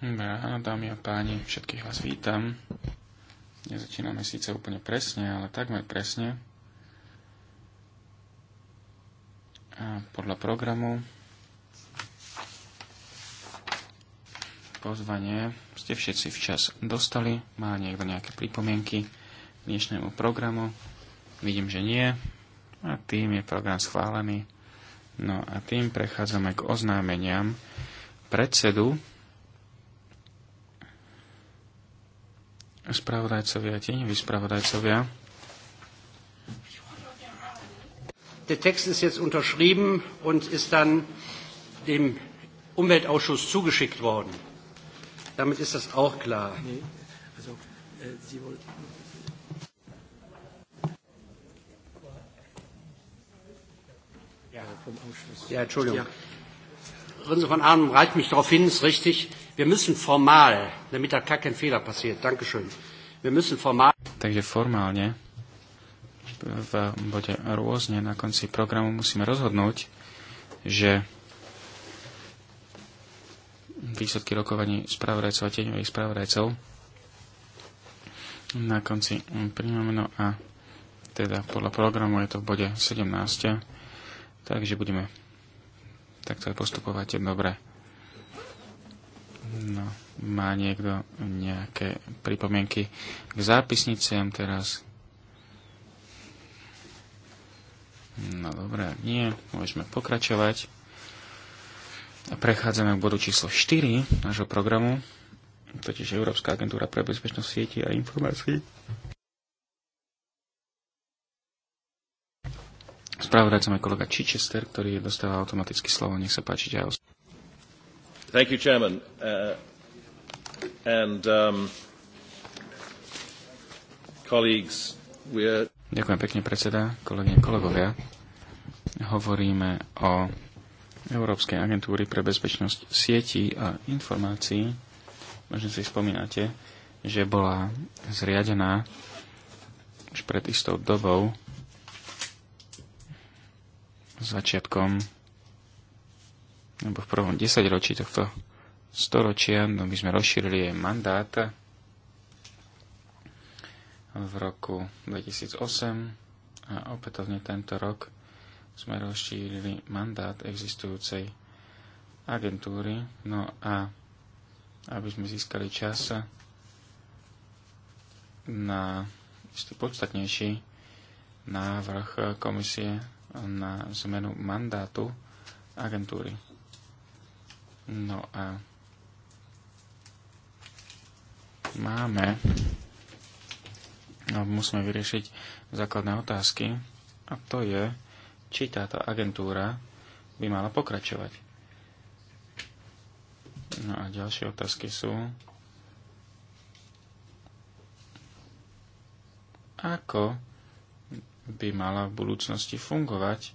Ráno, dámy a páni, všetkých vás vítam. Nezačíname síce úplne presne, ale takmer presne. A podľa programu pozvanie ste všetci včas dostali. Má niekto nejaké pripomienky k dnešnému programu? Vidím, že nie. A tým je program schválený. No a tým prechádzame k oznámeniam predsedu spravodajcovia, tieňoví spravodajcovia. Der Text ist jetzt unterschrieben und ist dann dem Umweltausschuss zugeschickt worden. Damit ist das auch klar. Nee, also, äh, Sie ja. Äh, vom Ausschuss. Ja, Entschuldigung. Ja. Rinse von Arnim reicht mich darauf hin, ist richtig. Wir müssen formal, damit da gar kein Fehler passiert. Dankeschön. Wir müssen formal. Takže formálne v bode rôzne na konci programu musíme rozhodnúť, že výsledky rokovaní spravodajcov a tieňových spravodajcov na konci príjmame no a teda podľa programu je to v bode 17, takže budeme takto aj postupovať dobre. No, má niekto nejaké pripomienky k zápisniciam teraz? No dobré, nie, môžeme pokračovať. A prechádzame k bodu číslo 4 nášho programu, totiž Európska agentúra pre bezpečnosť sieti a informácií. Spravodajcom je kolega Chichester, ktorý dostáva automaticky slovo. Nech sa páči, ďalej. Thank you, Chairman. Uh, and, um, colleagues, are... Ďakujem pekne, predseda, kolegyne, kolegovia. Hovoríme o Európskej agentúry pre bezpečnosť sietí a informácií. Možno si spomínate, že bola zriadená už pred istou dobou, začiatkom alebo v prvom desaťročí tohto storočia, no my sme rozšírili jej mandát v roku 2008 a opätovne tento rok sme rozšírili mandát existujúcej agentúry, no a aby sme získali čas na istý podstatnejší návrh komisie na zmenu mandátu agentúry. No a máme, no musíme vyriešiť základné otázky a to je, či táto agentúra by mala pokračovať. No a ďalšie otázky sú, ako by mala v budúcnosti fungovať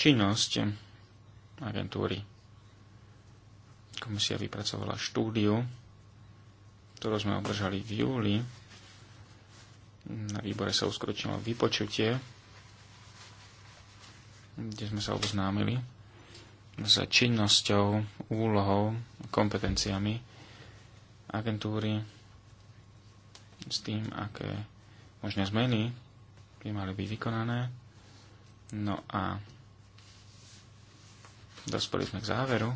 činnosť agentúry. Komisia vypracovala štúdiu, ktorú sme obdržali v júli. Na výbore sa uskutočnilo vypočutie, kde sme sa oboznámili s činnosťou, úlohou, kompetenciami agentúry, s tým, aké možné zmeny by mali byť vykonané. No a dospeli sme k záveru,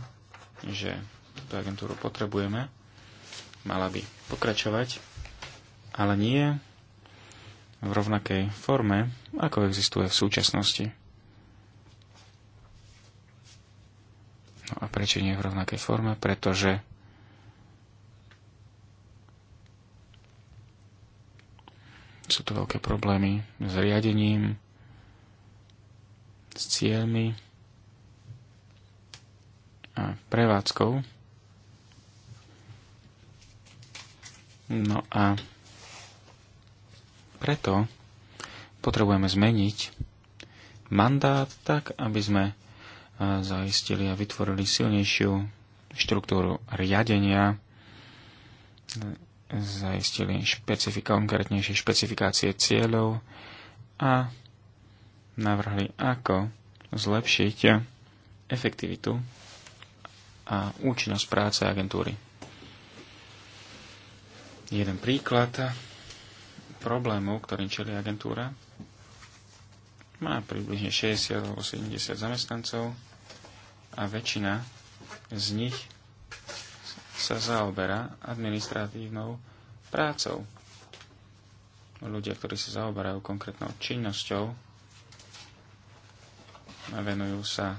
že túto agentúru potrebujeme. Mala by pokračovať, ale nie v rovnakej forme, ako existuje v súčasnosti. No a prečo nie v rovnakej forme? Pretože sú tu veľké problémy s riadením, s cieľmi, prevádzkou. No a preto potrebujeme zmeniť mandát tak, aby sme e, zaistili a vytvorili silnejšiu štruktúru riadenia, e, zaistili špecifika, konkrétnejšie špecifikácie cieľov a navrhli, ako zlepšiť efektivitu a účinnosť práce agentúry. Jeden príklad problémov, ktorým čelí agentúra, má približne 60 alebo 70 zamestnancov a väčšina z nich sa zaoberá administratívnou prácou. Ľudia, ktorí sa zaoberajú konkrétnou činnosťou, venujú sa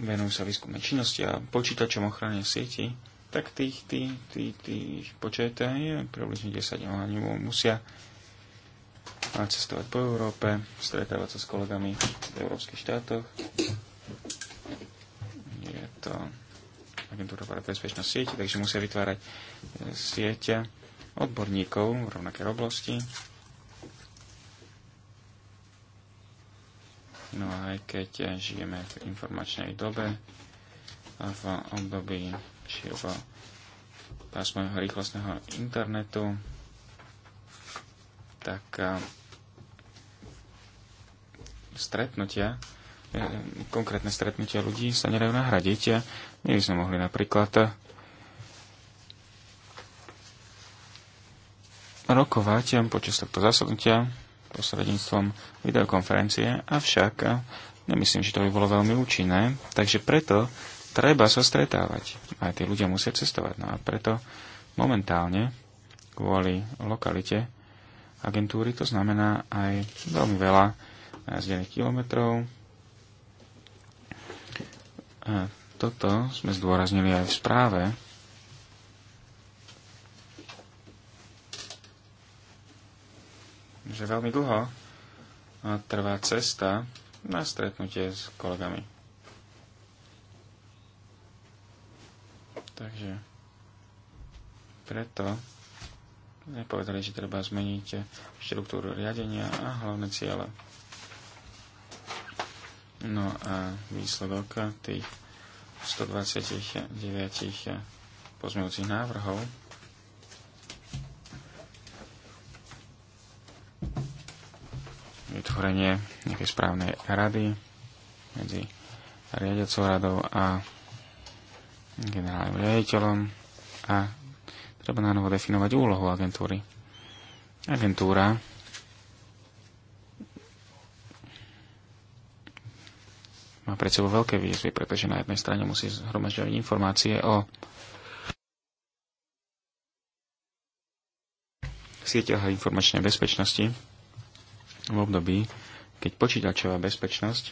venujú sa výskumnej činnosti a počítačom ochrane sieti, tak tých, tých, tých, tých počet je približne 10 oni musia cestovať po Európe, stretávať sa s kolegami v európskych štátoch. Je to agentúra pre bezpečnosť sieti, takže musia vytvárať e, sieťa odborníkov v rovnakej oblasti, No a aj keď žijeme v informačnej dobe, a v období širokého pásmového rýchlostného internetu, tak stretnutia, e, konkrétne stretnutia ľudí sa nedajú nahradiť. My by sme mohli napríklad e, rokovať e, počas tohto zasadnutia prostredníctvom videokonferencie, avšak eh, nemyslím, že to by bolo veľmi účinné, takže preto treba sa stretávať. Aj tí ľudia musia cestovať. No a preto momentálne kvôli lokalite agentúry to znamená aj veľmi veľa jazdených kilometrov. A eh, toto sme zdôraznili aj v správe že veľmi dlho trvá cesta na stretnutie s kolegami. Takže preto nepovedali, že treba zmeniť štruktúru riadenia a hlavné ciele. No a výsledok tých 129 pozmeňujúcich návrhov vytvorenie nejakej správnej rady medzi riadiacou radou a generálnym riaditeľom a treba na novo definovať úlohu agentúry. Agentúra má pred sebou veľké výzvy, pretože na jednej strane musí zhromažďovať informácie o sieťach informačnej bezpečnosti, v období, keď počítačová bezpečnosť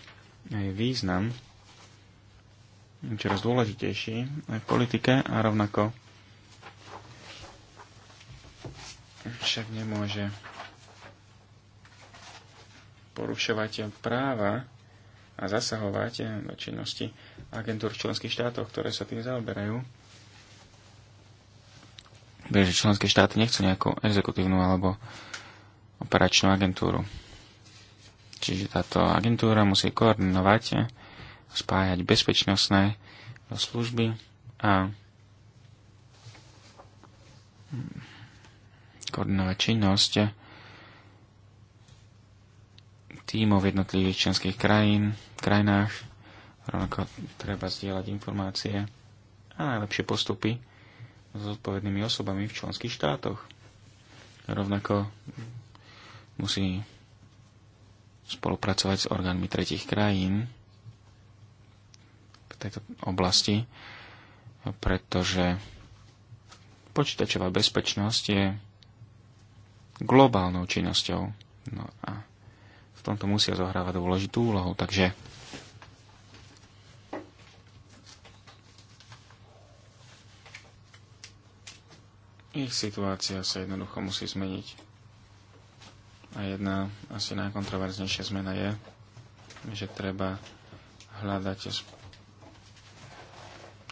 a význam čoraz dôležitejší aj v politike a rovnako však nemôže porušovať práva a zasahovať do činnosti agentúr v členských štátoch, ktoré sa tým zaoberajú. Pretože členské štáty nechcú nejakú exekutívnu alebo operačnú agentúru. Čiže táto agentúra musí koordinovať, spájať bezpečnostné služby a koordinovať činnosť tímov jednotlivých členských krajín, krajinách, rovnako treba zdieľať informácie a najlepšie postupy s odpovednými osobami v členských štátoch. Rovnako musí spolupracovať s orgánmi tretich krajín v tejto oblasti, pretože počítačová bezpečnosť je globálnou činnosťou. No a v tomto musia zohrávať dôležitú úlohu, takže ich situácia sa jednoducho musí zmeniť. A jedna asi najkontroverznejšia zmena je, že treba hľadať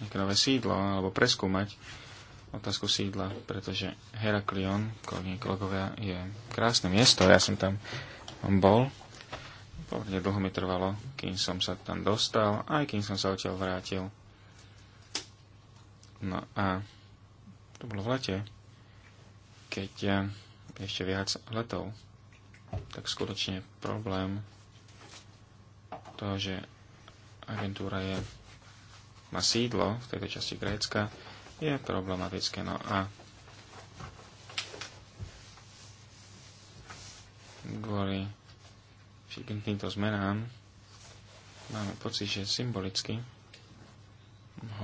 nejaké nové sídlo alebo preskúmať otázku sídla, pretože Heraklion, kolegyne kolegovia, je krásne miesto. Ja som tam bol. Pomerne dlho mi trvalo, kým som sa tam dostal, aj kým som sa odtiaľ vrátil. No a to bolo v lete, keď ja eh, ešte viac letov tak skutočne problém toho, že agentúra je, má sídlo v tejto časti Grécka, je problematické. No a kvôli všetkým týmto zmenám máme pocit, že symbolicky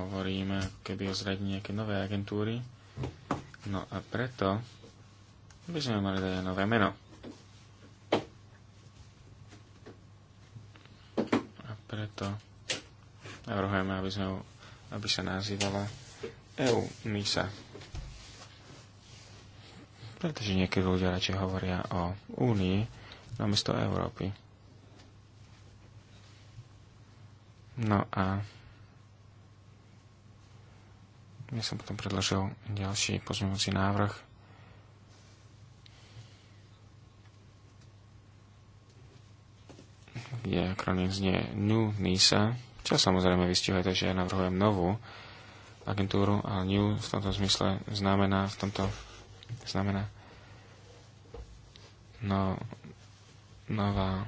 hovoríme keby o zradí nejaké nové agentúry. No a preto by sme mali dať nové meno. to navrhujeme, aby, sme, aby sa nazývala EU misa. Pretože niekedy ľudia radšej hovoria o Únii namiesto Európy. No a ja som potom predložil ďalší pozmeňujúci návrh, je akronym znie New NISA, čo samozrejme vystihuje to, že ja navrhujem novú agentúru, ale New v tomto zmysle znamená, v tomto znamená no, nová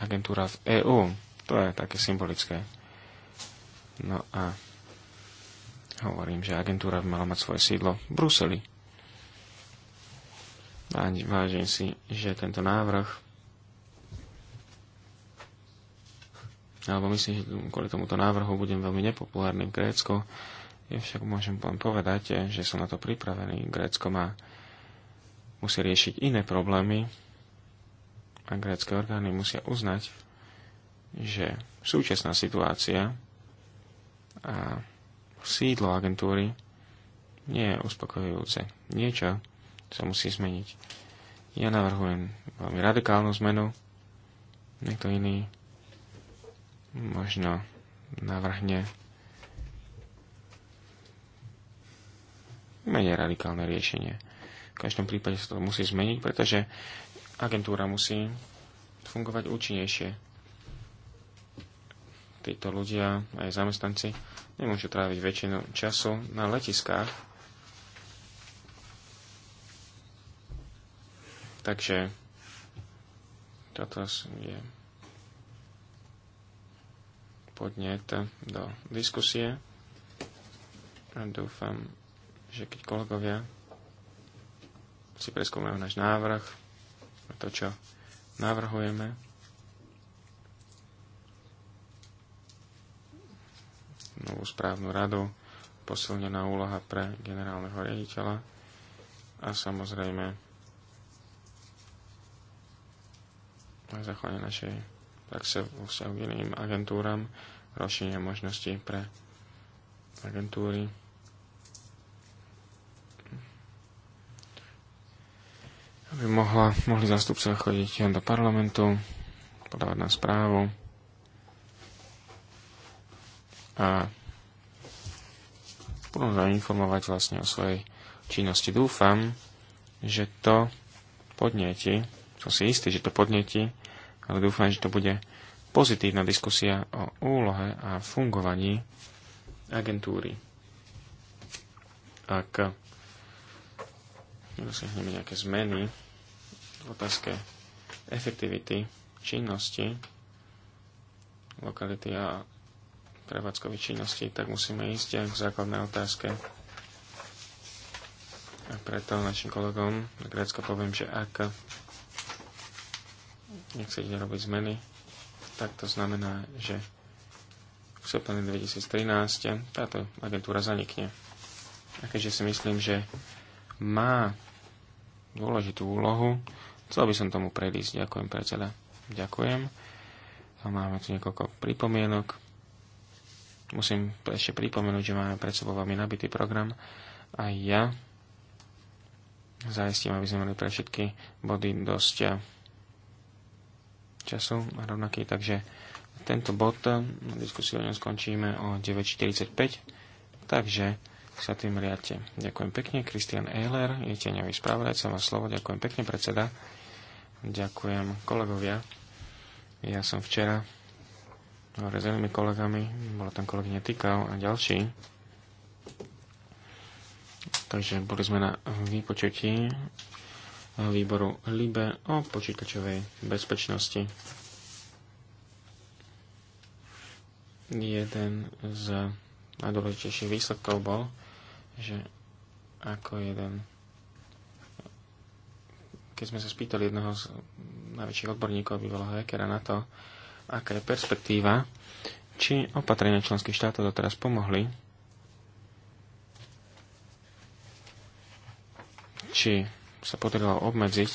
agentúra v EÚ. To je také symbolické. No a hovorím, že agentúra by mala mať svoje sídlo v Bruseli. A vážim si, že tento návrh alebo myslím, že kvôli tomuto návrhu budem veľmi nepopulárny v Grécku. Ja však môžem vám povedať, že som na to pripravený. Grécko má, musí riešiť iné problémy a grécké orgány musia uznať, že súčasná situácia a sídlo agentúry nie je uspokojujúce. Niečo sa musí zmeniť. Ja navrhujem veľmi radikálnu zmenu, niekto iný možno navrhne menej radikálne riešenie. V každom prípade sa to musí zmeniť, pretože agentúra musí fungovať účinnejšie. Títo ľudia, aj zamestnanci, nemôžu tráviť väčšinu času na letiskách. Takže toto je podnet do diskusie. A dúfam, že keď kolegovia si preskúmajú náš návrh, to, čo navrhujeme, novú správnu radu, posilnená úloha pre generálneho riaditeľa a samozrejme zachovanie našej tak sa vzťahu k iným agentúram rozšíria možnosti pre agentúry. Aby mohla, mohli zastupcov chodiť do parlamentu, podávať na správu a budú zainformovať vlastne o svojej činnosti. Dúfam, že to podnieti, som si istý, že to podnieti ale dúfam, že to bude pozitívna diskusia o úlohe a fungovaní agentúry. Ak dosiahneme nejaké zmeny v otázke efektivity činnosti, lokality a prevádzkových činností, tak musíme ísť aj k základnej otázke. A preto našim kolegom na Grécko poviem, že ak nechcete robiť zmeny, tak to znamená, že v septembri 2013 táto agentúra zanikne. A keďže si myslím, že má dôležitú úlohu, chcel by som tomu predísť. Ďakujem, predseda. Ďakujem. A máme tu niekoľko pripomienok. Musím ešte pripomenúť, že máme pred sebou veľmi nabitý program. A ja zaistím, aby sme mali pre všetky body dosť času rovnaký, takže tento bod eh, diskusiu o ňom skončíme o 9.45, takže sa tým riadte. Ďakujem pekne, Kristian Ehler, je tieňový správodajca, má slovo, ďakujem pekne, predseda. Ďakujem kolegovia. Ja som včera s inými kolegami, bola tam kolegyňa Tykal a ďalší. Takže boli sme na výpočutí výboru LIBE o počítačovej bezpečnosti. Jeden z najdôležitejších výsledkov bol, že ako jeden keď sme sa spýtali jedného z najväčších odborníkov, bývalého hackera na to, aká je perspektíva, či opatrenia členských štátov doteraz pomohli, či sa podarilo obmedziť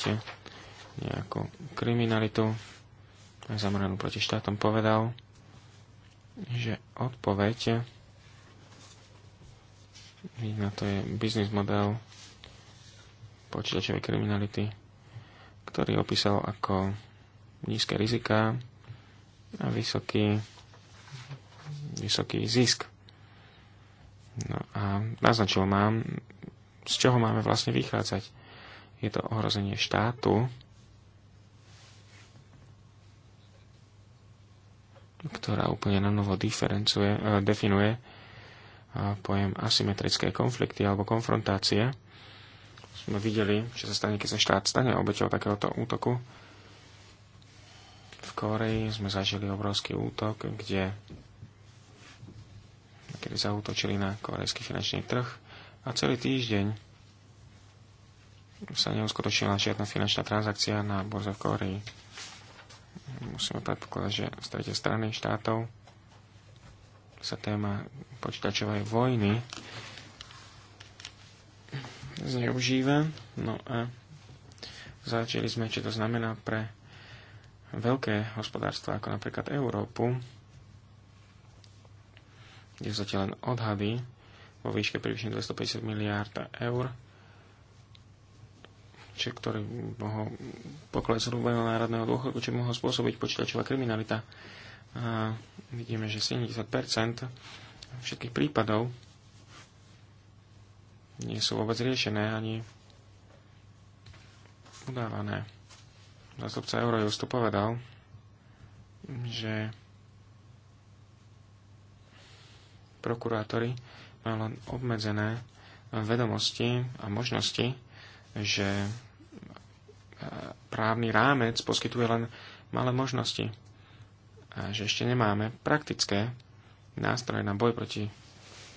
nejakú kriminalitu zamranú proti štátom, povedal, že odpoveď na to je biznis model počítačovej kriminality, ktorý opísal ako nízke rizika a vysoký, vysoký zisk. No a naznačil mám, z čoho máme vlastne vychádzať je to ohrozenie štátu, ktorá úplne na novo e, definuje e, pojem asymetrické konflikty alebo konfrontácie. Sme videli, čo sa stane, keď sa štát stane obeťou takéhoto útoku. V Koreji sme zažili obrovský útok, kde kedy zautočili na korejský finančný trh a celý týždeň sa neuskutočnila žiadna finančná transakcia na burze v Kórii. Musíme predpokladať, že z tretej strany štátov sa téma počítačovej vojny zneužíva. No a začali sme, čo to znamená pre veľké hospodárstva, ako napríklad Európu, kde sú zatiaľ len odhady vo výške približne 250 miliárd eur, či ktorý mohol pokles hrubého národného dôchodku, či mohol spôsobiť počítačová kriminalita. A vidíme, že 70% všetkých prípadov nie sú vôbec riešené ani udávané. Eurojust to povedal, že prokurátori malo len obmedzené vedomosti a možnosti že e, právny rámec poskytuje len malé možnosti a že ešte nemáme praktické nástroje na boj proti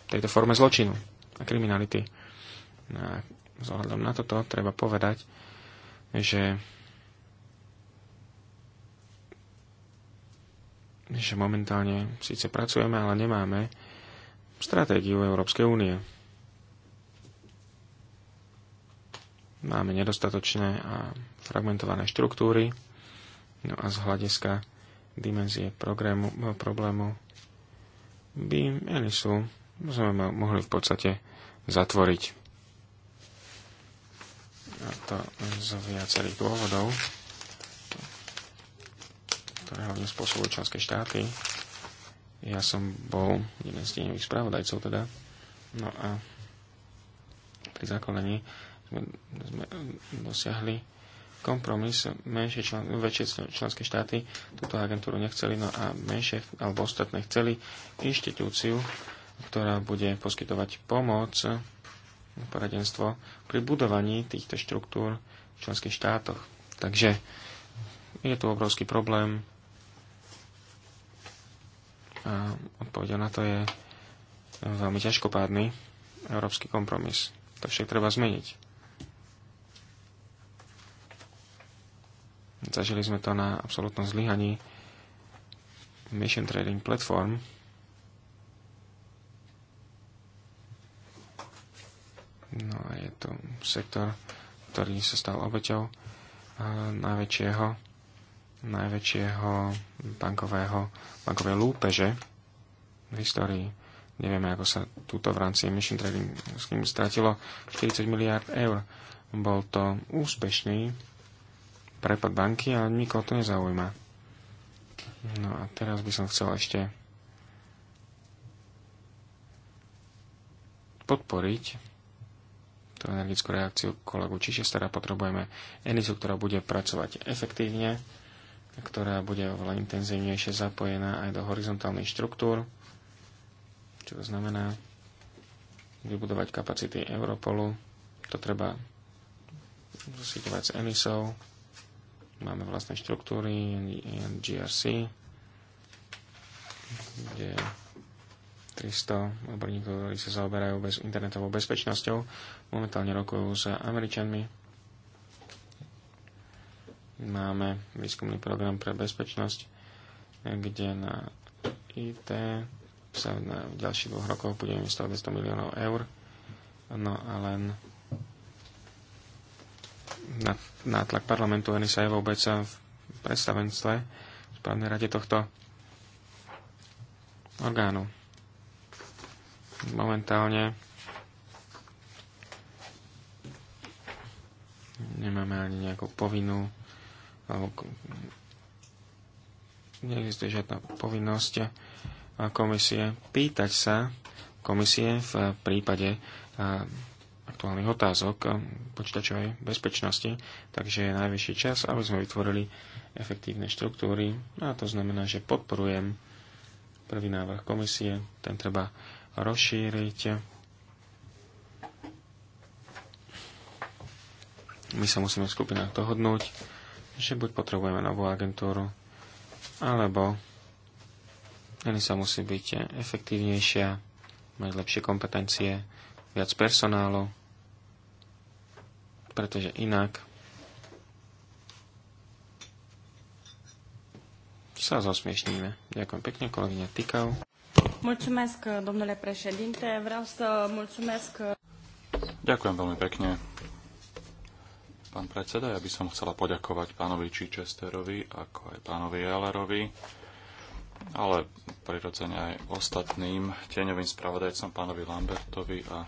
tejto forme zločinu a kriminality. A s ohľadom na toto treba povedať, že že momentálne síce pracujeme, ale nemáme stratégiu Európskej únie. máme nedostatočné a fragmentované štruktúry. No a z hľadiska dimenzie programu, problému by Enisu sme mohli v podstate zatvoriť. A to z viacerých dôvodov, ktoré hlavne spôsobujú členské štáty. Ja som bol jeden z tieňových spravodajcov teda. No a pri zakolení sme mm, dosiahli kompromis, menšie člen, väčšie členské štáty túto agentúru nechceli, no a menšie alebo ostatné chceli inštitúciu, ktorá bude poskytovať pomoc, poradenstvo pri budovaní týchto štruktúr v členských štátoch. Takže je tu obrovský problém a odpovedel na to je veľmi ťažkopádny európsky kompromis. To však treba zmeniť. Zažili sme to na absolútnom zlyhaní Mission Trading Platform. No a je to sektor, ktorý sa stal obeťou najväčšieho, najväčšieho bankového, bankovej lúpeže v histórii. Nevieme, ako sa túto v rámci Mission trading s ním stratilo 40 miliard eur. Bol to úspešný prepad banky, ale nikoho to nezaujíma. No a teraz by som chcel ešte podporiť tú energickú reakciu kolegu Čišestera. Potrebujeme Enisu, ktorá bude pracovať efektívne, ktorá bude oveľa intenzívnejšie zapojená aj do horizontálnych štruktúr, čo to znamená vybudovať kapacity Europolu. To treba zosieťovať s Enisou, Máme vlastné štruktúry GRC, kde 300 odborníkov, ktorí sa zaoberajú bez internetovou bezpečnosťou. Momentálne rokujú s Američanmi. Máme výskumný program pre bezpečnosť, kde na IT sa na, v ďalších dvoch rokoch budeme investovať 200 miliónov eur. No a len na, na tlak parlamentu Enisa je vôbec v predstavenstve v správnej rade tohto orgánu. Momentálne nemáme ani nejakú povinnú alebo neexistuje žiadna povinnosť komisie pýtať sa komisie v prípade aktuálnych otázok počítačovej bezpečnosti, takže je najvyšší čas, aby sme vytvorili efektívne štruktúry a to znamená, že podporujem prvý návrh komisie, ten treba rozšíriť. My sa musíme v skupinách dohodnúť, že buď potrebujeme novú agentúru, alebo sa musí byť efektívnejšia, mať lepšie kompetencie, viac personálu, pretože inak sa zosmiešníme. Ďakujem pekne, kolegyňa Tikau. Mulțumesc, domnule președinte. Vreau să mulțumesc... Ďakujem veľmi pekne, pán predseda. Ja by som chcela poďakovať pánovi Čičesterovi, ako aj pánovi Jalerovi, ale prirodzene aj ostatným tieňovým spravodajcom, pánovi Lambertovi a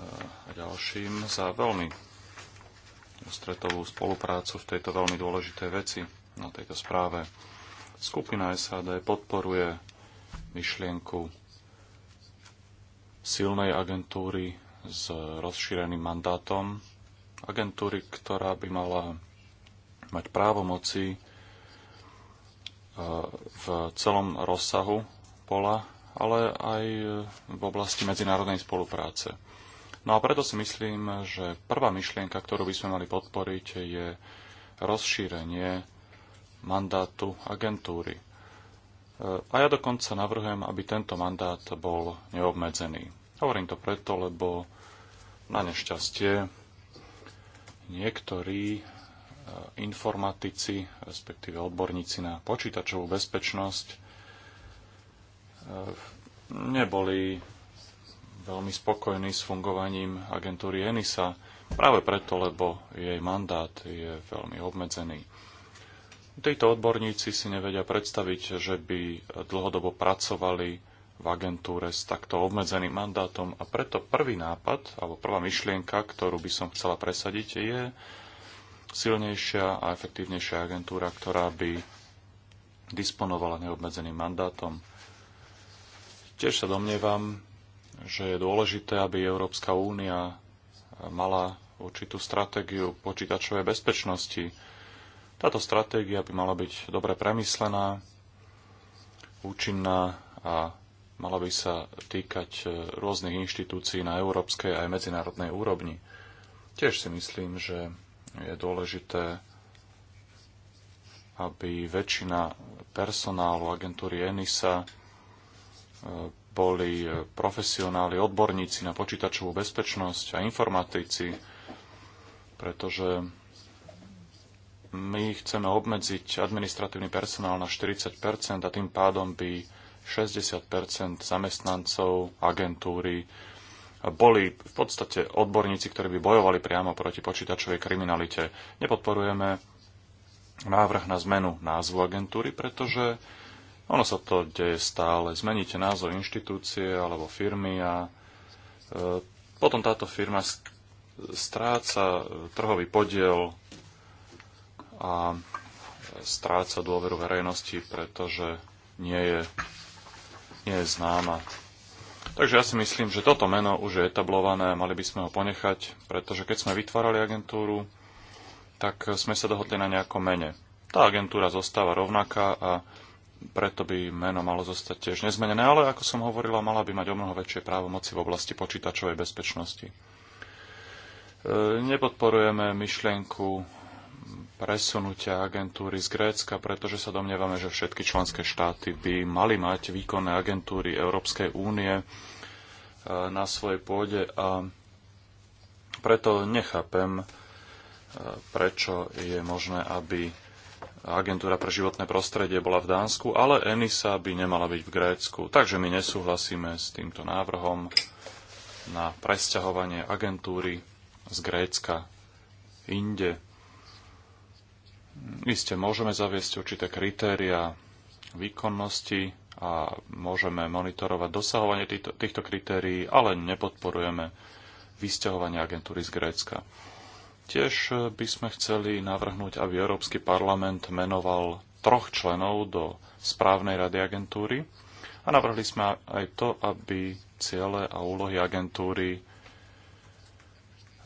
a ďalším za veľmi stretovú spoluprácu v tejto veľmi dôležitej veci na tejto správe. Skupina SAD podporuje myšlienku silnej agentúry s rozšíreným mandátom, agentúry, ktorá by mala mať právomoci e, v celom rozsahu pola, ale aj v oblasti medzinárodnej spolupráce. No a preto si myslím, že prvá myšlienka, ktorú by sme mali podporiť, je rozšírenie mandátu agentúry. E, a ja dokonca navrhujem, aby tento mandát bol neobmedzený. Hovorím to preto, lebo na nešťastie niektorí e, informatici, respektíve odborníci na počítačovú bezpečnosť, e, neboli veľmi spokojný s fungovaním agentúry ENISA, práve preto, lebo jej mandát je veľmi obmedzený. Tejto odborníci si nevedia predstaviť, že by dlhodobo pracovali v agentúre s takto obmedzeným mandátom a preto prvý nápad, alebo prvá myšlienka, ktorú by som chcela presadiť, je silnejšia a efektívnejšia agentúra, ktorá by disponovala neobmedzeným mandátom. Tiež sa domnievam, že je dôležité, aby Európska únia mala určitú stratégiu počítačovej bezpečnosti. Táto stratégia by mala byť dobre premyslená, účinná a mala by sa týkať e, rôznych inštitúcií na európskej aj medzinárodnej úrovni. Tiež si myslím, že je dôležité, aby väčšina personálu agentúry ENISA e, boli e, profesionáli, odborníci na počítačovú bezpečnosť a informatici, pretože my chceme obmedziť administratívny personál na 40 a tým pádom by 60 zamestnancov agentúry boli v podstate odborníci, ktorí by bojovali priamo proti počítačovej kriminalite. Nepodporujeme návrh na zmenu názvu agentúry, pretože ono sa to deje stále. Zmeníte názov inštitúcie alebo firmy a e, potom táto firma stráca e, trhový podiel a stráca dôveru verejnosti, pretože nie je, nie je známa. Takže ja si myslím, že toto meno už je etablované a mali by sme ho ponechať, pretože keď sme vytvárali agentúru, tak sme sa dohodli na nejakom mene. Tá agentúra zostáva rovnaká a preto by meno malo zostať tiež nezmenené, ale ako som hovorila, mala by mať o mnoho väčšie právomoci v oblasti počítačovej bezpečnosti. E, nepodporujeme myšlienku presunutia agentúry z Grécka, pretože sa domnievame, že všetky členské štáty by mali mať výkonné agentúry Európskej únie e, na svojej pôde a preto nechápem, e, prečo je možné, aby agentúra pre životné prostredie bola v Dánsku, ale ENISA by nemala byť v Grécku. Takže my nesúhlasíme s týmto návrhom na presťahovanie agentúry z Grécka inde. Isté, môžeme zaviesť určité kritéria výkonnosti a môžeme monitorovať dosahovanie týchto, týchto kritérií, ale nepodporujeme vysťahovanie agentúry z Grécka. Tiež by sme chceli navrhnúť, aby Európsky parlament menoval troch členov do správnej rady agentúry a navrhli sme aj to, aby ciele a úlohy agentúry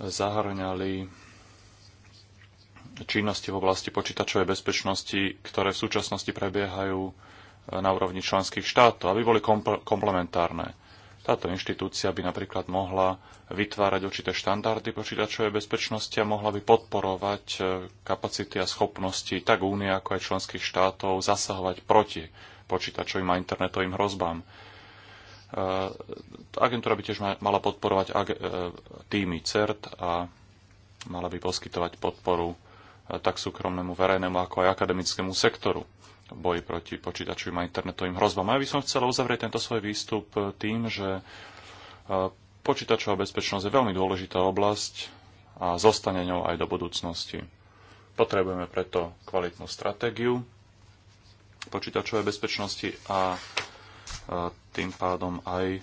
zahrňali činnosti v oblasti počítačovej bezpečnosti, ktoré v súčasnosti prebiehajú na úrovni členských štátov, aby boli komplementárne. Táto inštitúcia by napríklad mohla vytvárať určité štandardy počítačovej bezpečnosti a mohla by podporovať e, kapacity a schopnosti tak únie, ako aj členských štátov zasahovať proti počítačovým a internetovým hrozbám. E, agentúra by tiež mala podporovať e, týmy CERT a mala by poskytovať podporu tak súkromnému, verejnému, ako aj akademickému sektoru boji proti počítačovým a internetovým hrozbám. A ja by som chcel uzavrieť tento svoj výstup e, tým, že e, počítačová bezpečnosť je veľmi dôležitá oblasť a zostane ňou aj do budúcnosti. Potrebujeme preto kvalitnú stratégiu počítačovej bezpečnosti a e, tým pádom aj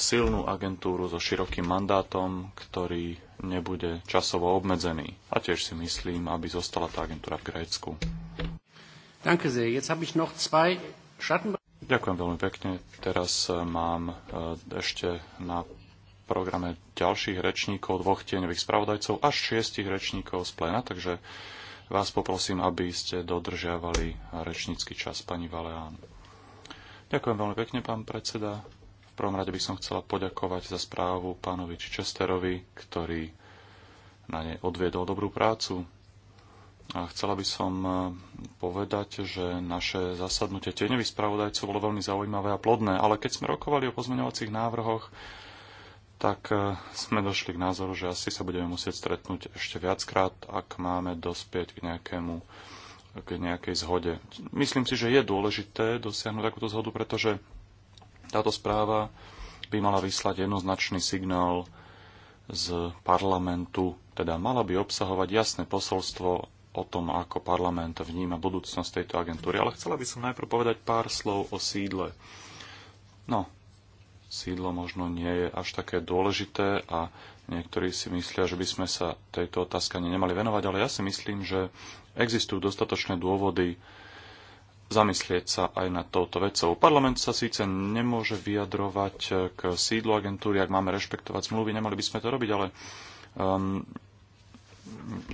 silnú agentúru so širokým mandátom, ktorý nebude časovo obmedzený. A tiež si myslím, aby zostala tá agentúra v Grécku. Ďakujem veľmi pekne. Teraz eh, mám eh, ešte na programe ďalších rečníkov, dvoch tieňových spravodajcov až šiestich rečníkov z pléna, takže vás poprosím, aby ste dodržiavali rečnícky čas, pani Valeán. Ďakujem veľmi pekne, pán predseda. V prvom rade by som chcela poďakovať za správu pánovi Česterovi, ktorý na nej odviedol dobrú prácu. Chcela by som e, povedať, že naše zasadnutie tieňových spravodajcov bolo veľmi zaujímavé a plodné, ale keď sme rokovali o pozmeňovacích návrhoch, tak e, sme došli k názoru, že asi sa budeme musieť stretnúť ešte viackrát, ak máme dospieť k nejakému k nejakej zhode. Myslím si, že je dôležité dosiahnuť takúto zhodu, pretože táto správa by mala vyslať jednoznačný signál z parlamentu, teda mala by obsahovať jasné posolstvo o tom, ako parlament vníma budúcnosť tejto agentúry, ale chcela by som najprv povedať pár slov o sídle. No, sídlo možno nie je až také dôležité a niektorí si myslia, že by sme sa tejto otázka nemali venovať, ale ja si myslím, že existujú dostatočné dôvody zamyslieť sa aj nad touto vecou. Parlament sa síce nemôže vyjadrovať k sídlu agentúry, ak máme rešpektovať zmluvy, nemali by sme to robiť, ale um,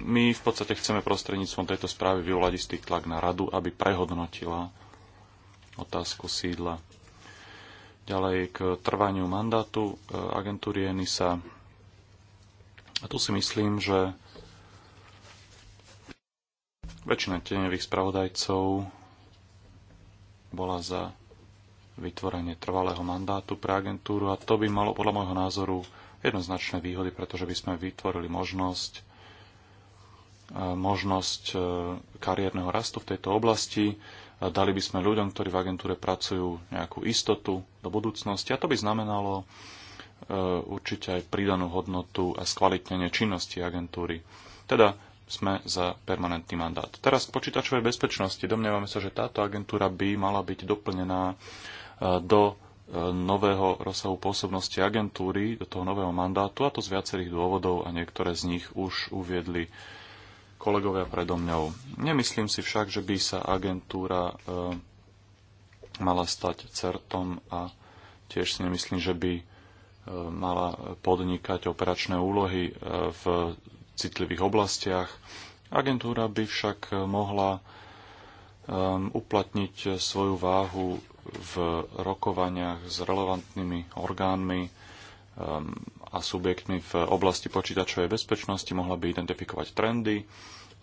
my v podstate chceme prostredníctvom tejto správy vyvolať istý tlak na radu, aby prehodnotila otázku sídla. Ďalej k trvaniu mandátu e, agentúry ENISA. A tu si myslím, že väčšina tenevých spravodajcov bola za vytvorenie trvalého mandátu pre agentúru a to by malo podľa môjho názoru jednoznačné výhody, pretože by sme vytvorili možnosť možnosť e, kariérneho rastu v tejto oblasti. Dali by sme ľuďom, ktorí v agentúre pracujú, nejakú istotu do budúcnosti a to by znamenalo e, určite aj pridanú hodnotu a skvalitnenie činnosti agentúry. Teda sme za permanentný mandát. Teraz k počítačovej bezpečnosti. Domnievame sa, že táto agentúra by mala byť doplnená e, do nového rozsahu pôsobnosti agentúry, do toho nového mandátu, a to z viacerých dôvodov a niektoré z nich už uviedli kolegovia predo mňou. Nemyslím si však, že by sa agentúra e, mala stať CERTom a tiež si nemyslím, že by e, mala podnikať operačné úlohy e, v citlivých oblastiach. Agentúra by však mohla uplatniť svoju váhu v rokovaniach s relevantnými orgánmi, a subjektmi v oblasti počítačovej bezpečnosti, mohla by identifikovať trendy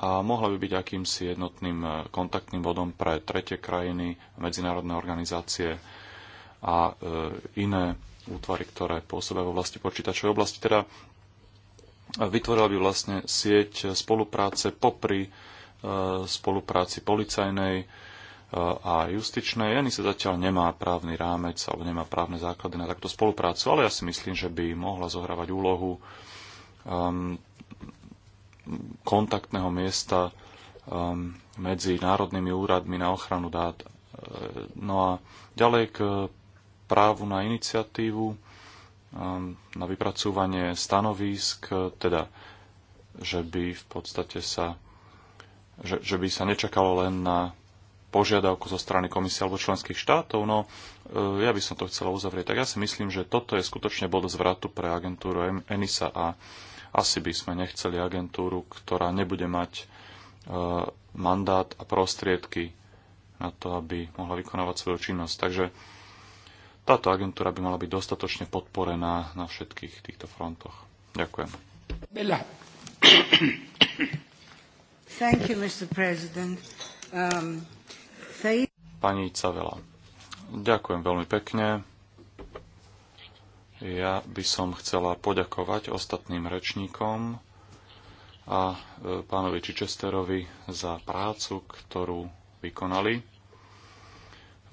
a mohla by byť akýmsi jednotným eh, kontaktným bodom pre tretie krajiny, medzinárodné organizácie a eh, iné útvary, ktoré pôsobia v oblasti počítačovej oblasti. Teda eh, vytvorila by vlastne sieť spolupráce popri spolupráci policajnej, a justičné. Jani sa zatiaľ nemá právny rámec alebo nemá právne základy na takúto spoluprácu, ale ja si myslím, že by mohla zohrávať úlohu um, kontaktného miesta um, medzi národnými úradmi na ochranu dát. E, no a ďalej k právu na iniciatívu, um, na vypracúvanie stanovísk, teda že by v podstate sa že, že by sa nečakalo len na požiadavku zo strany komisie alebo členských štátov. No, e, ja by som to chcela uzavrieť. Tak ja si myslím, že toto je skutočne bod zvratu pre agentúru ENISA a asi by sme nechceli agentúru, ktorá nebude mať e, mandát a prostriedky na to, aby mohla vykonávať svoju činnosť. Takže táto agentúra by mala byť dostatočne podporená na všetkých týchto frontoch. Ďakujem. Bella. Thank you, Mr. President. Um... Pani Cavela, ďakujem veľmi pekne. Ja by som chcela poďakovať ostatným rečníkom a e, pánovi Čičesterovi za prácu, ktorú vykonali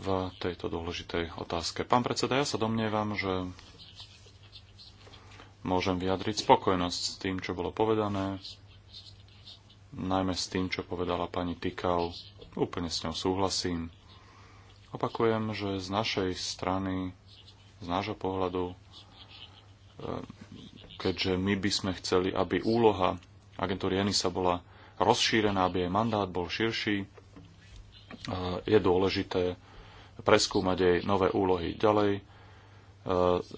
v tejto dôležitej otázke. Pán predseda, ja sa domnievam, že môžem vyjadriť spokojnosť s tým, čo bolo povedané, najmä s tým, čo povedala pani Tikal Úplne s ňou súhlasím. Opakujem, že z našej strany, z nášho pohľadu, e, keďže my by sme chceli, aby úloha agentúry ENISA bola rozšírená, aby jej mandát bol širší, e, je dôležité preskúmať jej nové úlohy. Ďalej e,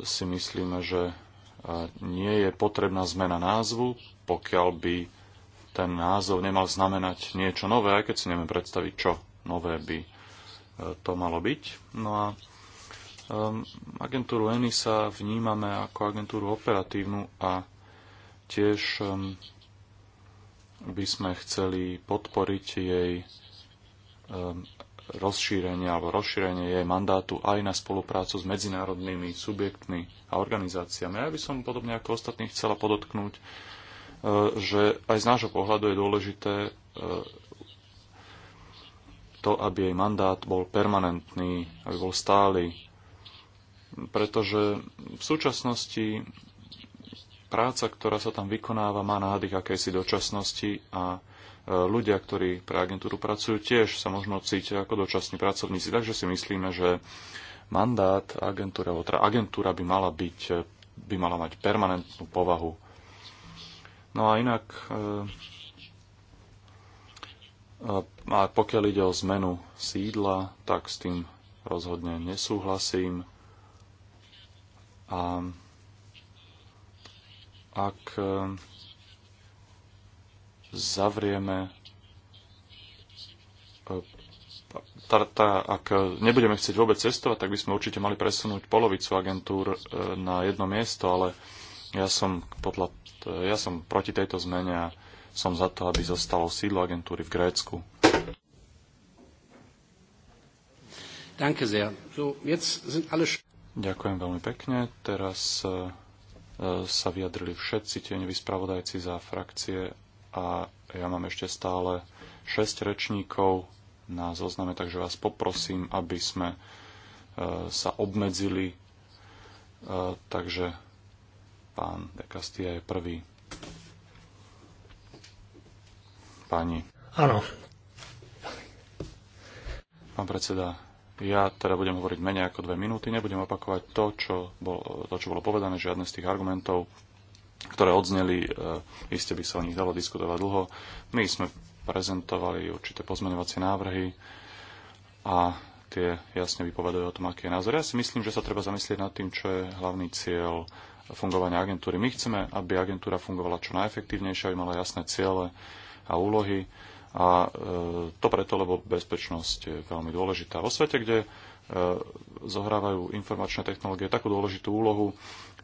si myslíme, že nie je potrebná zmena názvu, pokiaľ by ten názov nemal znamenať niečo nové, aj keď si neviem predstaviť, čo nové by e, to malo byť. No a um, agentúru ENISA vnímame ako agentúru operatívnu a tiež um, by sme chceli podporiť jej um, rozšírenie alebo rozšírenie jej mandátu aj na spoluprácu s medzinárodnými subjektmi a organizáciami. Ja by som podobne ako ostatní chcela podotknúť, že aj z nášho pohľadu je dôležité e, to, aby jej mandát bol permanentný, aby bol stály. Pretože v súčasnosti práca, ktorá sa tam vykonáva, má nádych akejsi dočasnosti a e, ľudia, ktorí pre agentúru pracujú, tiež sa možno cítia ako dočasní pracovníci. Takže si myslíme, že mandát agentúra, teda agentúra by mala byť e, by mala mať permanentnú povahu No a inak, e, a pokiaľ ide o zmenu sídla, tak s tým rozhodne nesúhlasím. A ak e, zavrieme e, tá, tá, ak nebudeme chcieť vôbec cestovať, tak by sme určite mali presunúť polovicu agentúr na jedno miesto, ale ja som, podľa, ja som proti tejto zmene a som za to, aby zostalo sídlo agentúry v Grécku. Ďakujem veľmi pekne. Teraz e, e, sa vyjadrili všetci tieňoví spravodajci za frakcie a ja mám ešte stále 6 rečníkov na zozname, takže vás poprosím, aby sme e, sa obmedzili. takže Pán de Castilla je prvý. Pani. Áno. Pán predseda, ja teda budem hovoriť menej ako dve minúty, nebudem opakovať to, čo bolo, to, čo bolo povedané, žiadne z tých argumentov, ktoré odzneli, e, iste by sa o nich dalo diskutovať dlho. My sme prezentovali určité pozmeňovacie návrhy a tie jasne vypovedajú o tom, aký je názor. Ja si myslím, že sa treba zamyslieť nad tým, čo je hlavný cieľ fungovania agentúry. My chceme, aby agentúra fungovala čo najefektívnejšie, aby mala jasné ciele a úlohy. A e, to preto, lebo bezpečnosť je veľmi dôležitá. Vo svete, kde e, zohrávajú informačné technológie takú dôležitú úlohu,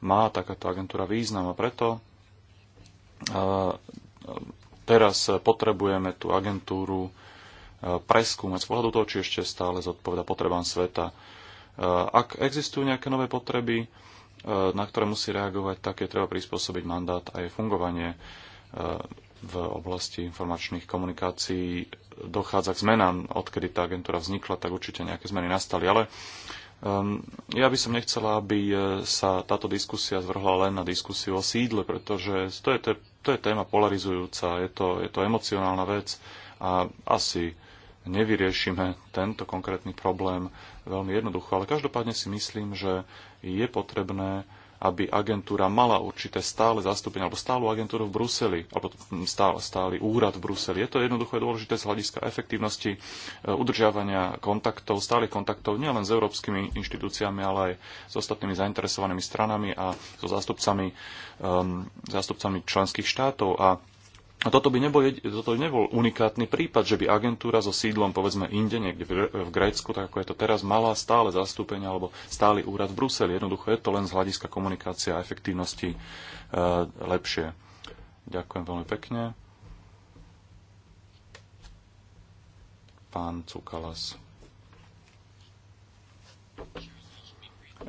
má takáto agentúra význam a preto e, teraz potrebujeme tú agentúru preskúmať z pohľadu toho, či ešte stále zodpoveda potrebám sveta. Ak existujú nejaké nové potreby, E, na ktoré musí reagovať, tak je treba prispôsobiť mandát a jej fungovanie e, v oblasti informačných komunikácií dochádza k zmenám, odkedy tá agentúra vznikla, tak určite nejaké zmeny nastali. Ale ja by som nechcela, aby e, sa táto diskusia zvrhla len na diskusiu o sídle, pretože to je, to je, to je téma polarizujúca, je to, je to emocionálna vec a asi nevyriešime tento konkrétny problém veľmi jednoducho. Ale každopádne si myslím, že je potrebné, aby agentúra mala určité stále zastúpenie alebo stálu agentúru v Bruseli, alebo stále, stály úrad v Bruseli. Je to jednoducho je dôležité z hľadiska efektívnosti e, udržiavania kontaktov, stálych kontaktov nielen s európskymi inštitúciami, ale aj s ostatnými zainteresovanými stranami a so zástupcami, um, zástupcami členských štátov. A a toto by, nebol, toto nebol unikátny prípad, že by agentúra so sídlom, povedzme, inde, niekde v, v Grécku, tak ako je to teraz, mala stále zastúpenie alebo stály úrad v Bruseli. Jednoducho je to len z hľadiska komunikácie a efektívnosti e, lepšie. Ďakujem veľmi pekne. Pán Cukalas.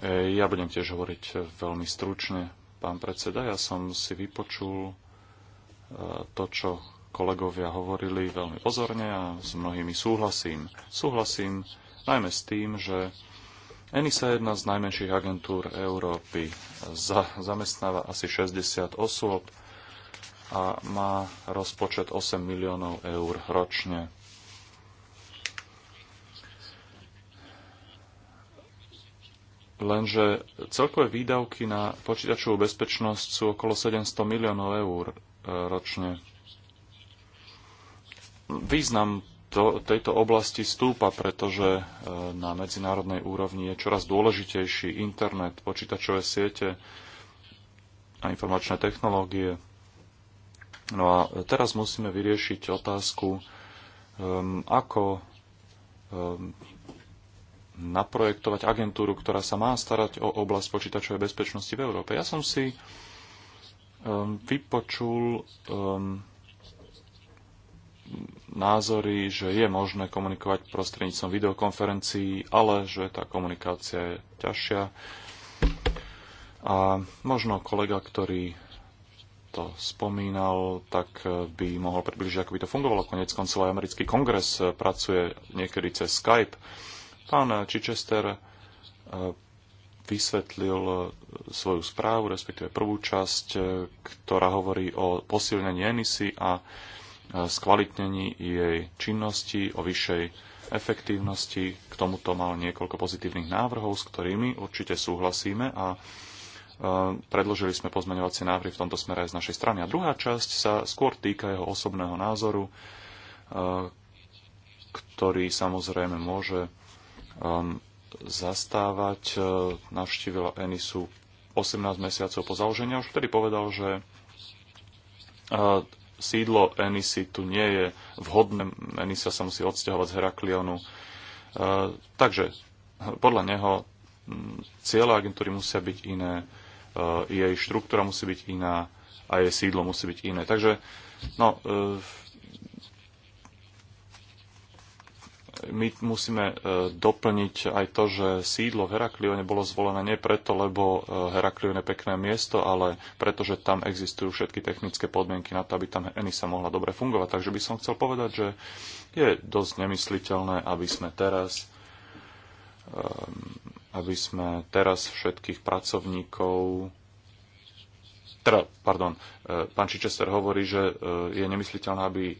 E, ja budem tiež hovoriť e, veľmi stručne, pán predseda. Ja som si vypočul to, čo kolegovia hovorili veľmi pozorne a s mnohými súhlasím. Súhlasím najmä s tým, že ENISA je jedna z najmenších agentúr Európy. Za, zamestnáva asi 60 osôb a má rozpočet 8 miliónov eur ročne. Lenže celkové výdavky na počítačovú bezpečnosť sú okolo 700 miliónov eur ročne. Význam to, tejto oblasti stúpa, pretože e, na medzinárodnej úrovni je čoraz dôležitejší internet, počítačové siete a informačné technológie. No a teraz musíme vyriešiť otázku, e, ako e, naprojektovať agentúru, ktorá sa má starať o oblasť počítačovej bezpečnosti v Európe. Ja som si Ehm, vypočul ehm, názory, že je možné komunikovať prostredníctvom videokonferencií, ale že tá komunikácia je ťažšia. A možno kolega, ktorý to spomínal, tak eh, by mohol približiť, ako by to fungovalo. Konec koncov aj americký kongres eh, pracuje niekedy cez Skype. Pán eh, Chichester vysvetlil eh, svoju správu, respektíve prvú časť, eh, ktorá hovorí o posilnení emisí a eh, skvalitnení jej činnosti, o vyššej efektívnosti. K tomuto mal niekoľko pozitívnych návrhov, s ktorými určite súhlasíme a predložili sme pozmeňovacie návrhy v tomto smere aj z našej strany. A druhá časť sa skôr týka jeho osobného názoru, ktorý samozrejme môže ehm, zastávať, e, navštívila Enisu 18 mesiacov po založení a už vtedy povedal, že e, sídlo Enisy tu nie je vhodné. Enisa sa musí odsťahovať z Heraklionu. E, takže podľa neho cieľa agentúry musia byť iné, jej štruktúra musí byť iná a jej sídlo musí byť iné. Takže no, my musíme e, doplniť aj to, že sídlo v Heraklione bolo zvolené nie preto, lebo e, Heraklion je pekné miesto, ale preto, že tam existujú všetky technické podmienky na to, aby tam Enisa mohla dobre fungovať. Takže by som chcel povedať, že je dosť nemysliteľné, aby sme teraz e, aby sme teraz všetkých pracovníkov teda, pardon, pán Čičester hovorí, že je nemysliteľné, aby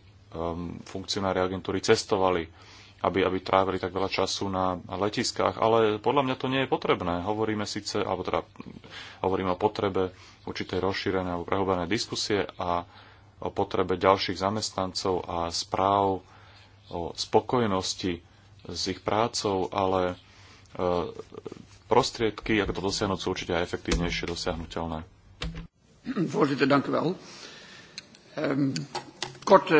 funkcionári agentúry cestovali aby, aby trávili tak veľa času na letiskách, ale podľa mňa to nie je potrebné. Hovoríme síce, alebo teda hovoríme o potrebe určitej rozšírenej alebo prehobené diskusie a o potrebe ďalších zamestnancov a správ o spokojnosti s ich prácou, ale e, prostriedky, ako to dosiahnuť, sú určite aj efektívnejšie dosiahnuteľné. Voorzitter, dank Um, korte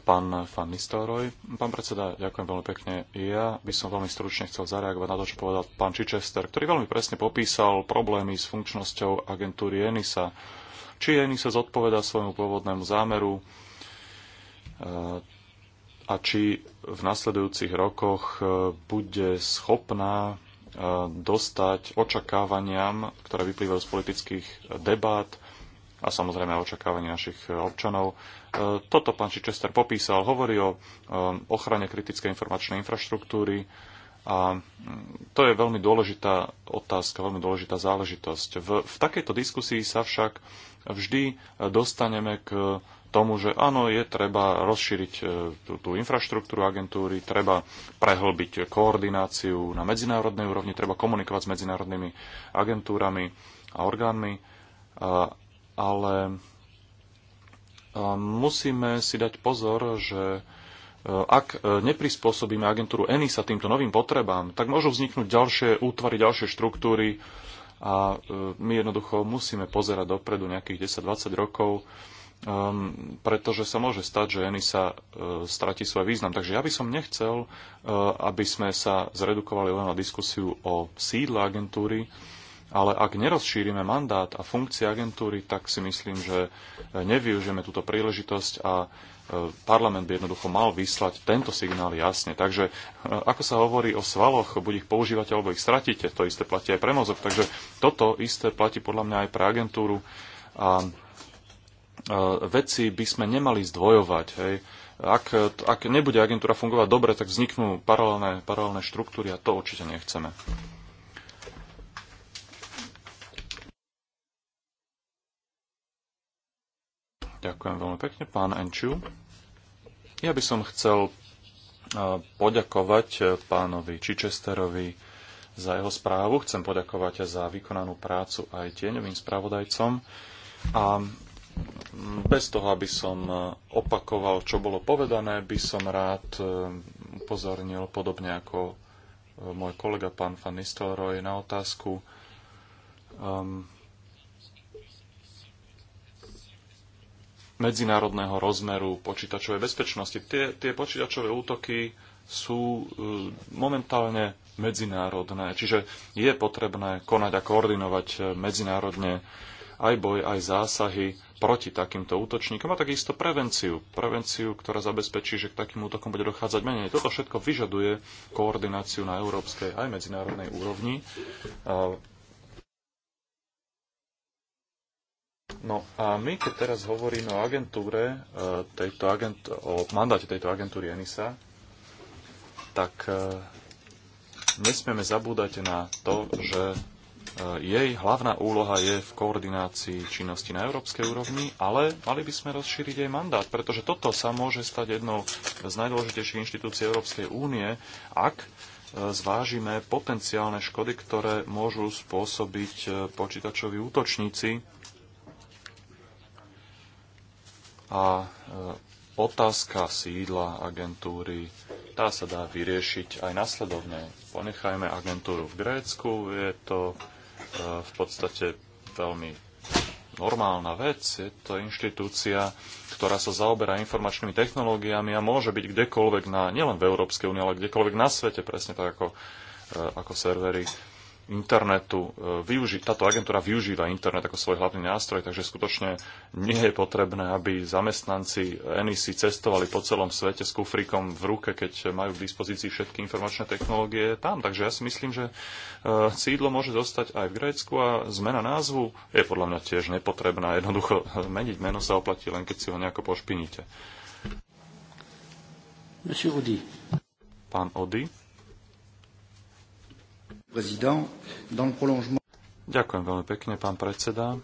Pán Fan Nistoroj. Pán predseda, ďakujem veľmi pekne. Ja by som veľmi stručne chcel zareagovať na to, čo povedal pán Chichester, ktorý veľmi presne popísal problémy s funkčnosťou agentúry ENISA. Či ENISA zodpoveda svojmu pôvodnému zámeru e, a či v nasledujúcich rokoch e, bude schopná e, dostať očakávaniam, ktoré vyplývajú z politických debát a samozrejme očakávania našich občanov, E, toto pán Čičester popísal, hovorí o e, ochrane kritickej informačnej infraštruktúry a mm, to je veľmi dôležitá otázka, veľmi dôležitá záležitosť. V, v takejto diskusii sa však vždy dostaneme k tomu, že áno, je treba rozšíriť e, tú, tú infraštruktúru agentúry, treba prehlbiť koordináciu na medzinárodnej úrovni, treba komunikovať s medzinárodnými agentúrami a orgánmi, a, ale musíme si dať pozor, že e, ak e, neprispôsobíme agentúru ENISA týmto novým potrebám, tak môžu vzniknúť ďalšie útvary, ďalšie štruktúry a e, my jednoducho musíme pozerať dopredu nejakých 10-20 rokov, um, pretože sa môže stať, že ENISA uh, stratí svoj význam. Takže ja by som nechcel, uh, aby sme sa zredukovali len na diskusiu o sídle agentúry, ale ak nerozšírime mandát a funkcie agentúry, tak si myslím, že e, nevyužijeme túto príležitosť a e, parlament by jednoducho mal vyslať tento signál jasne. Takže e, ako sa hovorí o svaloch, buď ich používate alebo ich stratíte, to isté platí aj pre mozog. Takže toto isté platí podľa mňa aj pre agentúru. A veci by sme nemali zdvojovať. Hej ak, ak nebude agentúra fungovať dobre, tak vzniknú paralelné, paralelné štruktúry a to určite nechceme. Ďakujem veľmi pekne, pán Enču. Ja by som chcel e, poďakovať e, pánovi Čičesterovi za jeho správu. Chcem poďakovať za vykonanú prácu aj tieňovým spravodajcom. A bez toho, aby som e, opakoval, čo bolo povedané, by som rád upozornil, podobne ako môj kolega pán Van Nistelrooy, na otázku ehm, medzinárodného rozmeru počítačovej bezpečnosti. Tie, tie počítačové útoky sú e, momentálne medzinárodné, čiže je potrebné konať a koordinovať e, medzinárodne aj boj, aj zásahy proti takýmto útočníkom a takisto prevenciu. Prevenciu, ktorá zabezpečí, že k takým útokom bude dochádzať menej. Toto všetko vyžaduje koordináciu na európskej aj medzinárodnej úrovni. No a my, keď teraz hovoríme o agentúre, e, tejto agent, o mandáte tejto agentúry ENISA, tak e, nesmieme zabúdať na to, že e, jej hlavná úloha je v koordinácii činnosti na európskej úrovni, ale mali by sme rozšíriť jej mandát, pretože toto sa môže stať jednou z najdôležitejších inštitúcií Európskej únie, ak zvážime potenciálne škody, ktoré môžu spôsobiť počítačoví útočníci A e, otázka sídla agentúry, tá sa dá vyriešiť aj nasledovne. Ponechajme agentúru v Grécku, je to e, v podstate veľmi normálna vec. Je to inštitúcia, ktorá sa zaoberá informačnými technológiami a môže byť kdekoľvek, na, nielen v Európskej únii, ale kdekoľvek na svete, presne tak ako, e, ako servery internetu, e, využi- táto agentúra využíva internet ako svoj hlavný nástroj, takže skutočne nie je potrebné, aby zamestnanci NEC cestovali po celom svete s kufrikom v ruke, keď majú k dispozícii všetky informačné technológie tam. Takže ja si myslím, že e, sídlo môže zostať aj v Grécku a zmena názvu je podľa mňa tiež nepotrebná. Jednoducho e, meniť meno sa oplatí len, keď si ho nejako pošpiníte. Pán Ody. Ďakujem veľmi pekne, pán predseda.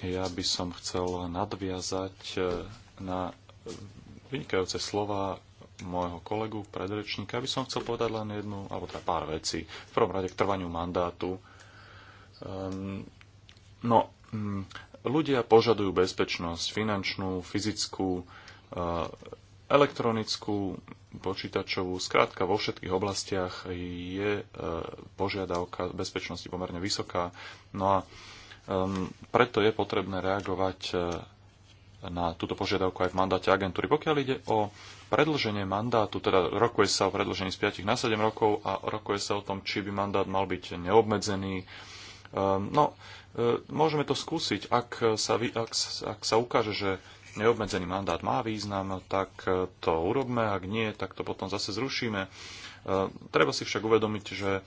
Ja by som chcel nadviazať e, na vynikajúce slova môjho kolegu, predrečníka, by som chcel povedať len jednu, alebo teda pár vecí. V prvom rade k trvaniu mandátu. Ehm, no, ľudia požadujú bezpečnosť, finančnú, fyzickú, e, elektronickú, počítačovú, skrátka vo všetkých oblastiach je e, požiadavka bezpečnosti pomerne vysoká. No a preto je potrebné reagovať e, na túto požiadavku aj v mandáte agentúry. Pokiaľ ide o predlženie mandátu, teda rokuje sa o predlžení z 5 na 7 rokov a rokuje sa o tom, či by mandát mal byť neobmedzený. No, e, môžeme to skúsiť, ak sa, ak, ak sa ukáže, že neobmedzený mandát má význam, tak to urobme, ak nie, tak to potom zase zrušíme. E, treba si však uvedomiť, že,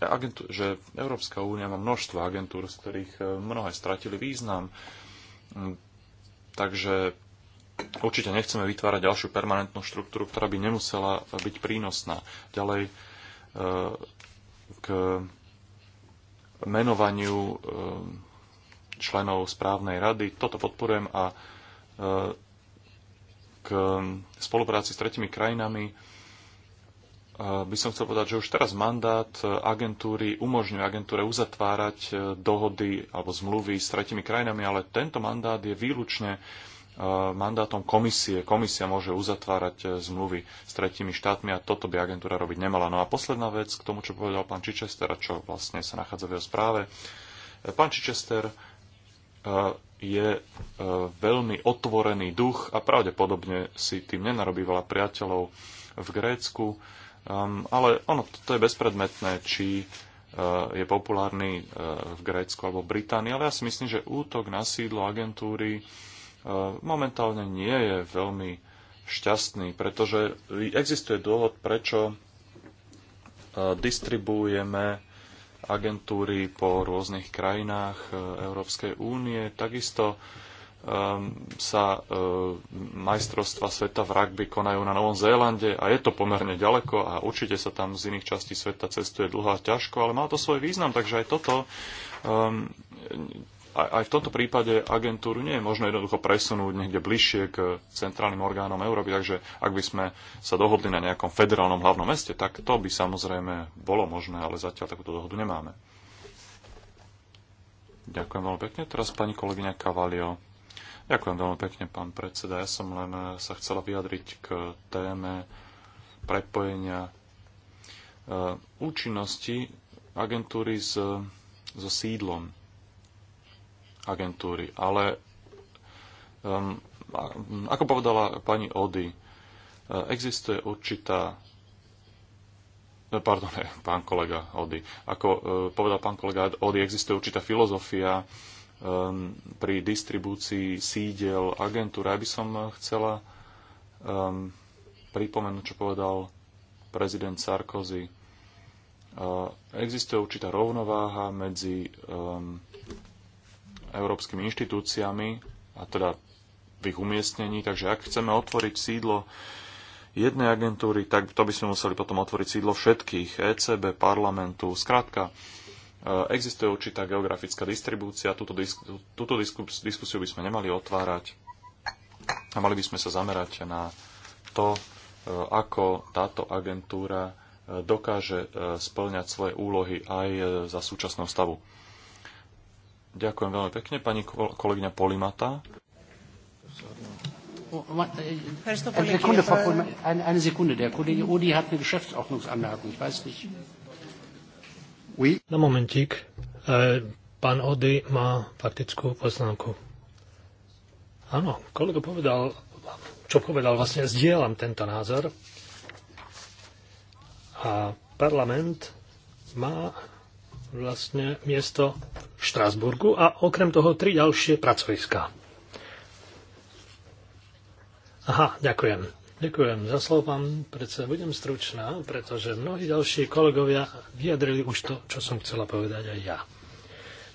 agentú- že Európska únia má množstvo agentúr, z ktorých e, mnohé stratili význam. Mm, takže určite nechceme vytvárať ďalšiu permanentnú štruktúru, ktorá by nemusela byť prínosná. Ďalej e, k menovaniu členov správnej rady. Toto podporujem a k spolupráci s tretimi krajinami, by som chcel povedať, že už teraz mandát agentúry umožňuje agentúre uzatvárať e, dohody alebo zmluvy s tretimi krajinami, ale tento mandát je výlučne e, mandátom komisie. Komisia môže uzatvárať e, zmluvy s tretimi štátmi a toto by agentúra robiť nemala. No a posledná vec k tomu, čo povedal pán Čičester a čo vlastne sa nachádza v jeho správe. Pán Čičester je e, veľmi otvorený duch a pravdepodobne si tým nenarobí veľa priateľov v Grécku, ehm, ale ono to je bezpredmetné, či e, je populárny e, v Grécku alebo v Británii, ale ja si myslím, že útok na sídlo agentúry momentálne nie je veľmi šťastný, pretože existuje dôvod, prečo distribuujeme agentúry po rôznych krajinách e, Európskej únie. Takisto e, sa e, majstrovstva sveta v rugby konajú na Novom Zélande a je to pomerne ďaleko a určite sa tam z iných častí sveta cestuje dlho a ťažko, ale má to svoj význam, takže aj toto aj v tomto prípade agentúru nie je možno jednoducho presunúť niekde bližšie k centrálnym orgánom Európy, takže ak by sme sa dohodli na nejakom federálnom hlavnom meste, tak to by samozrejme bolo možné, ale zatiaľ takúto dohodu nemáme. Ďakujem veľmi pekne. Teraz pani kolegyňa Kavalio. Ďakujem veľmi pekne, pán predseda. Ja som len eh, sa chcela vyjadriť k téme prepojenia eh, účinnosti agentúry s, so sídlom agentúry. Ale um, ako povedala pani Ody, e, existuje určitá e, pardon, ne, pán kolega Ody. Ako e, povedal pán kolega Ody, existuje určitá filozofia um, pri distribúcii sídel agentúry. Ja by som chcela um, pripomenúť, čo povedal prezident Sarkozy. Uh, existuje určitá rovnováha medzi um, európskymi inštitúciami, a teda v ich umiestnení. Takže ak chceme otvoriť sídlo jednej agentúry, tak to by sme museli potom otvoriť sídlo všetkých, ECB, parlamentu. Skrátka, e, existuje určitá geografická distribúcia, túto, disk, túto diskus, diskusiu by sme nemali otvárať a mali by sme sa zamerať na to, e, ako táto agentúra e, dokáže splňať svoje úlohy aj za súčasného stavu. Ďakujem veľmi pekne. Pani kolegyňa Polimata. Na momentík. E, pán Ody má faktickú poznámku. Áno, kolega povedal, čo povedal, vlastne zdieľam tento názor. A parlament má vlastne miesto v Štrásburgu a okrem toho tri ďalšie pracoviská. Aha, ďakujem. Ďakujem za slovo, pán predseda. Budem stručná, pretože mnohí ďalší kolegovia vyjadrili už to, čo som chcela povedať aj ja.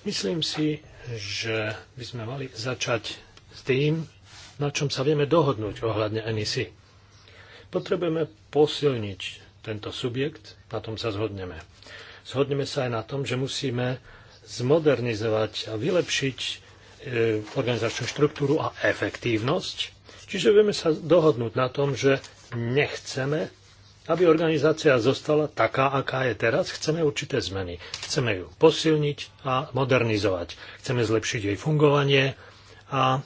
Myslím si, že by sme mali začať s tým, na čom sa vieme dohodnúť ohľadne NEC. Potrebujeme posilniť tento subjekt, na tom sa zhodneme. Zhodneme sa aj na tom, že musíme zmodernizovať a vylepšiť e, organizačnú štruktúru a efektívnosť. Čiže vieme sa dohodnúť na tom, že nechceme, aby organizácia zostala taká, aká je teraz. Chceme určité zmeny. Chceme ju posilniť a modernizovať. Chceme zlepšiť jej fungovanie a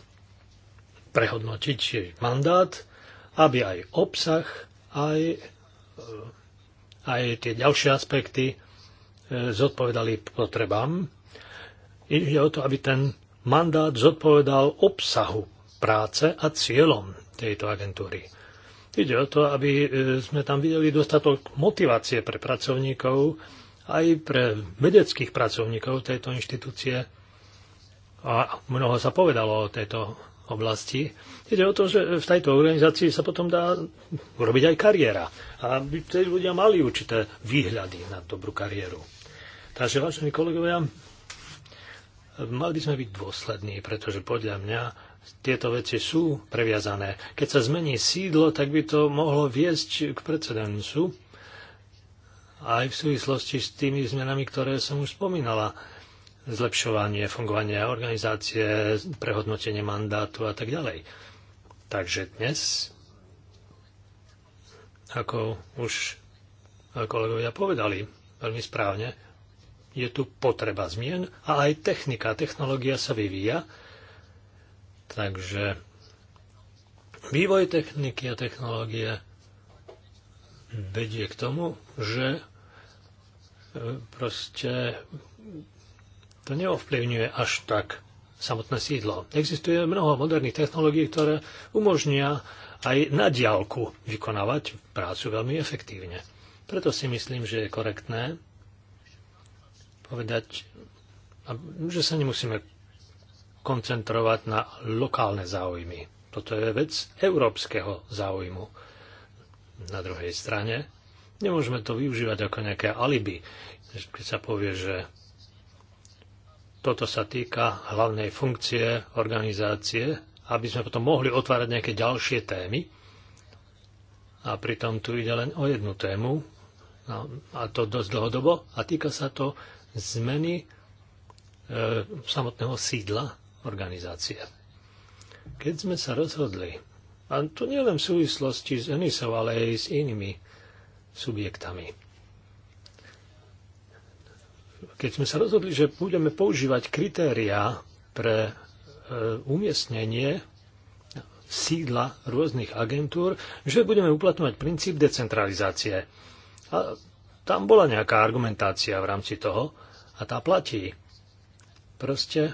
prehodnotiť jej mandát, aby aj obsah, aj, e, aj tie ďalšie aspekty E, zodpovedali potrebám. Ide o to, aby ten mandát zodpovedal obsahu práce a cieľom tejto agentúry. Ide o to, aby e, sme tam videli dostatok motivácie pre pracovníkov, aj pre vedeckých pracovníkov tejto inštitúcie. A mnoho sa povedalo o tejto oblasti. Ide o to, že v tejto organizácii sa potom dá urobiť aj kariéra. A aby tí ľudia mali určité výhľady na dobrú kariéru. Takže, vážení kolegovia, mali by sme byť dôslední, pretože podľa mňa tieto veci sú previazané. Keď sa zmení sídlo, tak by to mohlo viesť k precedensu aj v súvislosti s tými zmenami, ktoré som už spomínala. Zlepšovanie fungovania organizácie, prehodnotenie mandátu a tak ďalej. Takže dnes, ako už kolegovia povedali veľmi správne, je tu potreba zmien a aj technika, technológia sa vyvíja. Takže vývoj techniky a technológie vedie k tomu, že e, proste to neovplyvňuje až tak samotné sídlo. Existuje mnoho moderných technológií, ktoré umožnia aj na diálku vykonávať prácu veľmi efektívne. Preto si myslím, že je korektné povedať, že sa nemusíme koncentrovať na lokálne záujmy. Toto je vec európskeho záujmu. Na druhej strane nemôžeme to využívať ako nejaké alibi, keď sa povie, že toto sa týka hlavnej funkcie organizácie, aby sme potom mohli otvárať nejaké ďalšie témy. A pritom tu ide len o jednu tému, no, a to dosť dlhodobo, a týka sa to zmeny e, samotného sídla organizácie. Keď sme sa rozhodli, a to nielen v súvislosti s Enisou, ale aj s inými subjektami, keď sme sa rozhodli, že budeme používať kritériá pre e, umiestnenie sídla rôznych agentúr, že budeme uplatňovať princíp decentralizácie. A tam bola nejaká argumentácia v rámci toho, a tá platí. Proste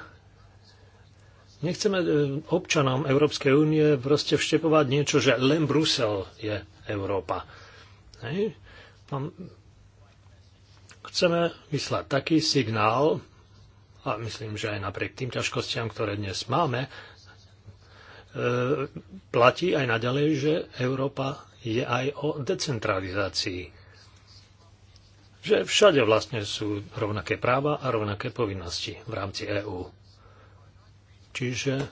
nechceme e, občanom Európskej únie proste vštepovať niečo, že len Brusel je Európa. Hej? Mám... No, chceme vyslať taký signál, a myslím, že aj napriek tým ťažkostiam, ktoré dnes máme, e, platí aj naďalej, že Európa je aj o decentralizácii že všade vlastne sú rovnaké práva a rovnaké povinnosti v rámci EÚ. Čiže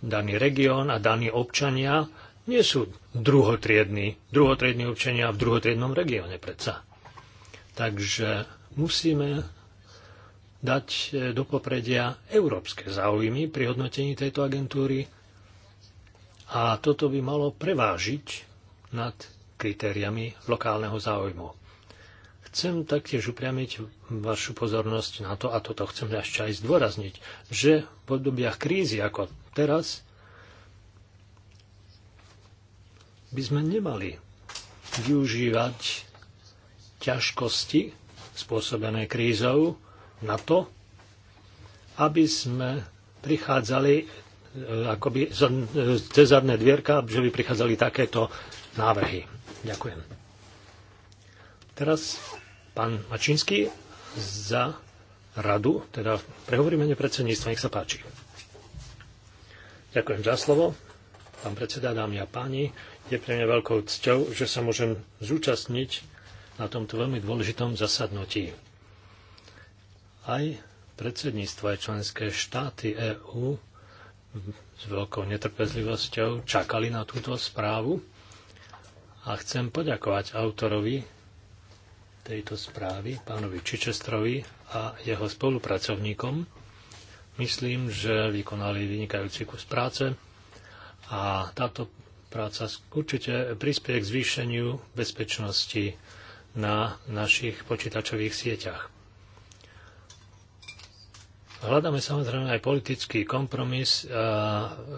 daný región a daní občania nie sú druhotriední, druhotriední občania v druhotriednom regióne predsa. Takže musíme dať e, do popredia európske záujmy pri hodnotení tejto agentúry a toto by malo prevážiť nad kritériami lokálneho záujmu. Chcem taktiež upriamiť vašu pozornosť na to, a toto chcem ešte aj zdôrazniť, že v obdobiach krízy ako teraz by sme nemali využívať ťažkosti spôsobené krízou na to, aby sme prichádzali e, akoby e, cez zadné dvierka, že by prichádzali takéto návrhy. Ďakujem. Teraz Pán Mačínsky za radu, teda prehovoríme mene predsedníctva, nech sa páči. Ďakujem za slovo. Pán predseda, dámy a páni, je pre mňa veľkou cťou, že sa môžem zúčastniť na tomto veľmi dôležitom zasadnutí. Aj predsedníctvo, aj členské štáty EÚ s veľkou netrpezlivosťou čakali na túto správu a chcem poďakovať autorovi tejto správy, pánovi Čičestrovi a jeho spolupracovníkom. Myslím, že vykonali vynikajúci kus práce a táto práca určite prispieje k zvýšeniu bezpečnosti na našich počítačových sieťach. Hľadáme samozrejme aj politický kompromis.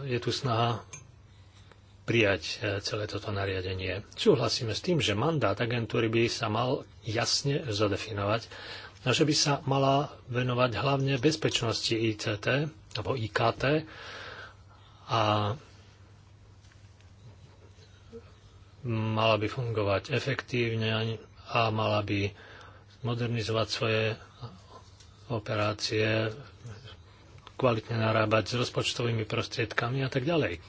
je tu snaha prijať e, celé toto nariadenie. Súhlasíme s tým, že mandát agentúry by sa mal jasne zadefinovať a že by sa mala venovať hlavne bezpečnosti ICT alebo IKT a mala by fungovať efektívne a mala by modernizovať svoje operácie, kvalitne narábať s rozpočtovými prostriedkami a tak ďalej.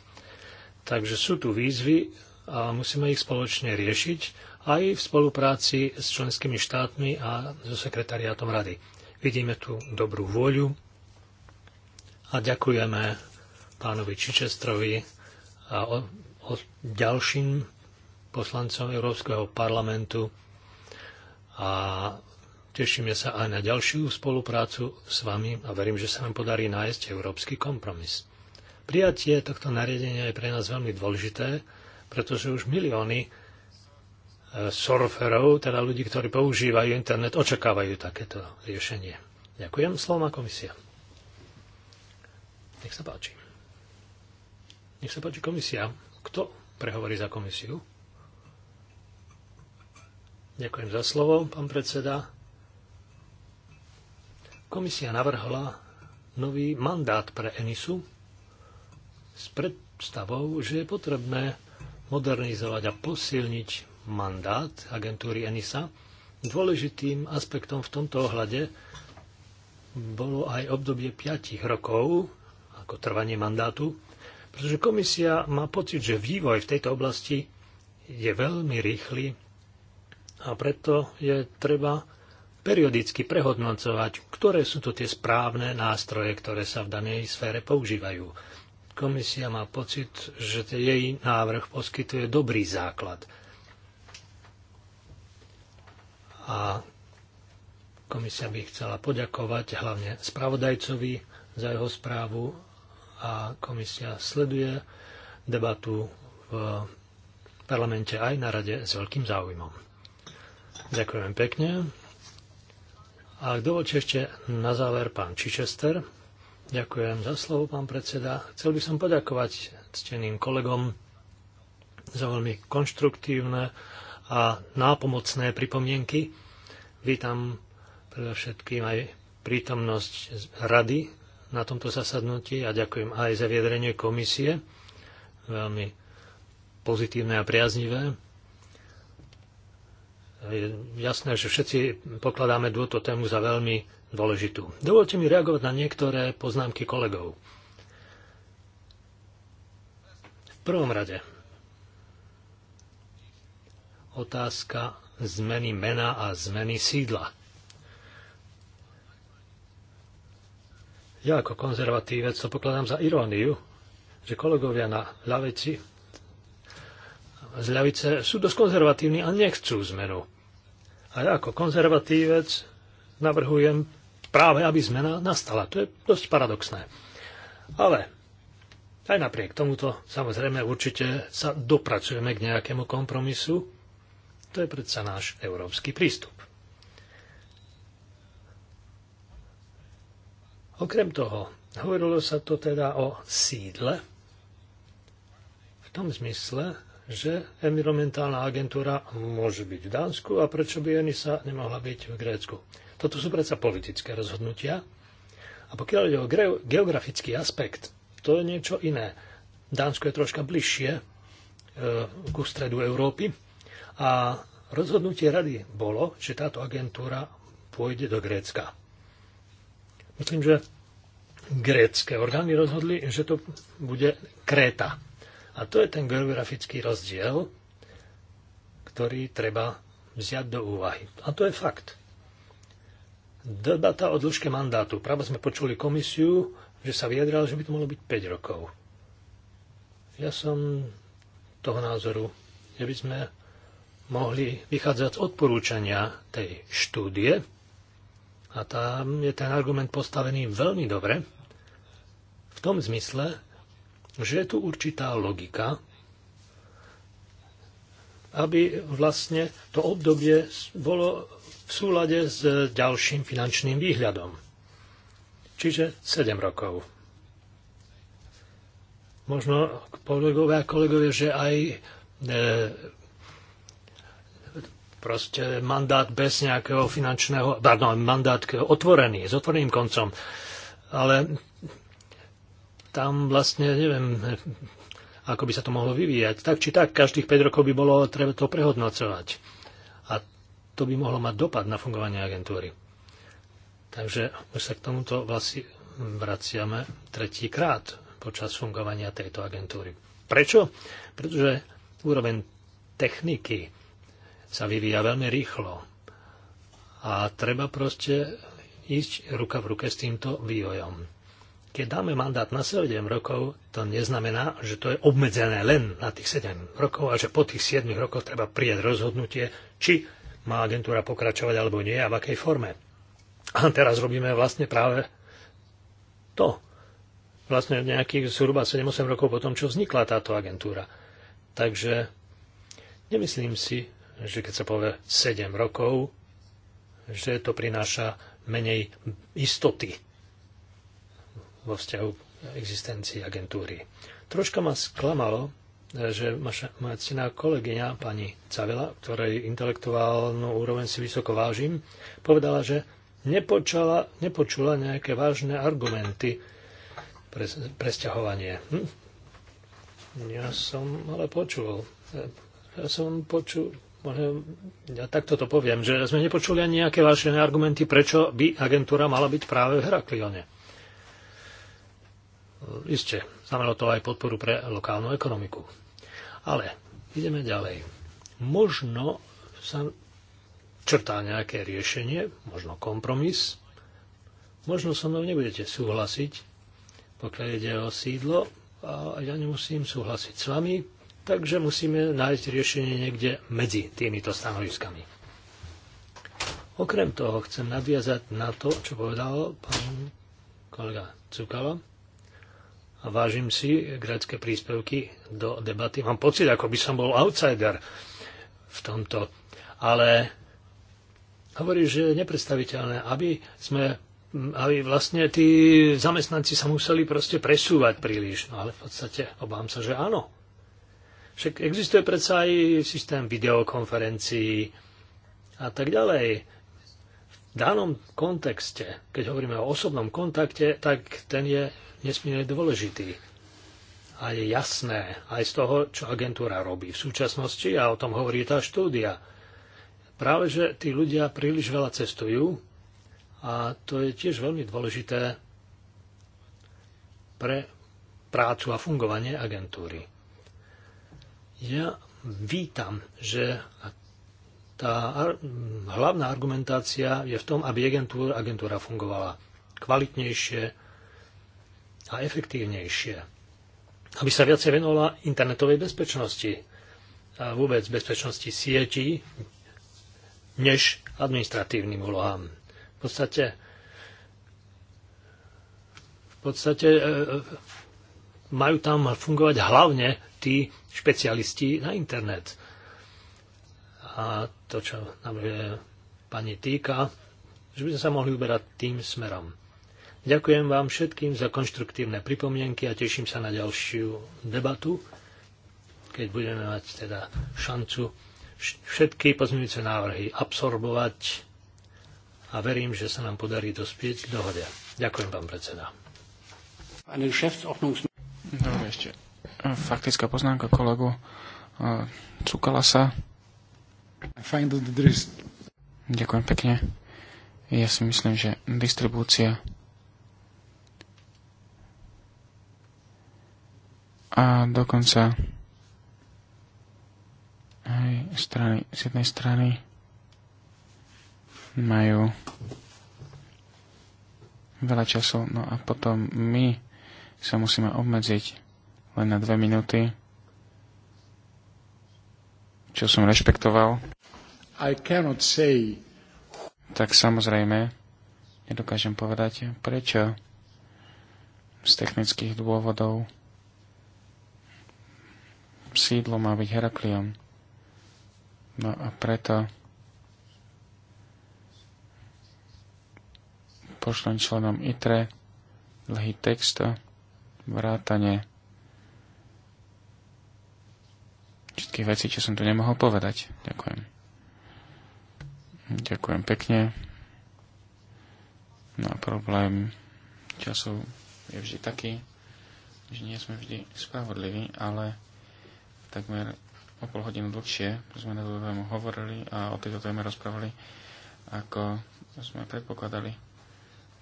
Takže sú tu výzvy a musíme ich spoločne riešiť aj v spolupráci s členskými štátmi a so sekretariátom rady. Vidíme tu dobrú vôľu a ďakujeme pánovi Čičestrovi a o, o ďalším poslancom Európskeho parlamentu a tešíme sa aj na ďalšiu spoluprácu s vami a verím, že sa nám podarí nájsť európsky kompromis. Prijatie tohto nariadenia je pre nás veľmi dôležité, pretože už milióny e, surferov, teda ľudí, ktorí používajú internet, očakávajú takéto riešenie. Ďakujem. Slovo má komisia. Nech sa páči. Nech sa páči komisia. Kto prehovorí za komisiu? Ďakujem za slovo, pán predseda. Komisia navrhla nový mandát pre ENISu s predstavou, že je potrebné modernizovať a posilniť mandát agentúry ENISA. Dôležitým aspektom v tomto ohľade bolo aj obdobie 5 rokov ako trvanie mandátu, pretože komisia má pocit, že vývoj v tejto oblasti je veľmi rýchly a preto je treba periodicky prehodnocovať, ktoré sú to tie správne nástroje, ktoré sa v danej sfére používajú komisia má pocit, že jej návrh poskytuje dobrý základ. A komisia by chcela poďakovať hlavne spravodajcovi za jeho správu a komisia sleduje debatu v parlamente aj na rade s veľkým záujmom. Ďakujem pekne. A dovolte ešte na záver pán Čičester. Ďakujem za slovo, pán predseda. Chcel by som poďakovať cteným kolegom za veľmi konštruktívne a nápomocné pripomienky. Vítam predovšetkým aj prítomnosť rady na tomto zasadnutí a ďakujem aj za viedrenie komisie. Veľmi pozitívne a priaznivé je jasné, že všetci pokladáme túto tému za veľmi dôležitú. Dovolte mi reagovať na niektoré poznámky kolegov. V prvom rade otázka zmeny mena a zmeny sídla. Ja ako konzervatívec to pokladám za iróniu, že kolegovia na ľavici z ľavice sú dosť konzervatívni a nechcú zmenu a ako konzervatívec navrhujem práve, aby zmena nastala. To je dosť paradoxné. Ale aj napriek tomuto, samozrejme, určite sa dopracujeme k nejakému kompromisu. To je predsa náš európsky prístup. Okrem toho, hovorilo sa to teda o sídle, v tom zmysle, že environmentálna agentúra môže byť v Dánsku a prečo by ENISA nemohla byť v Grécku. Toto sú predsa politické rozhodnutia. A pokiaľ ide o geografický aspekt, to je niečo iné. Dánsko je troška bližšie e, ku stredu Európy a rozhodnutie rady bolo, že táto agentúra pôjde do Grécka. Myslím, že grécké orgány rozhodli, že to bude Kréta. A to je ten geografický rozdiel, ktorý treba vziať do úvahy. A to je fakt. Debata o dĺžke mandátu. Práve sme počuli komisiu, že sa vyjadrala, že by to mohlo byť 5 rokov. Ja som toho názoru, že by sme mohli vychádzať z odporúčania tej štúdie a tam je ten argument postavený veľmi dobre v tom zmysle, že je tu určitá logika, aby vlastne to obdobie bolo v súlade s ďalším finančným výhľadom. Čiže 7 rokov. Možno kolegovia a kolegovia, že aj e, proste mandát bez nejakého finančného, pardon, mandát otvorený, s otvoreným koncom. Ale tam vlastne neviem, ako by sa to mohlo vyvíjať. Tak či tak, každých 5 rokov by bolo treba to prehodnocovať. A to by mohlo mať dopad na fungovanie agentúry. Takže už sa k tomuto vlastne vraciame tretíkrát počas fungovania tejto agentúry. Prečo? Pretože úroveň techniky sa vyvíja veľmi rýchlo a treba proste ísť ruka v ruke s týmto vývojom. Keď dáme mandát na 7 rokov, to neznamená, že to je obmedzené len na tých 7 rokov a že po tých 7 rokoch treba prijať rozhodnutie, či má agentúra pokračovať alebo nie a v akej forme. A teraz robíme vlastne práve to. Vlastne nejakých zhruba 7-8 rokov po tom, čo vznikla táto agentúra. Takže nemyslím si, že keď sa povie 7 rokov, že to prináša menej istoty vo vzťahu existencii agentúry. Troška ma sklamalo, že moja ctená kolegyňa pani Cavela, ktorej intelektuálnu úroveň si vysoko vážim, povedala, že nepočala, nepočula nejaké vážne argumenty pre presťahovanie. Hm? Ja som ale počul. Ja som počul, ja takto to poviem, že sme nepočuli ani nejaké vážne argumenty, prečo by agentúra mala byť práve v Heraklione iste, znamenalo to aj podporu pre lokálnu ekonomiku. Ale ideme ďalej. Možno sa črtá nejaké riešenie, možno kompromis, možno so mnou nebudete súhlasiť, pokiaľ ide o sídlo, a ja nemusím súhlasiť s vami, takže musíme nájsť riešenie niekde medzi týmito stanoviskami. Okrem toho chcem nadviazať na to, čo povedal pán kolega Cukala, a vážim si grécké príspevky do debaty. Mám pocit, ako by som bol outsider v tomto. Ale hovorí, že je nepredstaviteľné, aby sme aby vlastne tí zamestnanci sa museli proste presúvať príliš. No ale v podstate obávam sa, že áno. Však existuje predsa aj systém videokonferencií a tak ďalej. V danom kontexte, keď hovoríme o osobnom kontakte, tak ten je nesmierne dôležitý a je jasné aj z toho, čo agentúra robí v súčasnosti a o tom hovorí tá štúdia. Práve, že tí ľudia príliš veľa cestujú a to je tiež veľmi dôležité pre prácu a fungovanie agentúry. Ja vítam, že tá hlavná argumentácia je v tom, aby agentúra, agentúra fungovala kvalitnejšie, a efektívnejšie. Aby sa viacej venovala internetovej bezpečnosti a vôbec bezpečnosti sieti, než administratívnym úlohám. V podstate, v podstate e, e, majú tam fungovať hlavne tí špecialisti na internet. A to, čo je pani týka, že by sme sa mohli uberať tým smerom. Ďakujem vám všetkým za konštruktívne pripomienky a teším sa na ďalšiu debatu, keď budeme mať teda šancu všetky pozmeňujúce návrhy absorbovať a verím, že sa nám podarí dospieť k dohode. Ďakujem, pán predseda. No, ešte e, faktická poznámka kolegu e, Cukala sa. Ďakujem pekne. Ja si myslím, že distribúcia a dokonca aj strany, z jednej strany majú veľa času, no a potom my sa musíme obmedziť len na dve minúty, čo som rešpektoval. I cannot say... Tak samozrejme, nedokážem povedať, prečo z technických dôvodov sídlo má byť Heraklion. No a preto pošlem členom ITRE dlhý text vrátane všetkých vecí, čo som tu nemohol povedať. Ďakujem. Ďakujem pekne. No a problém časov je vždy taký, že nie sme vždy spravodliví, ale takmer o pol hodinu dlhšie sme na tú tému hovorili a o tejto téme rozprávali, ako sme predpokladali.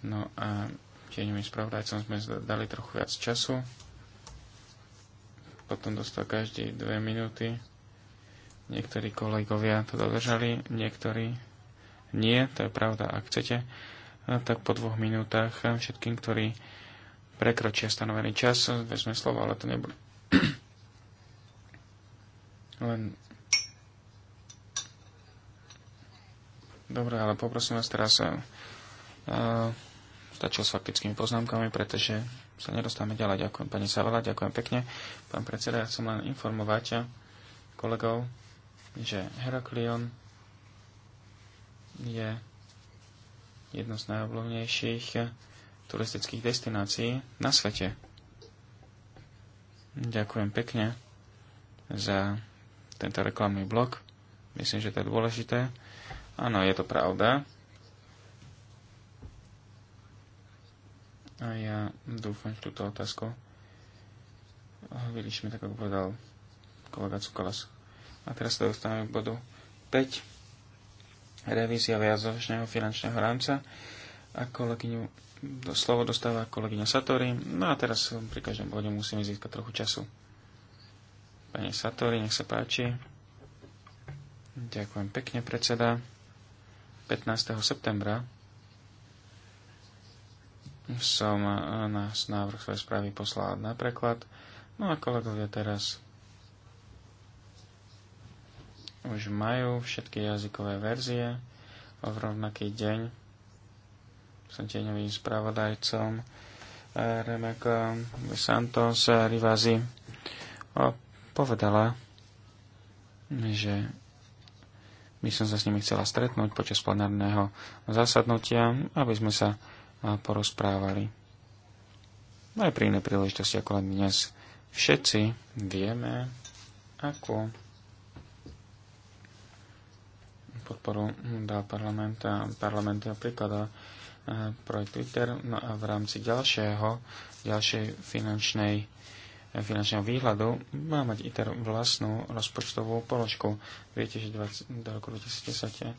No a tieňovým spravodajcom sme dali trochu viac času. Potom dostal každý dve minúty. Niektorí kolegovia to dodržali, niektorí nie, to je pravda, ak chcete. A tak po dvoch minútach všetkým, ktorí prekročia stanovený čas, vezme slovo, ale to nebude len... Dobre, ale poprosím vás teraz a, eh, eh, stačil s faktickými poznámkami, pretože sa nedostáme ďalej. Ďakujem pani Savala, ďakujem pekne. Pán predseda, ja chcem len informovať eh, kolegov, že Heraklion je jedno z najobľúbenejších turistických destinácií na svete. Ďakujem pekne za tento reklamný blok. Myslím, že to je dôležité. Áno, je to pravda. A ja dúfam, že túto otázku vyriešime tak, ako povedal kolega Cukolas. A teraz sa dostávame k bodu 5. Revízia viacročného finančného rámca. A kolegyňu, slovo dostáva kolegyňa Satori. No a teraz pri každom bode musíme získať trochu času. Pani Satori, nech sa páči. Ďakujem pekne, predseda. 15. septembra som e, na návrh svojej správy poslal na preklad. No a kolegovia teraz už majú všetky jazykové verzie. V rovnaký deň som tieňovým spravodajcom e, Remek Santos e, Rivazi povedala, že by som sa s nimi chcela stretnúť počas plenárneho zasadnutia, aby sme sa porozprávali. Aj pri inej príležitosti, ako len dnes. Všetci vieme, ako podporu dal parlament a parlament prikladal projekt Twitter no a v rámci ďalšieho, ďalšej finančnej finančného výhľadu má mať ITER vlastnú rozpočtovú položku. Viete, že 20, do roku 2010 eh,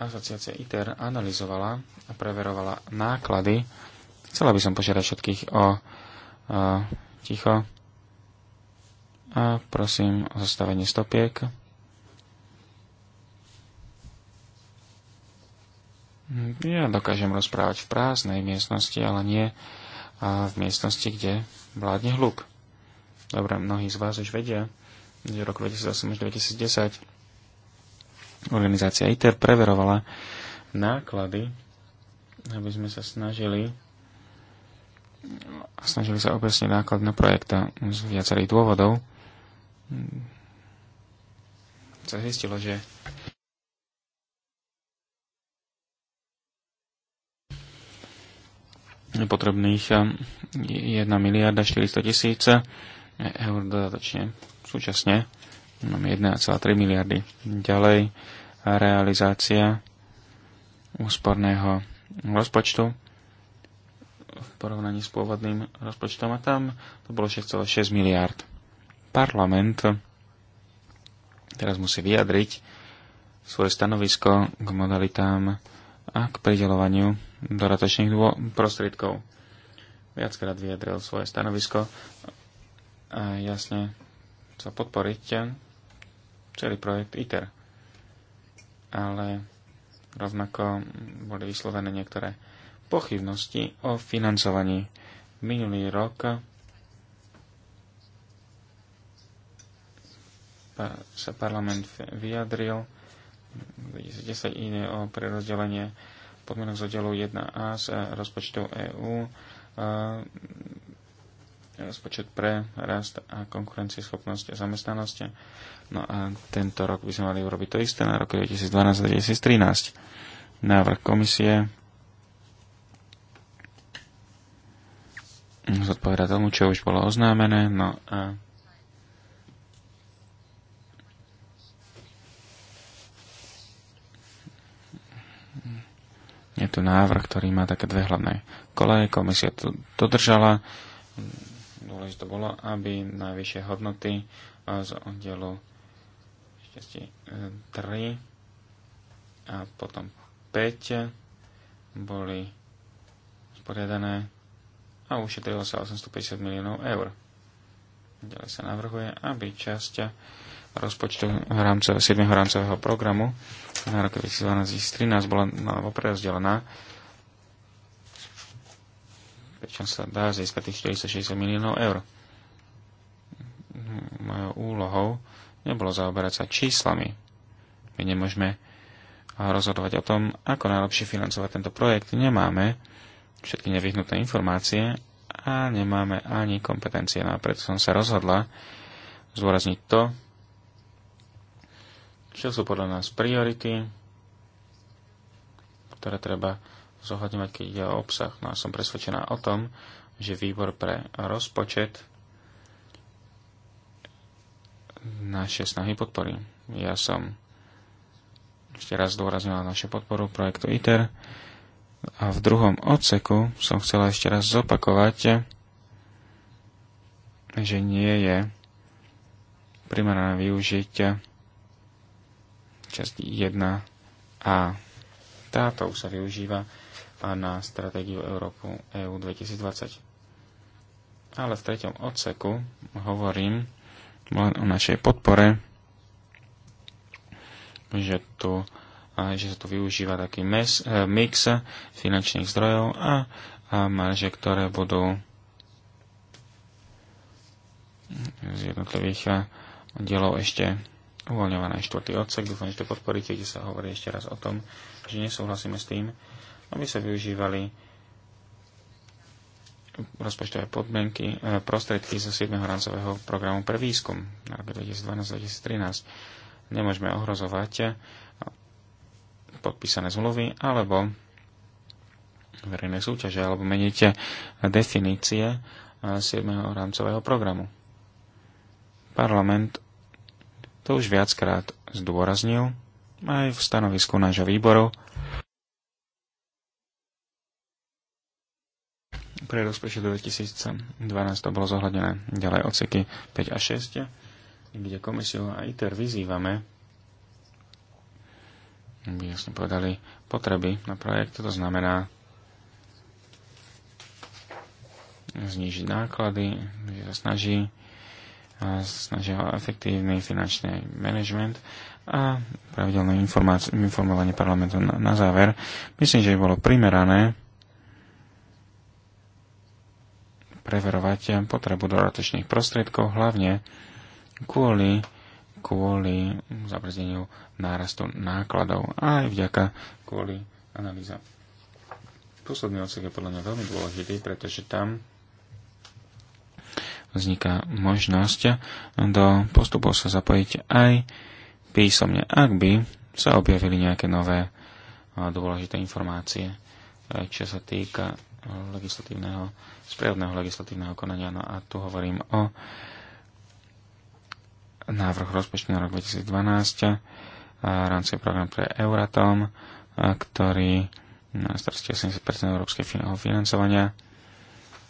asociácia ITER analyzovala a preverovala náklady. Chcela by som požiadať všetkých o ticho a prosím o zastavenie stopiek. Ja dokážem rozprávať v prázdnej miestnosti, ale nie a v miestnosti, kde vládne hluk. Dobre, mnohí z vás už vedia, že v roku 2008 až 2010 organizácia ITER preverovala náklady, aby sme sa snažili snažili sa obecne náklad na projekta z viacerých dôvodov. Sa zistilo, že potrebných 1 eh, miliarda 400 tisíc eh, eur dodatočne. Súčasne máme 1,3 miliardy. Ďalej realizácia úsporného rozpočtu v porovnaní s pôvodným rozpočtom a tam to bolo 6,6 miliard. Parlament teraz musí vyjadriť svoje stanovisko k modalitám a k pridelovaniu dodatočných dô- prostriedkov. Viackrát vyjadril svoje stanovisko a jasne chcel podporiť celý projekt ITER. Ale rovnako boli vyslovené niektoré pochybnosti o financovaní. Minulý rok sa parlament vyjadril, v 2010 ide o prerozdelenie podmienok z oddelu eh, 1a z rozpočtov EÚ, eh, rozpočet pre rast a konkurencieschopnosť a zamestnanosť. No a tento rok by sme mali urobiť to isté na roky 2012 a 2013. Návrh komisie Zodpovedá tomu, čo už bolo oznámené. No a Je tu návrh, ktorý má také dve hlavné koleje. Komisia to dodržala. Dôležité bolo, aby najvyššie hodnoty z oddelu 3 e, a potom 5 boli sporiadané a ušetrilo sa 850 miliónov eur. Ďalej sa navrhuje, aby časť rozpočtu rámcov, 7. rámcového programu na rok 2012-2013 bola nalovo prerozdelená. Pričom sa dá získať tých 460 miliónov eur. Mojou úlohou nebolo zaoberať sa číslami. My nemôžeme rozhodovať o tom, ako najlepšie financovať tento projekt. Nemáme všetky nevyhnuté informácie a nemáme ani kompetencie. No a preto som sa rozhodla zdôrazniť to, čo sú podľa nás priority, ktoré treba zohľadňovať, keď ide o obsah. No a som presvedčená o tom, že výbor pre rozpočet naše snahy podporí. Ja som ešte raz zdôraznila našu podporu projektu ITER a v druhom odseku som chcela ešte raz zopakovať, že nie je primerané využiť časť 1a. Táto už sa využíva na stratégiu Európu EU 2020. Ale v treťom odseku hovorím len o našej podpore, že, tu, že sa tu využíva taký mes, e, mix finančných zdrojov a, a marže, ktoré budú z jednotlivých dielov ešte uvoľňované štvrtý odsek. Dúfam, že to podporíte, kde sa hovorí ešte raz o tom, že nesúhlasíme s tým, aby sa využívali rozpočtové podmienky, e, prostriedky zo 7. rámcového programu pre výskum na rok 2012-2013. Nemôžeme ohrozovať podpísané zmluvy alebo verejné súťaže alebo meníte definície 7. E, rámcového programu. Parlament to už viackrát zdôraznil aj v stanovisku nášho výboru. Pre rozpočet 2012 to bolo zohľadené ďalej odseky 5 a 6, kde komisiu a ITER vyzývame, by jasne povedali, potreby na projekt. To znamená znižiť náklady, že sa snaží snažia o efektívny finančný manažment a pravidelné informovanie parlamentu na, na záver. Myslím, že by bolo primerané preverovať potrebu dodatočných prostriedkov, hlavne kvôli, kvôli zabrzdeniu nárastu nákladov a aj vďaka kvôli analýza. Posledný odsek je podľa mňa veľmi dôležitý, pretože tam vzniká možnosť do postupov sa zapojiť aj písomne, ak by sa objavili nejaké nové dôležité informácie, e, čo sa týka legislatívneho, sprievodného legislatívneho konania. No a tu hovorím o návrh rozpočtu na rok 2012, rámcový program pre Euratom, ktorý na starosti 80% európskeho financovania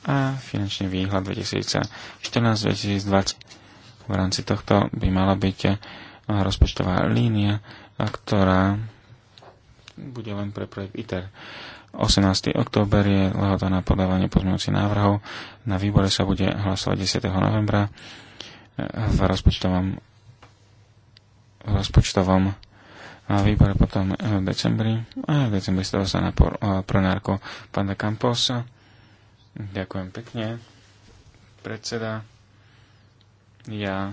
a finančný výhľad 2014-2020. V rámci tohto by mala byť eh, rozpočtová línia, eh, ktorá bude len pre projekt ITER. 18. október je lehota na podávanie pozmeňujúcich návrhov. Na výbore sa bude hlasovať 10. novembra eh, v rozpočtovom, v rozpočtovom výbore potom v decembri. A v decembri stalo sa na pronárko Panda Campos Ďakujem pekne. Predseda, ja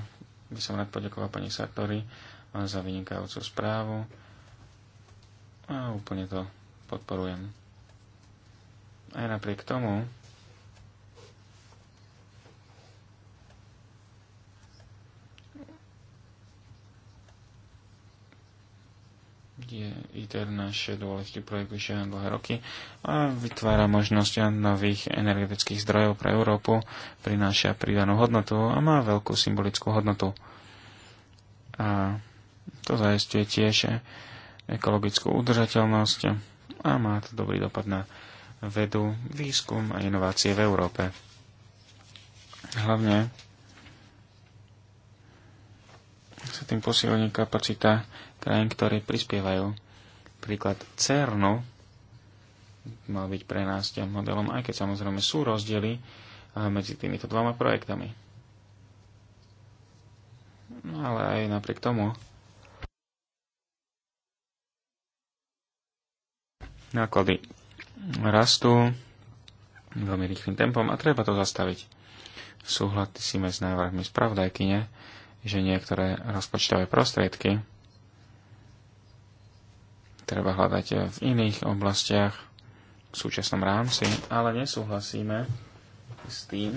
by som rád poďakoval pani Sartori za vynikajúcu správu a úplne to podporujem. Aj napriek tomu, je ITER náš dôležitý projekt už dlhé roky a vytvára možnosť nových energetických zdrojov pre Európu, prináša pridanú hodnotu a má veľkú symbolickú hodnotu. A to zajistuje tiež ekologickú udržateľnosť a má to dobrý dopad na vedu, výskum a inovácie v Európe. Hlavne sa tým posilní kapacita krajín, ktoré prispievajú. Príklad CERNu mal byť pre nás tým modelom, aj keď samozrejme sú rozdiely eh, medzi týmito dvoma projektami. No ale aj napriek tomu. Náklady rastú veľmi rýchlým tempom a treba to zastaviť. Súhlasíme s návrhmi spravodajkyne, že niektoré rozpočtové prostriedky treba hľadať v iných oblastiach v súčasnom rámci, ale nesúhlasíme s tým,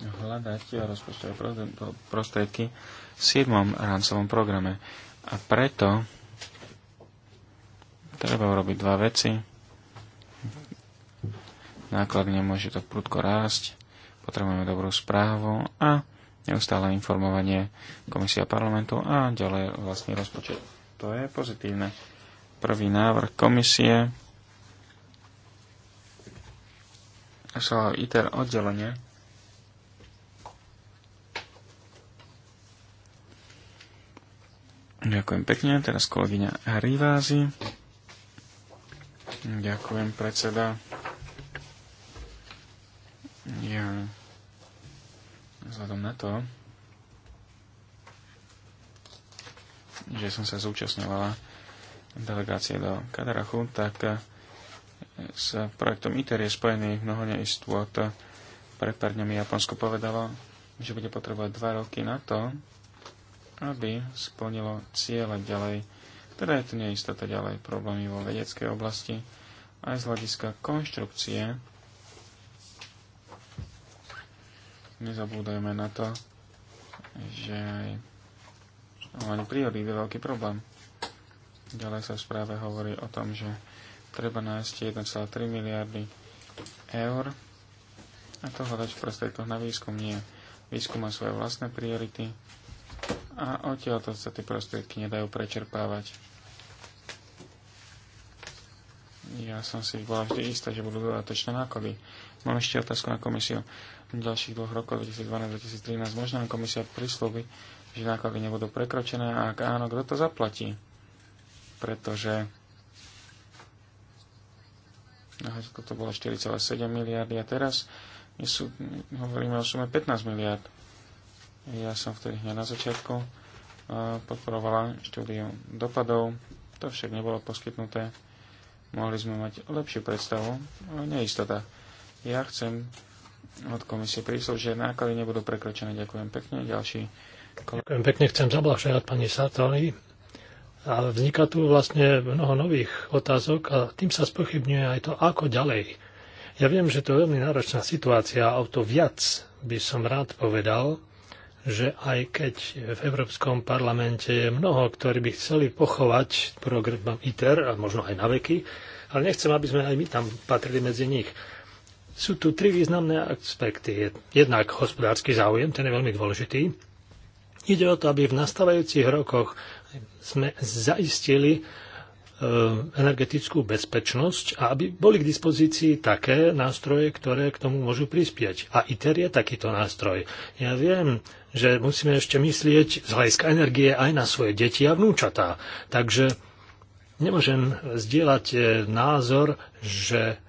hľadať rozpočtové prostriedky v 7. rámcovom programe. A preto treba urobiť dva veci. Náklad nemôže to prudko rásť, potrebujeme dobrú správu a neustále informovanie komisia parlamentu a ďalej vlastný rozpočet. To je pozitívne. Prvý návrh komisie sa ITER oddelenie Ďakujem pekne. Teraz kolegyňa Rivázy. Ďakujem, predseda. Ja vzhľadom na to, že som sa zúčastňovala delegácie do Kadarachu, tak eh, s projektom ITER je spojený mnoho neistôt. Pred pár dňami Japonsko povedalo, že bude potrebovať dva roky na to, aby splnilo cieľe ďalej. Teda je tu neistota ďalej problémy vo vedeckej oblasti aj z hľadiska konštrukcie nezabúdajme na to, že aj hlavne priorít je veľký problém. Ďalej sa v správe hovorí o tom, že treba nájsť 1,3 miliardy eur a to hľadať v prostriedkoch na výskum nie. Výskum má svoje vlastné priority a odtiaľto sa tie prostriedky nedajú prečerpávať. Ja som si bola vždy istá, že budú dodatočné náklady Mám ešte otázku na komisiu. V ďalších dvoch rokoch 2012-2013 možno nám komisia prislúbi, že náklady nebudú prekročené a ak áno, kto to zaplatí? Pretože na Haťku to bolo 4,7 miliardy a teraz sú, hovoríme o sume 15 miliard. Ja som vtedy hneď na začiatku podporovala štúdiu dopadov, to však nebolo poskytnuté. Mohli sme mať lepšiu predstavu o neistotách. Ja chcem od komisie prísľub, že náklady nebudú prekročené. Ďakujem pekne. Ďalší Ďakujem pekne. Chcem zablašovať pani Sartori. A vzniká tu vlastne mnoho nových otázok a tým sa spochybňuje aj to, ako ďalej. Ja viem, že to je veľmi náročná situácia a o to viac by som rád povedal, že aj keď v Európskom parlamente je mnoho, ktorí by chceli pochovať program ITER, a možno aj na veky, ale nechcem, aby sme aj my tam patrili medzi nich. Sú tu tri významné aspekty. Jednak hospodársky záujem, ten je veľmi dôležitý. Ide o to, aby v nastávajúcich rokoch sme zaistili e, energetickú bezpečnosť a aby boli k dispozícii také nástroje, ktoré k tomu môžu prispieť. A ITER je takýto nástroj. Ja viem, že musíme ešte myslieť z hľadiska energie aj na svoje deti a vnúčatá. Takže nemôžem zdieľať e, názor, že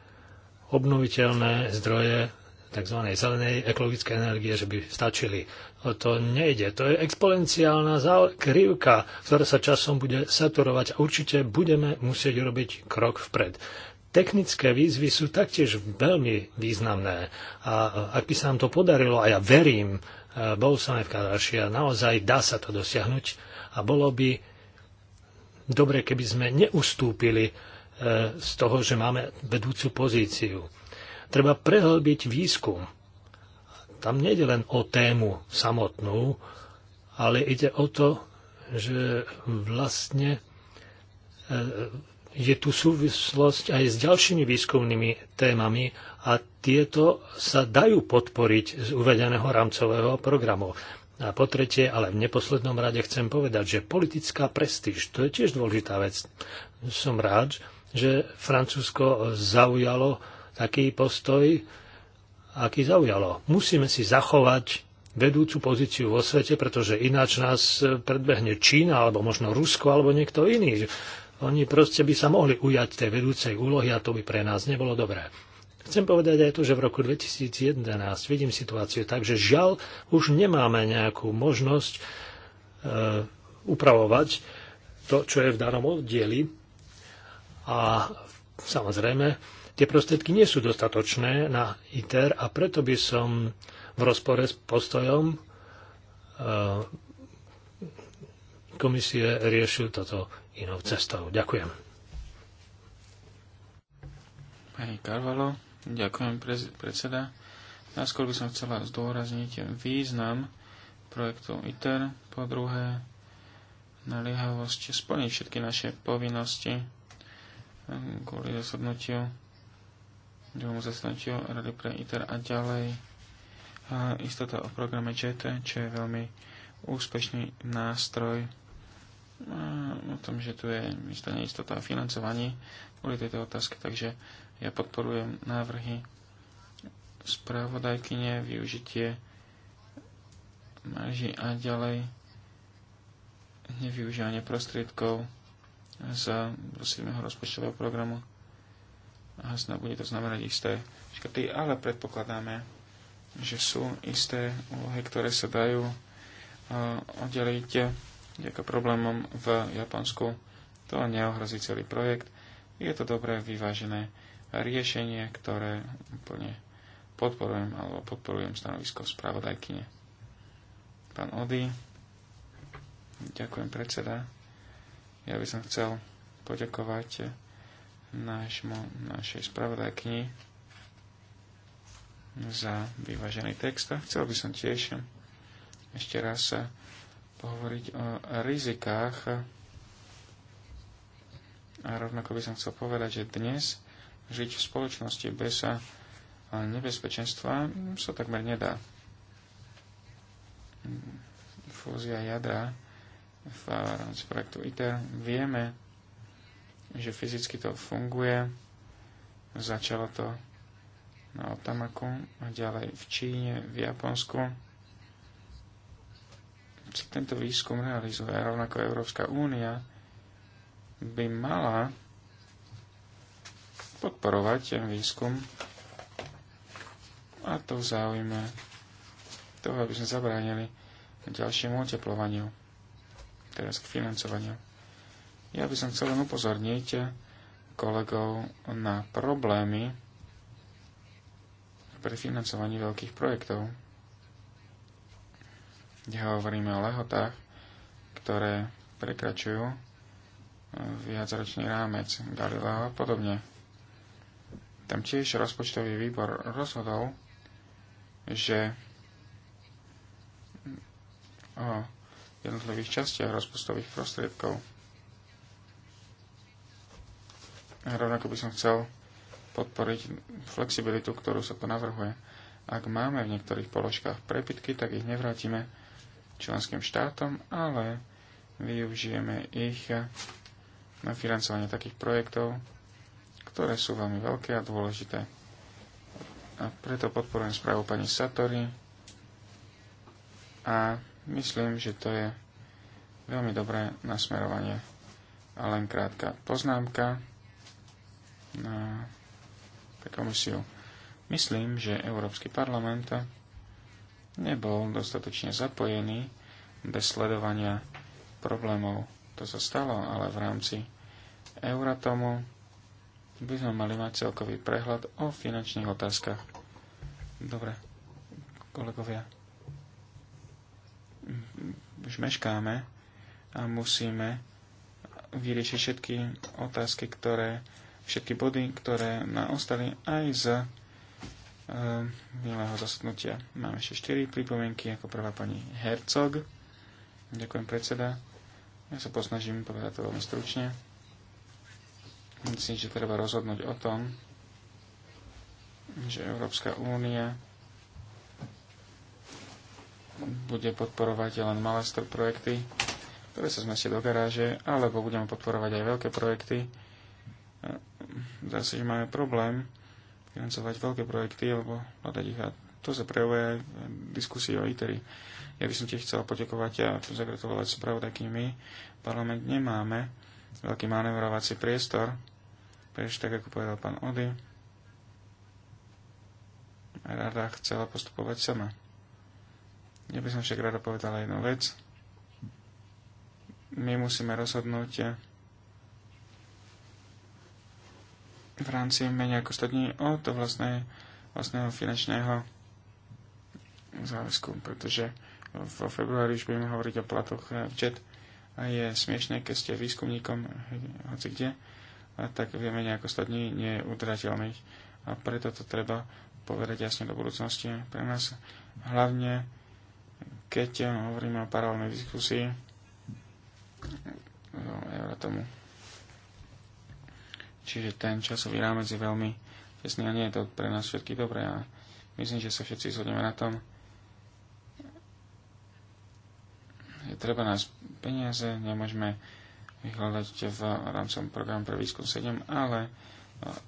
obnoviteľné zdroje tzv. zelenej ekologickej energie, že by stačili. O to nejde. To je exponenciálna krivka, ktorá sa časom bude saturovať a určite budeme musieť robiť krok vpred. Technické výzvy sú taktiež veľmi významné a ak by sa nám to podarilo, a ja verím, e, bol som aj v Kadaši a naozaj dá sa to dosiahnuť a bolo by dobre, keby sme neustúpili E, z toho, že máme vedúcu pozíciu. Treba prehlbiť výskum. Tam nejde len o tému samotnú, ale ide o to, že vlastne e, je tu súvislosť aj s ďalšími výskumnými témami a tieto sa dajú podporiť z uvedeného rámcového programu. A po tretie, ale v neposlednom rade chcem povedať, že politická prestíž, to je tiež dôležitá vec. Som rád, že Francúzsko zaujalo taký postoj, aký zaujalo. Musíme si zachovať vedúcu pozíciu vo svete, pretože ináč nás predbehne Čína, alebo možno Rusko, alebo niekto iný. Oni proste by sa mohli ujať tej vedúcej úlohy a to by pre nás nebolo dobré. Chcem povedať aj to, že v roku 2011 vidím situáciu tak, že žiaľ už nemáme nejakú možnosť e, upravovať to, čo je v danom oddieli a samozrejme tie prostriedky nie sú dostatočné na ITER a preto by som v rozpore s postojom e, komisie riešil toto inou cestou. Ďakujem. Pani Karvalo, ďakujem predseda. Najskôr by som chcela zdôrazniť význam projektu ITER, po druhé naliehavosť splniť všetky naše povinnosti kvôli zasadnutiu, druhému zasadnutiu Rady pre ITER a ďalej a istota o programe JT, čo je veľmi úspešný nástroj o tom, že tu je istá neistota o financovaní kvôli tejto otázke, takže ja podporujem návrhy správodajkyne, využitie marži a ďalej nevyužívanie prostriedkov z 7. rozpočtového programu. A zna, bude to znamenať isté škrty, ale predpokladáme, že sú isté úlohy, ktoré sa dajú e, oddeliť vďaka problémom v Japonsku. To neohrozí celý projekt. Je to dobré vyvážené riešenie, ktoré úplne podporujem alebo podporujem stanovisko spravodajkyne. Pán Ody, ďakujem predseda. Ja by som chcel poďakovať nášmu, našej spravodajkni za vyvážený text a chcel by som tiež ešte raz pohovoriť o rizikách a rovnako by som chcel povedať, že dnes žiť v spoločnosti bez nebezpečenstva sa takmer nedá. Fúzia jadra v rámci projektu ITER. Vieme, že fyzicky to funguje. Začalo to na Otamaku a ďalej v Číne, v Japonsku. Tento výskum realizuje rovnako Európska únia by mala podporovať ten výskum a to v záujme toho, aby sme zabránili ďalšiemu oteplovaniu teraz k financovaniu. Ja by som chcel len upozorniť kolegov na problémy pri financovaní veľkých projektov, kde hovoríme o lehotách, ktoré prekračujú eh, viacročný rámec Galileo a podobne. Tam tiež rozpočtový výbor rozhodol, že o jednotlivých častiach rozpustových prostriedkov. A rovnako by som chcel podporiť flexibilitu, ktorú sa tu navrhuje. Ak máme v niektorých položkách prepitky, tak ich nevrátime členským štátom, ale využijeme ich na financovanie takých projektov, ktoré sú veľmi veľké a dôležité. A preto podporujem správu pani Satori a Myslím, že to je veľmi dobré nasmerovanie. A len krátka poznámka na komisiu. Myslím, že Európsky parlament nebol dostatočne zapojený bez sledovania problémov. To sa stalo, ale v rámci Euratomu by sme mali mať celkový prehľad o finančných otázkach. Dobre, kolegovia už meškáme a musíme vyriešiť všetky otázky, ktoré, všetky body, ktoré nám ostali aj z e, minulého zasadnutia. Máme ešte 4 pripomienky, ako prvá pani Hercog. Ďakujem predseda. Ja sa posnažím povedať to veľmi stručne. Myslím, že treba rozhodnúť o tom, že Európska únia bude podporovať len malé projekty, ktoré sa zmestia do garáže, alebo budeme podporovať aj veľké projekty. Zase, že máme problém financovať veľké projekty, alebo hľadať ich. A to sa prejavuje aj v diskusii o ITERI. Ja by som ti chcel poďakovať a zagratulovať spravodajky my. Parlament nemáme veľký manevrovací priestor, pretože tak ako povedal pán Ody, rada chcela postupovať sama. Ja by som však rada povedala jednu vec. My musíme rozhodnúť eh, v rámci menej ako 100 dní od vlastnej, vlastného finančného záväzku, pretože vo februári už budeme hovoriť o platoch eh, v JET a je smiešné, keď ste výskumníkom eh, hoci kde, a tak vieme nejako 100 dní nie je udržateľných. A preto to treba povedať jasne do budúcnosti. Pre nás hlavne keď eh, hovoríme o paralelnej diskusii eh, tomu. Čiže ten časový rámec je veľmi tesný a nie je to pre nás všetky dobré a myslím, že sa všetci zhodneme na tom, je treba nás peniaze, nemôžeme vyhľadať v rámcom programu pre výskum 7, ale eh,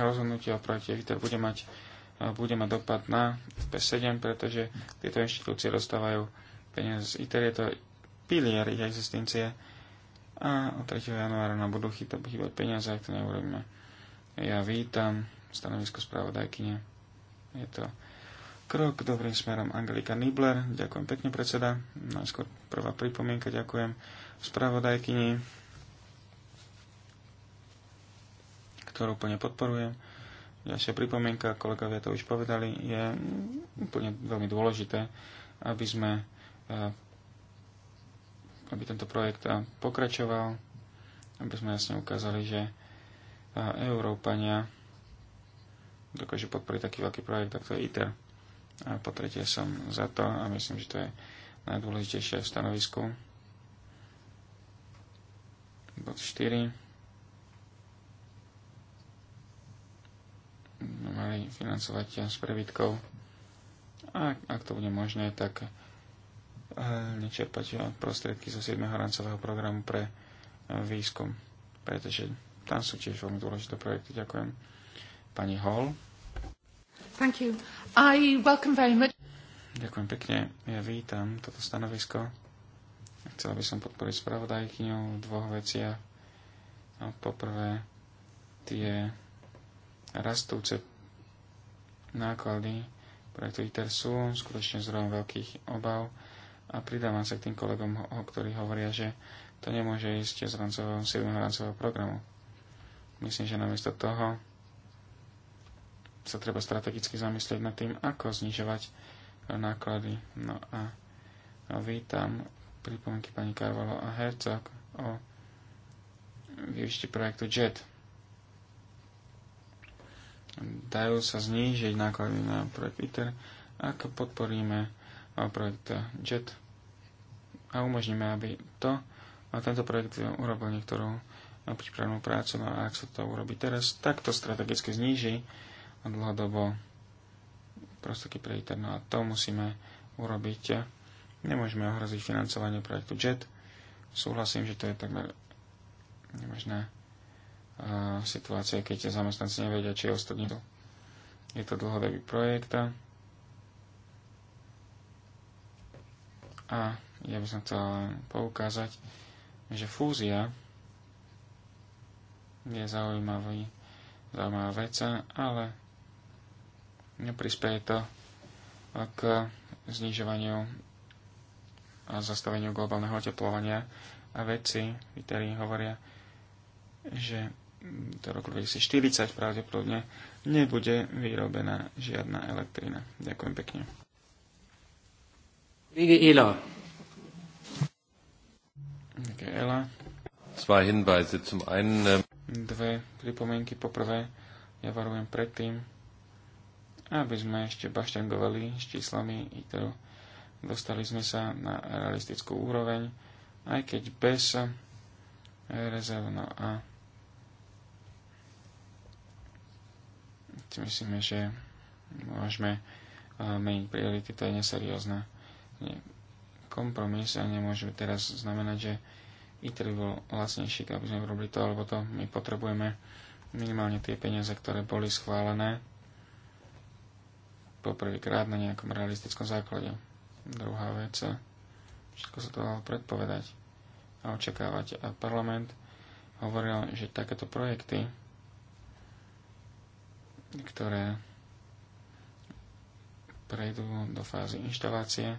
rozhodnutie o projekte Viter bude mať bude mať dopad na FP7, pretože tieto inštitúcie dostávajú peniaze z ITER, je to pilier ich existencie a od 3. januára nám budú chýbať peniaze, ak to neurobíme. Ja vítam stanovisko správodajkyne. Je to krok dobrým smerom Angelika Nibler. Ďakujem pekne, predseda. Najskôr prvá pripomienka. Ďakujem spravodajkyni, ktorú plne podporujem. Ďalšia pripomienka, kolegovia to už povedali, je úplne veľmi dôležité, aby sme eh, aby tento projekt eh, pokračoval, aby sme jasne ukázali, že eh, Európania dokáže podporiť taký veľký projekt, ako je ITER. A po tretie som za to a myslím, že to je najdôležitejšie v stanovisku. Bod 4. mali financovať s prebytkou. A ak to bude možné, tak eh, nečerpať prostriedky zo 7. rancového programu pre eh, výskum, pretože tam sú tiež veľmi dôležité projekty. Ďakujem. Pani Hall. Thank you. I welcome very much. Ďakujem pekne. Ja vítam toto stanovisko. Chcela by som podporiť spravodajkyňou v dvoch veciach. No, poprvé, tie rastúce náklady ktorých ITER sú skutočne zdrojom veľkých obav a pridávam sa k tým kolegom, o ktorých hovoria, že to nemôže ísť z rancového, 7. rancového programu. Myslím, že namiesto toho sa treba strategicky zamyslieť nad tým, ako znižovať náklady. No a vítam pripomienky pani Karvalo a Hercog o využití projektu JET. Dajú sa znížiť náklady na projekt ITER, ak podporíme projekt JET a umožníme, aby to, a tento projekt urobil niektorú prípravnú prácu, no a ak sa to urobí teraz, tak to strategicky zníži a dlhodobo prostoky pre ITER. No a to musíme urobiť. Nemôžeme ohroziť financovanie projektu JET. Súhlasím, že to je takmer nemožné situácie, keď zamestnanci nevedia, či ostatní. Je to dlhodobý projekt a ja by som chcel poukázať, že fúzia je zaujímavý, zaujímavá vec, ale neprispieje to k znižovaniu a zastaveniu globálneho oteplovania a vedci, ktorí hovoria, že do roku 2040 pravdepodobne nebude vyrobená žiadna elektrina. Ďakujem pekne. Ela. Zwei Hinweise. Zum einen, ähm, Dve pripomienky. Poprvé, ja varujem predtým, aby sme ešte baštangovali s číslami ITERu. Dostali sme sa na realistickú úroveň, aj keď bez rezervno a si myslíme, že môžeme meniť priority, to je neseriózne. Kompromis a nemôže teraz znamenať, že ITER bol lacnejší, aby sme robili to alebo to. My potrebujeme minimálne tie peniaze, ktoré boli schválené poprvýkrát na nejakom realistickom základe. Druhá vec, všetko sa to dalo predpovedať a očakávať. A parlament hovoril, že takéto projekty ktoré prejdú do fázy inštalácie.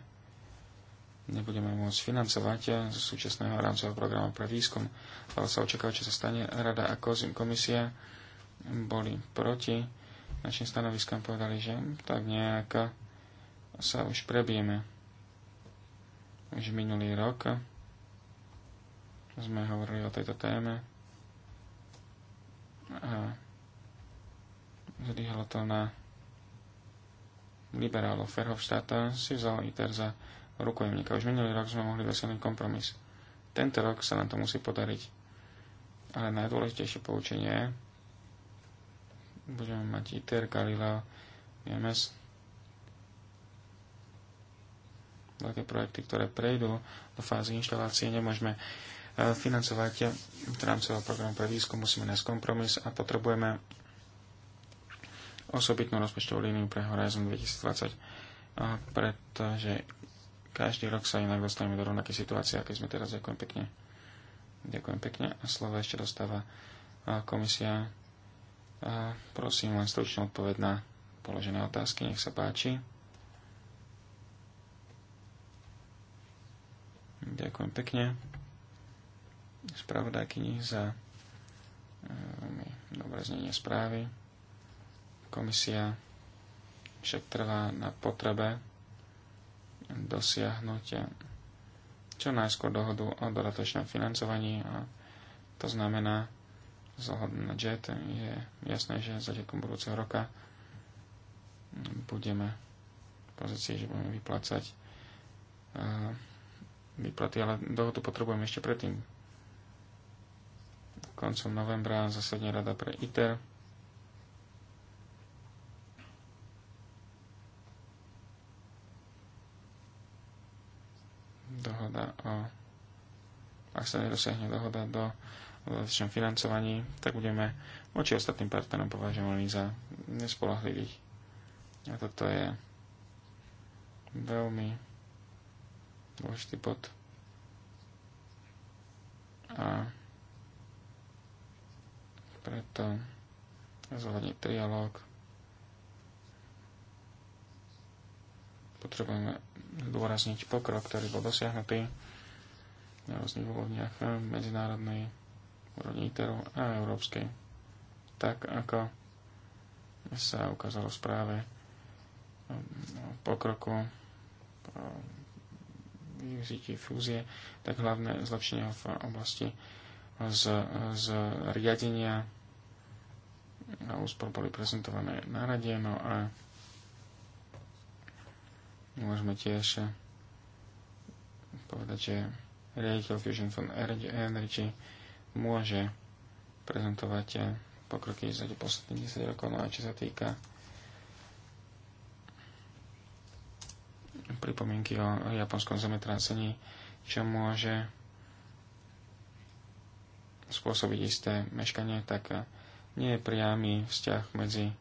Nebudeme môcť financovať z súčasného rámcového programu pre výskum, ale sa očakáva, čo sa stane. Rada a komisia boli proti našim stanoviskám, povedali, že tak nejak sa už prebijeme. Už minulý rok sme hovorili o tejto téme. A zlyhalo to na liberálov Ferhofštáta, si vzal ITER za rukojemníka. Už minulý rok sme mohli dosiahnuť kompromis. Tento rok sa nám to musí podariť. Ale najdôležitejšie poučenie budeme mať ITER, Galileo, e MS. veľké projekty, ktoré prejdú do fázy inštalácie, nemôžeme e, financovať e, v rámcového programu pre výskum, musíme nájsť kompromis a potrebujeme osobitnú rozpočtovú líniu pre Horizon 2020, pretože každý rok sa inak dostaneme do rovnakej situácie, aké sme teraz. Ďakujem pekne. Ďakujem pekne. A slovo ešte dostáva komisia. A prosím len stručnú odpoveď na položené otázky. Nech sa páči. Ďakujem pekne spravodajkyni za e, veľmi dobré znenie správy. Komisia však trvá na potrebe dosiahnuť čo najskôr dohodu o dodatočnom financovaní a to znamená zohľadom na JET je jasné, že začiatkom budúceho roka budeme v pozícii, že budeme vyplácať výplaty, ale dohodu potrebujeme ešte predtým koncom novembra zasadne rada pre ITER dohoda o ak sa nedosiahne dohoda do väčšom financovaní, tak budeme voči ostatným partnerom považovaní za nespolahlivých. A toto je veľmi dôležitý bod. A preto zohľadniť trialóg potrebujeme zdôrazniť pokrok, ktorý bol dosiahnutý na rôznych úrovniach eh, medzinárodnej úrovni ITERu a európskej. Tak ako sa ukázalo v správe eh, o pokroku po využití fúzie, tak hlavné zlepšenie v oblasti z, z riadenia a úspor boli prezentované na rade, no a Môžeme tiež povedať, že riaditeľ Fusion Fund Energy môže prezentovať pokroky za posledných 10 rokov, no a čo sa týka pripomienky o japonskom zemetrácení, čo môže spôsobiť isté meškanie, tak nie je priamy vzťah medzi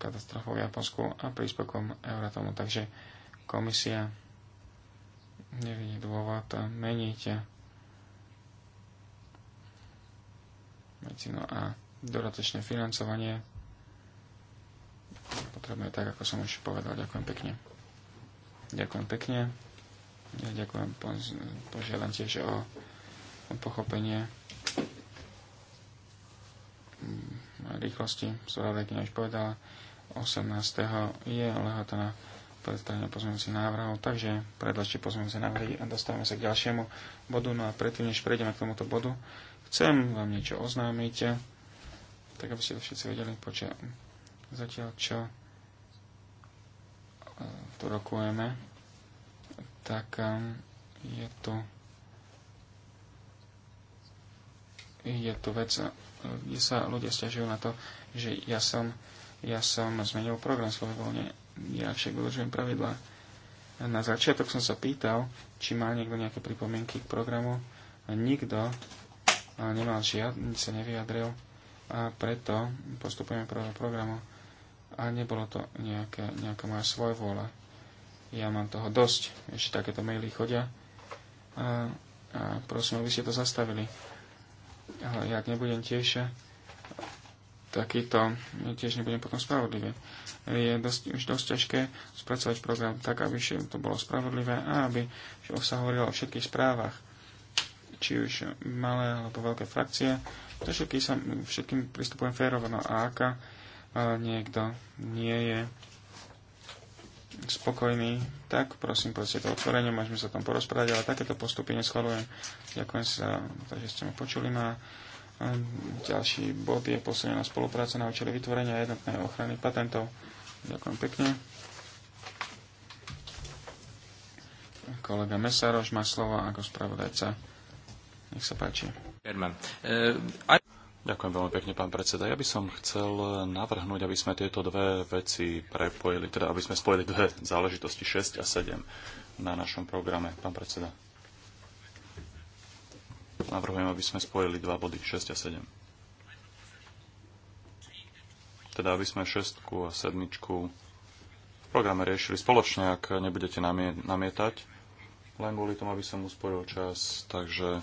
katastrofou v Japonsku a príspevkom Euratomu. Takže komisia nevidí dôvod meniť medicínu a dodatočné financovanie potrebuje tak, ako som už povedal. Ďakujem pekne. Ďakujem pekne. Ja ďakujem, požiadam tiež o pochopenie rýchlosti. Spravodajkyňa už povedala, 18. je lehota na predstavenie pozmeňujúcich návrhov, takže predložte pozmeňujúce návrhy a dostávame sa k ďalšiemu bodu. No a predtým, než prejdeme k tomuto bodu, chcem vám niečo oznámiť, tak aby ste to všetci vedeli, počia, zatiaľ čo e, tu rokujeme, tak e, je tu je tu vec, eh, kde sa ľudia stiažujú na to, že ja som, ja som zmenil program voľne, ja však dodržujem pravidlá. Na začiatok som sa pýtal, či má niekto nejaké pripomienky k programu. Nikto nemal žiadny, sa nevyjadril a preto postupujeme prvého programu. A nebolo to nejaké, nejaká moja svojvôľa. Ja mám toho dosť, ešte takéto maily chodia. A, a prosím, aby ste to zastavili ale ja nebudem tiež takýto, tiež nebudem potom spravodlivý. Je dosť, už dosť ťažké spracovať program tak, aby to bolo spravodlivé a aby sa hovorilo o všetkých správach, či už malé alebo veľké frakcie. To všetky sa, všetkým pristupujem férovno a aká e, niekto nie je Spokojný, tak prosím, poďte to otvorenie, môžeme sa tam porozprávať, ale takéto postupy neschvalujem. Ďakujem sa, že ste ma počuli. Ma. No ďalší bod je posledná spolupráca na účely vytvorenia jednotnej ochrany patentov. Ďakujem pekne. Kolega Mesároš má slovo ako spravodajca. Nech sa páči. Ďakujem veľmi pekne, pán predseda. Ja by som chcel navrhnúť, aby sme tieto dve veci prepojili, teda aby sme spojili dve záležitosti 6 a 7 na našom programe, pán predseda. Navrhujem, aby sme spojili dva body 6 a 7. Teda aby sme 6 a 7 v programe riešili spoločne, ak nebudete namietať. Len kvôli tomu, aby som usporil čas, takže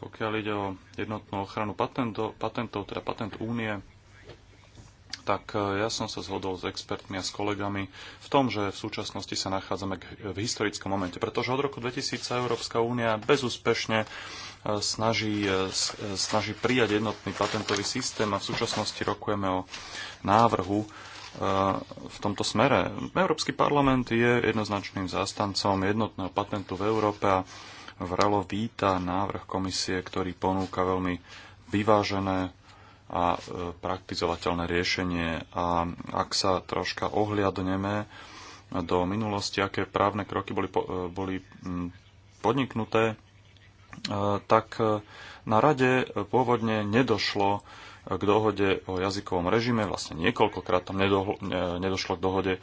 pokiaľ ide o jednotnú ochranu patentov, patentov teda patent únie, tak e, ja som sa zhodol s expertmi a s kolegami v tom, že v súčasnosti sa nachádzame v historickom momente, pretože od roku 2000 Európska únia bezúspešne e, snaží, e, snaží prijať jednotný patentový systém a v súčasnosti rokujeme o návrhu v tomto smere. Európsky parlament je jednoznačným zástancom jednotného patentu v Európe a vrelo víta návrh komisie, ktorý ponúka veľmi vyvážené a e, praktizovateľné riešenie. A ak sa troška ohliadneme do minulosti, aké právne kroky boli, e, boli podniknuté, e, tak na rade pôvodne nedošlo k dohode o jazykovom režime, vlastne niekoľkokrát tam nedošlo k dohode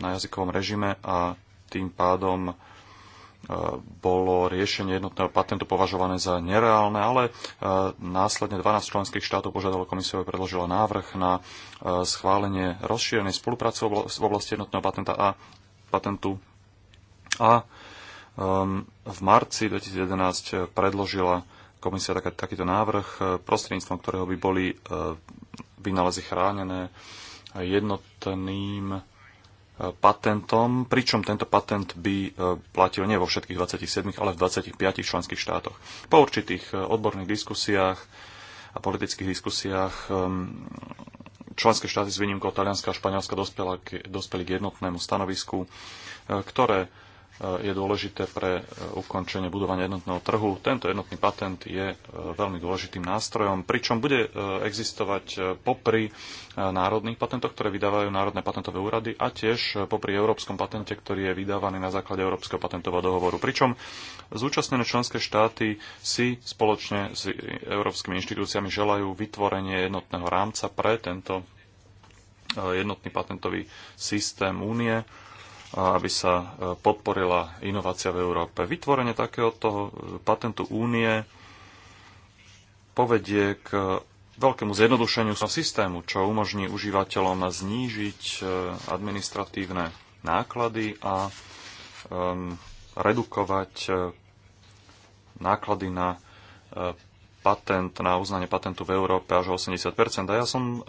na jazykovom režime a tým pádom Eh, bolo riešenie jednotného patentu považované za nereálne, ale eh, následne 12 členských štátov požiadalo komisiu, aby predložila návrh na eh, schválenie rozšírenej spolupráce v oblasti jednotného patenta a patentu. A ehm, v marci 2011 predložila komisia taká, takýto návrh, prostredníctvom ktorého by boli vynálezy chránené jednotným patentom, pričom tento patent by e, platil nie vo všetkých 27, ale v 25 členských štátoch. Po určitých e, odborných diskusiách a politických diskusiách e, členské štáty s výnimkou Talianska a Španielska dospeli k jednotnému stanovisku, ktoré je dôležité pre e, ukončenie budovania jednotného trhu. Tento jednotný patent je e, veľmi dôležitým nástrojom, pričom bude e, existovať popri národných patentoch, ktoré vydávajú národné patentové úrady a tiež popri európskom patente, ktorý je vydávaný na základe Európskeho patentového dohovoru. Pričom zúčastnené členské štáty si spoločne s európskymi inštitúciami želajú vytvorenie jednotného rámca pre tento jednotný patentový systém únie aby sa e, podporila inovácia v Európe. Vytvorenie takéhoto patentu únie povedie k veľkému zjednodušeniu systému, čo umožní užívateľom znížiť e, administratívne náklady a um, redukovať e, náklady na patent, na uznanie patentu v Európe až o 80 A ja som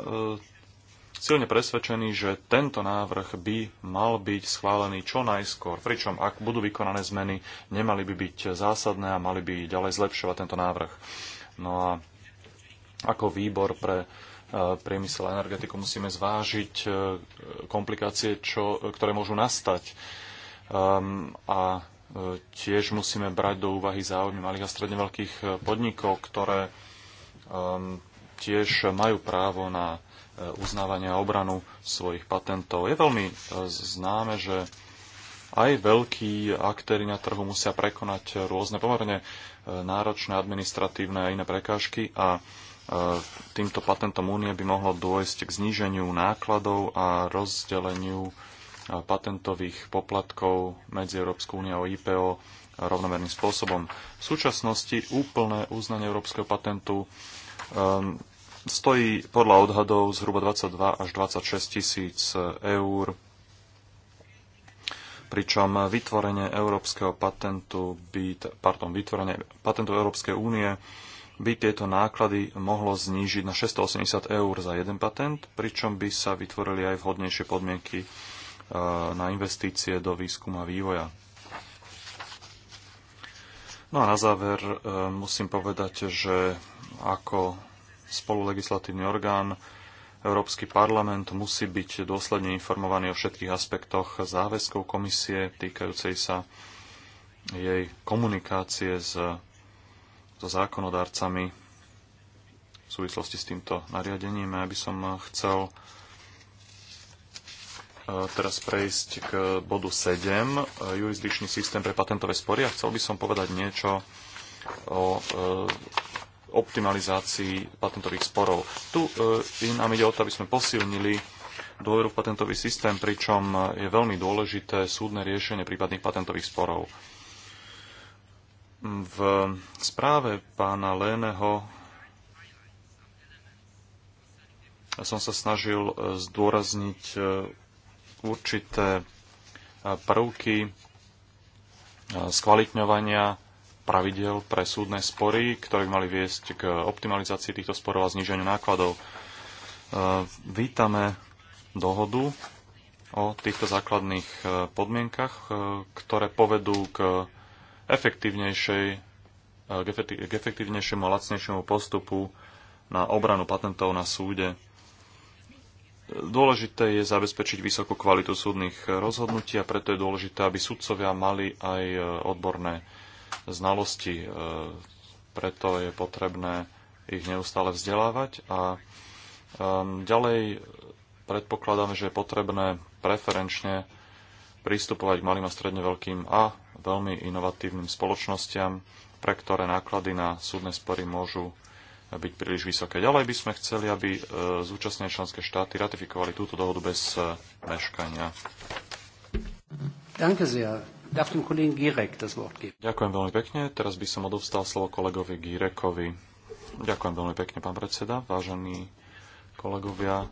silne presvedčený, že tento návrh by mal byť schválený čo najskôr. Pričom, ak budú vykonané zmeny, nemali by byť zásadné a mali by ďalej zlepšovať tento návrh. No a ako výbor pre e, priemysel a energetiku musíme zvážiť e, komplikácie, čo, ktoré môžu nastať. Um, a e, tiež musíme brať do úvahy záujmy malých a stredne veľkých podnikov, ktoré um, tiež majú právo na Eh, uznávania a obranu svojich patentov. Je veľmi eh, známe, že aj veľkí aktéry na trhu musia prekonať rôzne pomerne eh, náročné administratívne a iné prekážky a týmto patentom únie by mohlo dôjsť k zníženiu nákladov a rozdeleniu patentových poplatkov medzi Európskou úniou a IPO rovnomerným spôsobom. V súčasnosti úplné uznanie európskeho patentu um, stojí podľa odhadov zhruba 22 až 26 tisíc eur, pričom vytvorenie európskeho patentu by, pardon, vytvorenie patentu Európskej únie by tieto náklady mohlo znížiť na 680 eur za jeden patent, pričom by sa vytvorili aj vhodnejšie podmienky e, na investície do výskuma vývoja. No a na záver e, musím povedať, že ako spolulegislatívny orgán, Európsky parlament musí byť dôsledne informovaný o všetkých aspektoch záväzkov komisie týkajúcej sa jej komunikácie s, so zákonodárcami v súvislosti s týmto nariadením. Ja by som chcel e, teraz prejsť k bodu 7, e, jurisdičný systém pre patentové spory a chcel by som povedať niečo o e, optimalizácii patentových sporov. Tu e, nám ide o to, aby sme posilnili dôveru v patentový systém, pričom e, je veľmi dôležité súdne riešenie prípadných patentových sporov. V správe pána Léneho som sa snažil e, zdôrazniť e, určité prvky skvalitňovania pravidel pre súdne spory, ktoré by mali viesť k optimalizácii týchto sporov a zniženiu nákladov. E, vítame dohodu o týchto základných e, podmienkach, e, ktoré povedú k efektívnejšej k efektívnejšiemu a lacnejšiemu postupu na obranu patentov na súde. Dôležité je zabezpečiť vysokú kvalitu súdnych rozhodnutí a preto je dôležité, aby sudcovia mali aj odborné znalosti. E, preto je potrebné ich neustále vzdelávať a ďalej predpokladám, že je potrebné preferenčne pristupovať k malým a stredne veľkým a veľmi inovatívnym spoločnostiam, pre ktoré náklady na súdne spory môžu byť príliš vysoké. Ďalej by sme chceli, aby e, zúčastnené členské štáty ratifikovali túto dohodu bez e, meškania. Danke Ďakujem veľmi pekne. Teraz by som odovstal slovo kolegovi Gírekovi. Ďakujem veľmi pekne, pán predseda. Vážení kolegovia,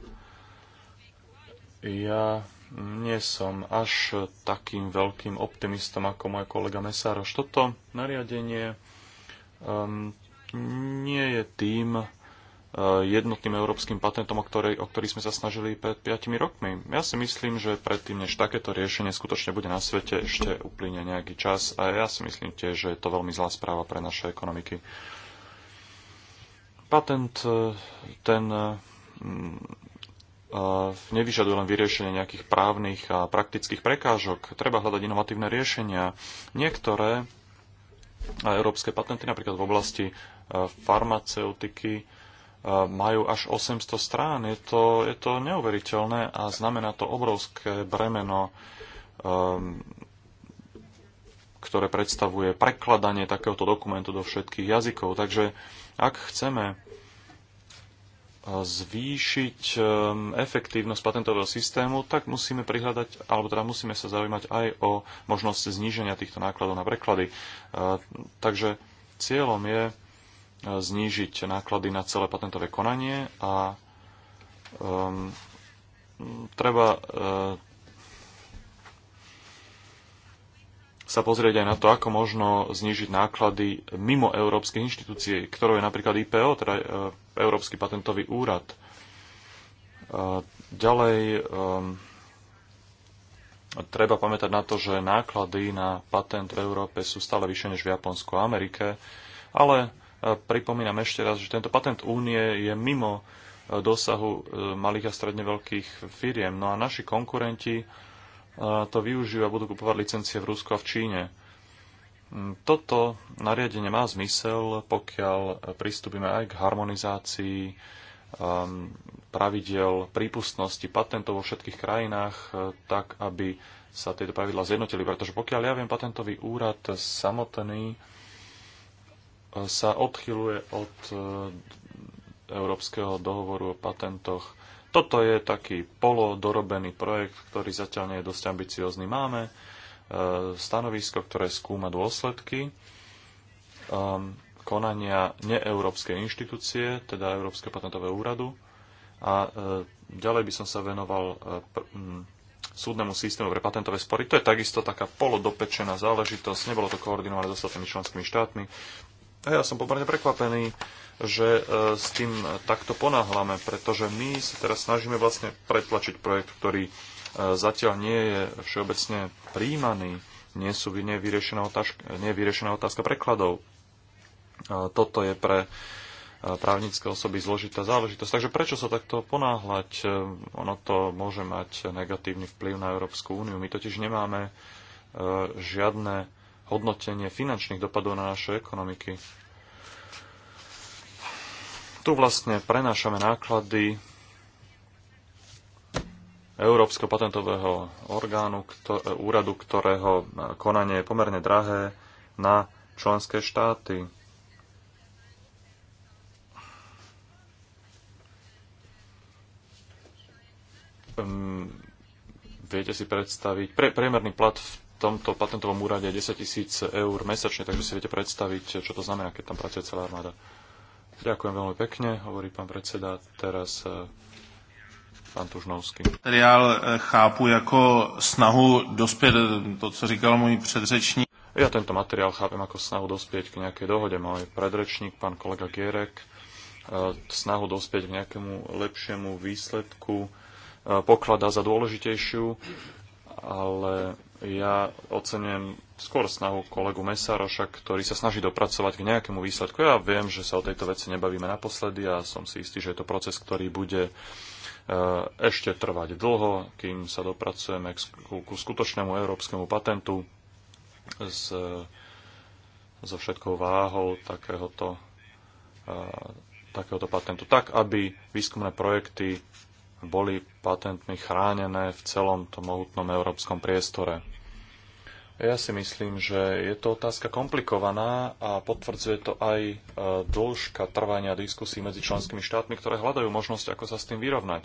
ja nie som až takým veľkým optimistom ako môj kolega Mesároš. Toto nariadenie um, nie je tým, Eh, jednotným európskym patentom, o, ktorej, o ktorý sme sa snažili pred 5 rokmi. Ja si myslím, že predtým, než takéto riešenie skutočne bude na svete, ešte uplyne nejaký čas a ja si myslím tiež, že je to veľmi zlá správa pre naše ekonomiky. Patent eh, ten mm, eh, nevyžaduje len vyriešenie nejakých právnych a praktických prekážok. Treba hľadať inovatívne riešenia. Niektoré európske patenty, napríklad v oblasti farmaceutiky, majú až 800 strán. Je to, je to neuveriteľné a znamená to obrovské bremeno, um, ktoré predstavuje prekladanie takéhoto dokumentu do všetkých jazykov. Takže ak chceme e, zvýšiť ehm, efektívnosť patentového systému, tak musíme prihľadať, alebo teda musíme sa zaujímať aj o možnosť zníženia týchto nákladov na preklady. E, takže cieľom je znížiť náklady na celé patentové konanie a um, treba uh, sa pozrieť aj na to, ako možno znížiť náklady mimo európskych inštitúcií, ktorou je napríklad IPO, teda uh, Európsky patentový úrad. Uh, ďalej um, treba pamätať na to, že náklady na patent v Európe sú stále vyššie než v Japonsku a Amerike, ale Pripomínam ešte raz, že tento patent únie je mimo e, dosahu e, malých a stredne veľkých firiem. No a naši konkurenti e, to využijú a budú kupovať licencie v Rusku a v Číne. Mm, toto nariadenie má zmysel, pokiaľ pristúpime aj k harmonizácii ehm, pravidel prípustnosti patentov vo všetkých krajinách, tak aby sa tieto pravidla zjednotili. Pretože pokiaľ ja viem, patentový úrad samotný sa odchyluje od e, Európskeho dohovoru o patentoch. Toto je taký polodorobený projekt, ktorý zatiaľ nie je dosť ambiciózny. Máme e, stanovisko, ktoré skúma dôsledky e, konania neeurópskej inštitúcie, teda Európske patentové úradu. A ďalej by som sa venoval súdnemu systému pre patentové spory. To je takisto taká polodopečená záležitosť, nebolo to koordinované s ostatnými členskými štátmi ja som pomerne prekvapený, že e, s tým takto ponáhlame, pretože my sa teraz snažíme vlastne pretlačiť projekt, ktorý e, zatiaľ nie je všeobecne príjmaný, nie, sú, nie, je, vyriešená otázka, nie je vyriešená otázka prekladov. E, toto je pre právnické osoby zložitá záležitosť. Takže prečo sa takto ponáhľať? Ono to môže mať negatívny vplyv na Európsku úniu. My totiž nemáme žiadne hodnotenie finančných dopadov na naše ekonomiky. Tu vlastne prenášame náklady Európskeho patentového orgánu, ktor- úradu, ktorého konanie je pomerne drahé, na členské štáty. Hm, viete si predstaviť, pre, priemerný plat v tomto patentovom úrade 10 tisíc eur mesačne, takže si viete predstaviť, čo to znamená, keď tam pracuje celá armáda. Ďakujem veľmi pekne, hovorí pán predseda. Teraz eh, pán Tužnovský. Materiál eh, chápu ako snahu dospieť, eh, to, co říkal môj predrečník. Ja tento materiál chápem ako snahu dospieť k nejakej dohode. Môj predrečník, pán kolega Gierek, snahu dospieť k nejakému lepšiemu výsledku pokladá za dôležitejšiu, ale ja ocenujem skôr snahu kolegu Mesároša, ktorý sa snaží dopracovať k nejakému výsledku. Ja viem, že sa o tejto veci nebavíme naposledy a som si istý, že je to proces, ktorý bude e, ešte trvať dlho, kým sa dopracujeme ku skutočnému európskemu patentu s, e, so všetkou váhou takéhoto, e, takéhoto patentu. Tak, aby výskumné projekty boli patentmi chránené v celom tom mohutnom európskom priestore. Ja si myslím, že je to otázka komplikovaná a potvrdzuje to aj e, dĺžka trvania diskusí medzi členskými štátmi, ktoré hľadajú možnosť, ako sa s tým vyrovnať.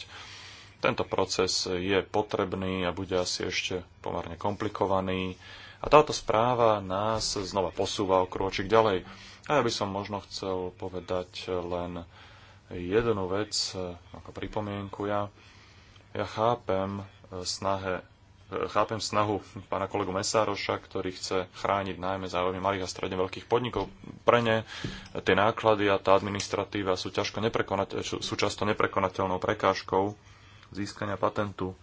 Tento proces je potrebný a bude asi ešte pomerne komplikovaný. A táto správa nás znova posúva o krôčik ďalej. A ja by som možno chcel povedať len jednu vec e, ako pripomienku. Ja, ja chápem, e, snahe, e, chápem snahu pána kolegu Mesároša, ktorý chce chrániť najmä záujmy malých a stredne veľkých podnikov. Pre ne tie náklady a tá administratíva sú, ťažko neprekonate- sú často neprekonateľnou prekážkou získania patentu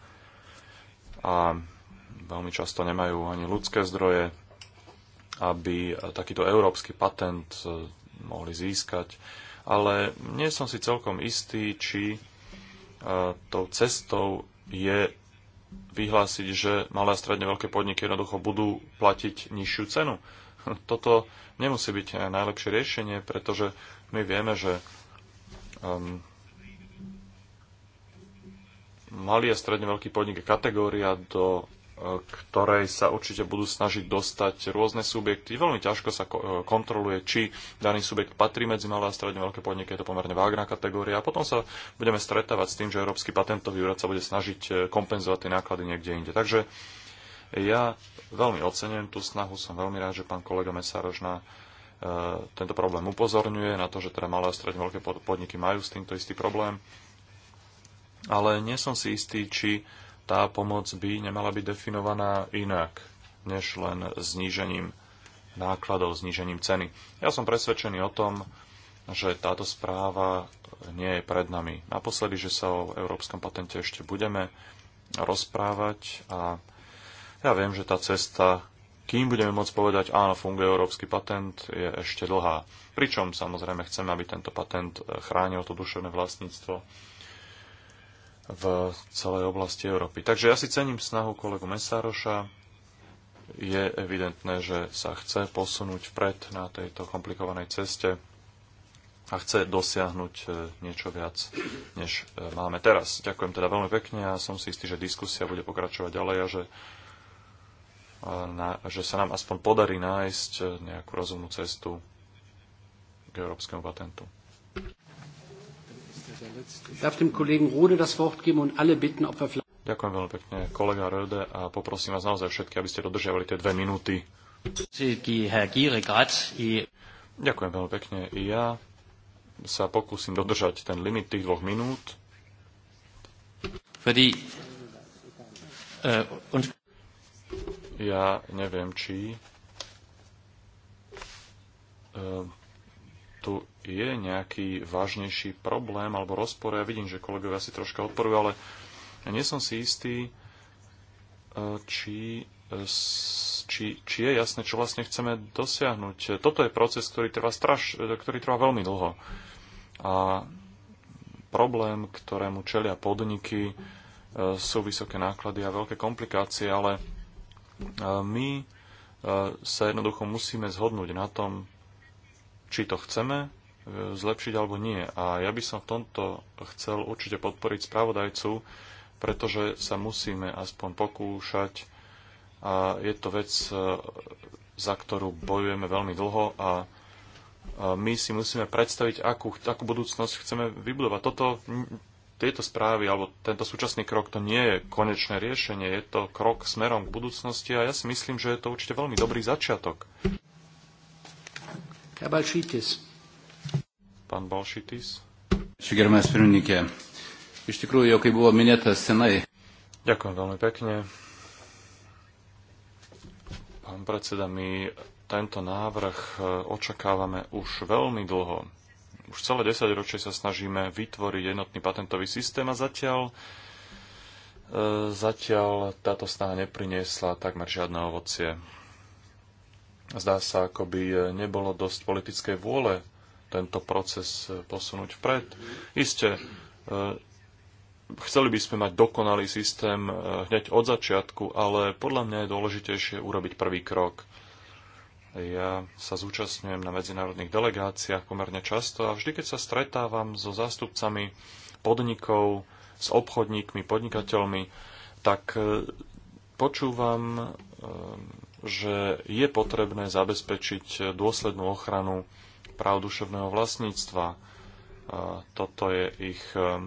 a veľmi často nemajú ani ľudské zdroje, aby takýto európsky patent mohli získať ale nie som si celkom istý, či e, tou cestou je vyhlásiť, že malé a stredne veľké podniky jednoducho budú platiť nižšiu cenu. Toto nemusí byť najlepšie riešenie, pretože my vieme, že um, malý a stredne veľký podnik je kategória, do ktorej sa určite budú snažiť dostať rôzne subjekty. Veľmi ťažko sa e, kontroluje, či daný subjekt patrí medzi malé a stredne veľké podniky, je to pomerne vágná kategória. A potom sa budeme stretávať s tým, že Európsky patentový úrad sa bude snažiť e, kompenzovať tie náklady niekde inde. Takže ja veľmi ocenujem tú snahu, som veľmi rád, že pán kolega Mesároš na e, tento problém upozorňuje, na to, že teda malé a stredne veľké podniky majú s týmto istý problém. Ale nie som si istý, či tá pomoc by nemala byť definovaná inak, než len znížením nákladov, znížením ceny. Ja som presvedčený o tom, že táto správa nie je pred nami. Naposledy, že sa o európskom patente ešte budeme rozprávať a ja viem, že tá cesta, kým budeme môcť povedať, áno, funguje európsky patent, je ešte dlhá. Pričom samozrejme chceme, aby tento patent chránil to duševné vlastníctvo v celej oblasti Európy. Takže ja si cením snahu kolegu Mesároša. Je evidentné, že sa chce posunúť vpred na tejto komplikovanej ceste a chce dosiahnuť e, niečo viac, než e, máme teraz. Ďakujem teda veľmi pekne a som si istý, že diskusia bude pokračovať ďalej a že, a na, že sa nám aspoň podarí nájsť e, nejakú rozumnú cestu k európskemu patentu. Ich darf dem Kollegen Rode das Wort geben und alle bitten, ob wir vielleicht... Ďakujem veľmi pekne, kolega Röde, a poprosím vás naozaj všetky, aby ste dodržiavali tie dve minúty. Ďakujem veľmi pekne. Ja sa pokúsim dodržať ten limit tých dvoch minút. Eh, ja neviem, či eh, tu je nejaký vážnejší problém alebo rozpor. Ja vidím, že kolegovia si troška odporujú, ale ja nie som si istý, e, či, e, či, či je jasné, čo vlastne chceme dosiahnuť. Toto je proces, ktorý trvá, straš, e, ktorý trvá veľmi dlho. A problém, ktorému čelia podniky, sú vysoké náklady a veľké komplikácie, ale my sa jednoducho musíme zhodnúť na tom, či to chceme e, zlepšiť alebo nie. A ja by som v tomto chcel určite podporiť spravodajcu, pretože sa musíme aspoň pokúšať a je to vec, e, za ktorú bojujeme veľmi dlho a my si musíme predstaviť, akú, akú budúcnosť chceme vybudovať. Toto, tieto správy alebo tento súčasný krok to nie je konečné riešenie, je to krok smerom k budúcnosti a ja si myslím, že je to určite veľmi dobrý začiatok. Pán Balšitis. Ačiū gerbiamas pirmininkė. Iš tikrųjų, jau kai buvo senai. Ďakujem veľmi pekne. Pán predseda, my tento návrh e, očakávame už veľmi dlho. Už celé 10 ročie sa snažíme vytvoriť jednotný patentový systém a zatiaľ, e, zatiaľ táto snaha nepriniesla takmer žiadne ovocie zdá sa, ako by e, nebolo dosť politickej vôle tento proces e, posunúť vpred. Isté, e, chceli by sme mať dokonalý systém hneď od začiatku, ale podľa mňa je dôležitejšie urobiť prvý krok. Ja sa zúčastňujem na medzinárodných delegáciách pomerne často a vždy, keď sa stretávam so zástupcami podnikov, s obchodníkmi, podnikateľmi, tak počúvam že je potrebné zabezpečiť dôslednú ochranu práv duševného vlastníctva. Toto je ich e,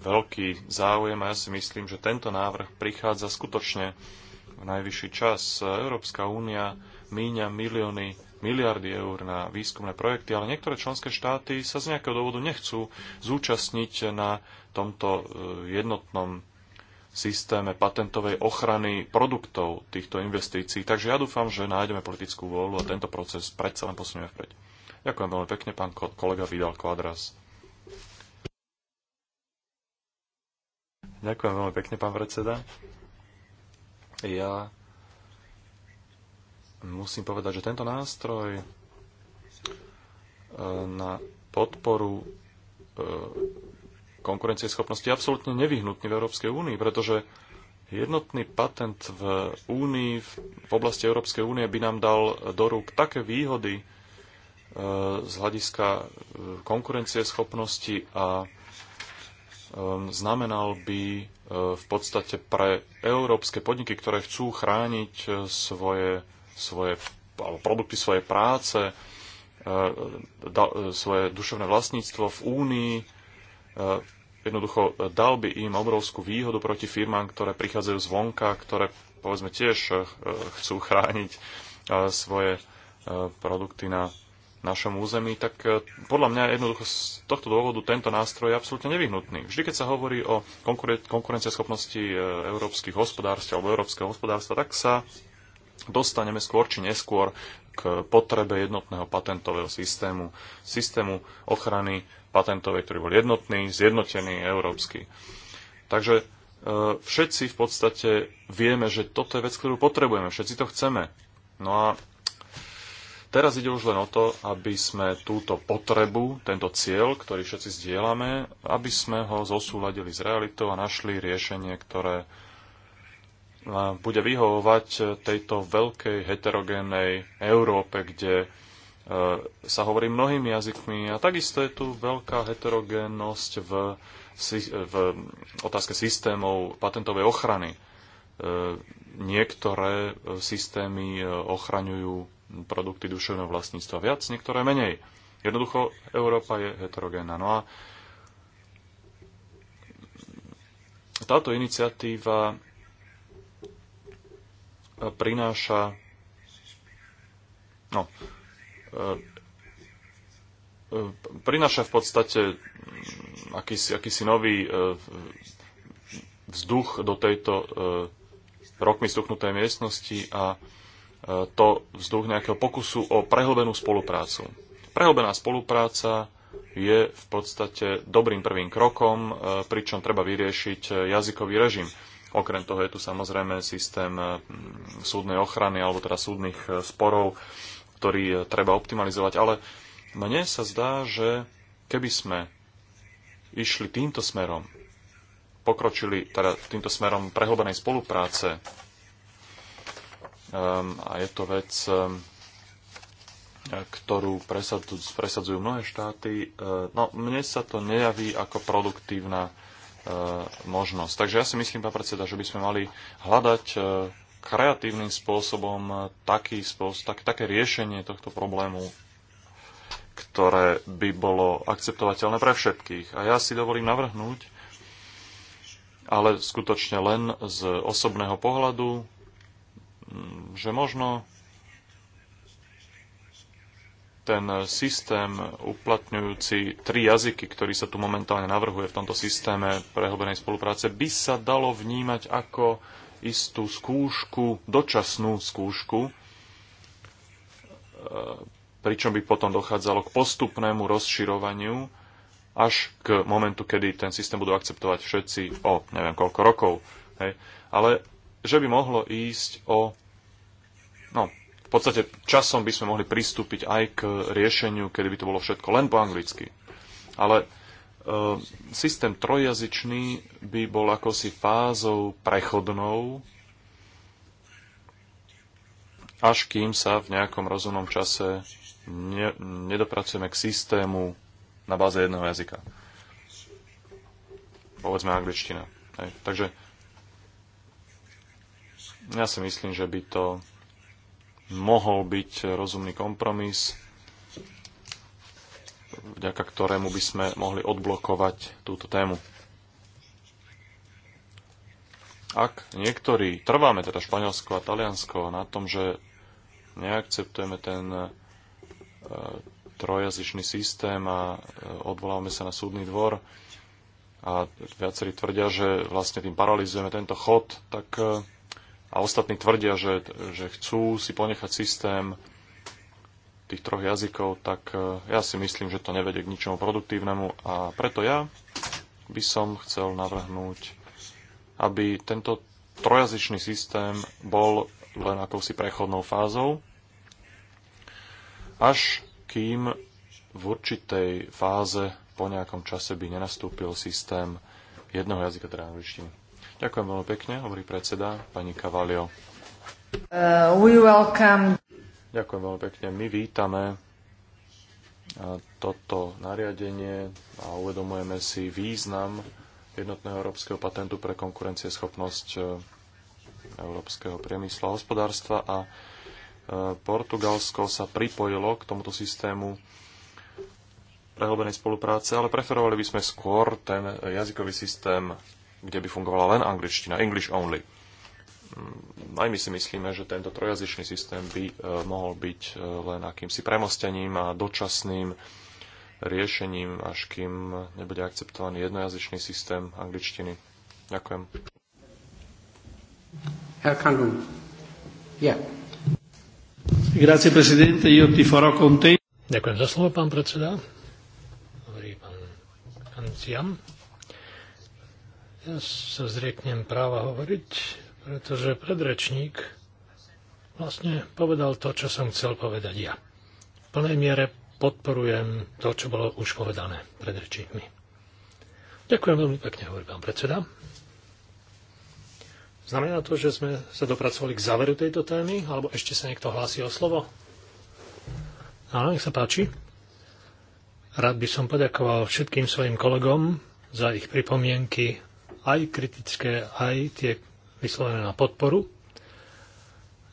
veľký záujem a ja si myslím, že tento návrh prichádza skutočne v najvyšší čas. Európska únia míňa milióny, miliardy eur na výskumné projekty, ale niektoré členské štáty sa z nejakého dôvodu nechcú zúčastniť na tomto e, jednotnom systéme patentovej ochrany produktov týchto investícií. Takže ja dúfam, že nájdeme politickú vôľu a tento proces predsa len posunieme vpred. Ďakujem veľmi pekne, pán kolega Vidal Kvadras. Ďakujem veľmi pekne, pán predseda. Ja musím povedať, že tento nástroj eh, na podporu eh, konkurencieschopnosti absolútne nevyhnutný v Európskej únii, pretože jednotný patent v únii, v oblasti Európskej únie by nám dal do rúk také výhody e, z hľadiska e, konkurencieschopnosti a e, znamenal by v podstate pre európske podniky, ktoré chcú chrániť svoje, svoje alebo produkty svojej práce, svoje duševné vlastníctvo v Únii, Eh, jednoducho eh, dal by im obrovskú výhodu proti firmám, ktoré prichádzajú zvonka, ktoré povedzme tiež eh, chcú chrániť svoje produkty na našom území, tak podľa mňa jednoducho z tohto dôvodu tento nástroj je absolútne nevyhnutný. Vždy, keď sa hovorí o konkuren- konkurencieschopnosti európskych hospodárstv alebo európskeho hospodárstva, tak sa dostaneme skôr či neskôr k potrebe jednotného patentového systému, systému ochrany patentovej, ktorý bol jednotný, zjednotený, európsky. Takže e, všetci v podstate vieme, že toto je vec, ktorú potrebujeme, všetci to chceme. No a teraz ide už len o to, aby sme túto potrebu, tento cieľ, ktorý všetci zdieľame, aby sme ho zosúladili s realitou a našli riešenie, ktoré e, bude vyhovovať tejto veľkej heterogénnej Európe, kde E, sa hovorí mnohými jazykmi a takisto je tu veľká heterogénnosť v, v otázke systémov patentovej ochrany. E, niektoré systémy e, ochraňujú produkty duševného vlastníctva viac, niektoré menej. Jednoducho, Európa je heterogénna. No a táto iniciatíva prináša no, E, e, prináša v podstate akýsi, akýsi nový e, vzduch do tejto rokmi stuchnutej miestnosti a to vzduch nejakého pokusu o prehlbenú spoluprácu. Prehlbená spolupráca je v podstate dobrým prvým krokom, pričom treba vyriešiť jazykový režim. Okrem toho je tu samozrejme systém súdnej ochrany alebo teda súdnych sporov, ktorý e, treba optimalizovať, ale mne sa zdá, že keby sme išli týmto smerom, pokročili teda týmto smerom prehlbenej spolupráce, um, a je to vec, um, ktorú presadzujú, presadzujú mnohé štáty, uh, no mne sa to nejaví ako produktívna uh, možnosť. Takže ja si myslím, pán predseda, že by sme mali hľadať uh, kreatívnym spôsobom e, taký spôsob, tak, také riešenie tohto problému, ktoré by bolo akceptovateľné pre všetkých. A ja si dovolím navrhnúť, ale skutočne len z osobného pohľadu, že možno ten systém uplatňujúci tri jazyky, ktorý sa tu momentálne navrhuje v tomto systéme prehlbenej spolupráce, by sa dalo vnímať ako istú skúšku, dočasnú skúšku, e, pričom by potom dochádzalo k postupnému rozširovaniu až k momentu, kedy ten systém budú akceptovať všetci o neviem koľko rokov. Hej. Ale že by mohlo ísť o... No, v podstate časom by sme mohli pristúpiť aj k riešeniu, kedy by to bolo všetko len po anglicky. Ale Ehm, systém trojjazyčný by bol akosi fázou prechodnou, až kým sa v nejakom rozumnom čase ne, nedopracujeme k systému na báze jedného jazyka. Povedzme angličtina. Hej. Takže ja si myslím, že by to mohol byť rozumný kompromis vďaka ktorému by sme mohli odblokovať túto tému. Ak niektorí, trváme teda Španielsko a Taliansko na tom, že neakceptujeme ten e, trojazyčný systém a e, odvolávame sa na súdny dvor a viacerí tvrdia, že vlastne tým paralizujeme tento chod, tak e, a ostatní tvrdia, že, že chcú si ponechať systém tých troch jazykov, tak e, ja si myslím, že to nevedie k ničomu produktívnemu a preto ja by som chcel navrhnúť, aby tento trojazyčný systém bol len akousi prechodnou fázou, až kým v určitej fáze po nejakom čase by nenastúpil systém jedného jazyka, teda angličtiny. Ďakujem veľmi pekne, hovorí predseda, pani Cavalio. Uh, we welcome Ďakujem veľmi pekne. My vítame toto nariadenie a uvedomujeme si význam jednotného európskeho patentu pre konkurencieschopnosť e, európskeho priemysla a hospodárstva a e, Portugalsko sa pripojilo k tomuto systému prehlbenej spolupráce, ale preferovali by sme skôr ten jazykový systém, kde by fungovala len angličtina, English only. Mm, aj my si myslíme, že tento trojazyčný systém by e, mohol byť e, len akýmsi premostením a dočasným riešením, až kým nebude akceptovaný jednojazyčný systém angličtiny. Ďakujem. Herr Kandun. Ja. Grazie, presidente. Io ti farò contento. Ďakujem za slovo, pán predseda. Dobrý pán Kanciam. Ja sa zrieknem práva hovoriť pretože predrečník vlastne povedal to, čo som chcel povedať ja. V plnej miere podporujem to, čo bolo už povedané predrečníkmi. Ďakujem veľmi pekne, hovorí pán predseda. Znamená to, že sme sa dopracovali k záveru tejto témy, alebo ešte sa niekto hlási o slovo? Áno, nech sa páči. Rád by som poďakoval všetkým svojim kolegom za ich pripomienky, aj kritické, aj tie vyslovené na podporu.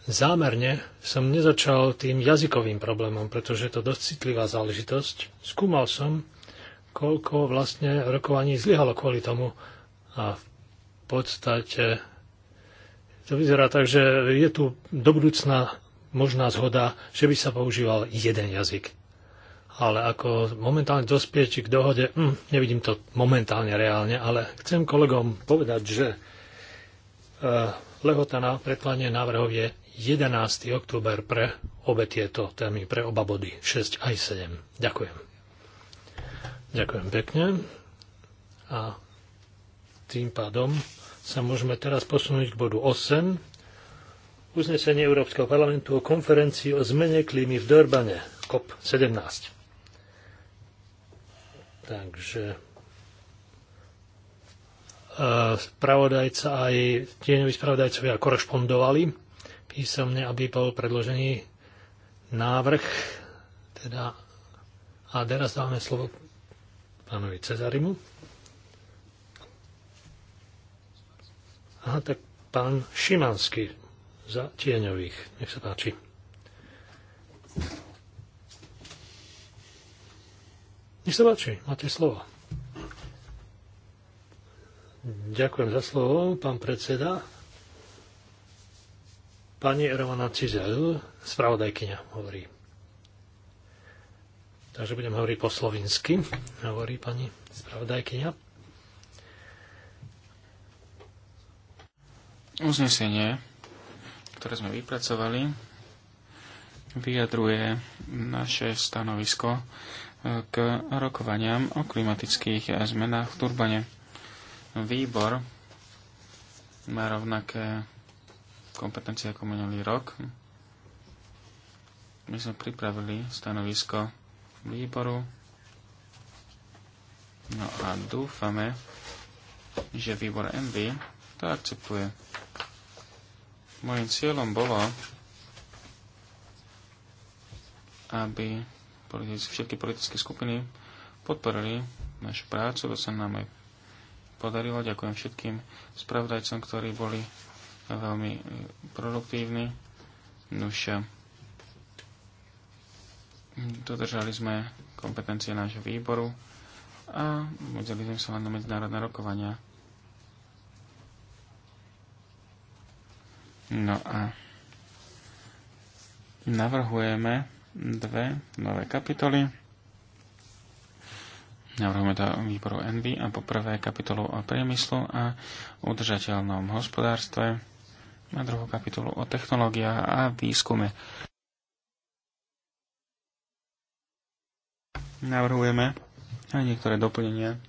Zámerne som nezačal tým jazykovým problémom, pretože je to dosť citlivá záležitosť. Skúmal som, koľko vlastne rokovaní zlyhalo kvôli tomu a v podstate to vyzerá tak, že je tu do budúcna možná zhoda, že by sa používal jeden jazyk. Ale ako momentálne dospieči k dohode, hm, nevidím to momentálne reálne, ale chcem kolegom povedať, že Eh, lehota na predkladanie návrhov je 11. október pre obe tieto témy, pre oba body 6 aj 7. Ďakujem. Ďakujem pekne. A tým pádom sa môžeme teraz posunúť k bodu 8. Uznesenie Európskeho parlamentu o konferencii o zmene klímy v Durbane, COP17. Takže E, spravodajca aj tieňoví spravodajcovia korešpondovali písomne, aby bol predložený návrh. Teda, a teraz dáme slovo pánovi Cezarimu. Aha, tak pán Šimanský za tieňových. Nech sa páči. Nech sa páči, máte slovo. Ďakujem za slovo, pán predseda. Pani Romana Cizel, spravodajkyňa, hovorí. Takže budem hovoriť po slovinsky, hovorí pani spravodajkyňa. Uznesenie, ktoré sme vypracovali, vyjadruje naše stanovisko eh, k rokovaniam o klimatických zmenách v Turbane výbor má rovnaké kompetencie ako minulý rok. My sme pripravili stanovisko výboru. No a dúfame, že výbor MV to akceptuje. Mojím cieľom bolo, aby všetky politické skupiny podporili našu prácu, to sa nám aj podarilo. Ďakujem všetkým spravodajcom, ktorí boli veľmi e, produktívni. Nuž, e, dodržali sme kompetencie nášho výboru a budeli sme sa len na medzinárodné rokovania. No a navrhujeme dve nové kapitoly. Navrhujeme do výboru Envy a po prvé kapitolu o priemyslu a udržateľnom hospodárstve a druhú kapitolu o technológiách a výskume. Navrhujeme aj niektoré doplnenia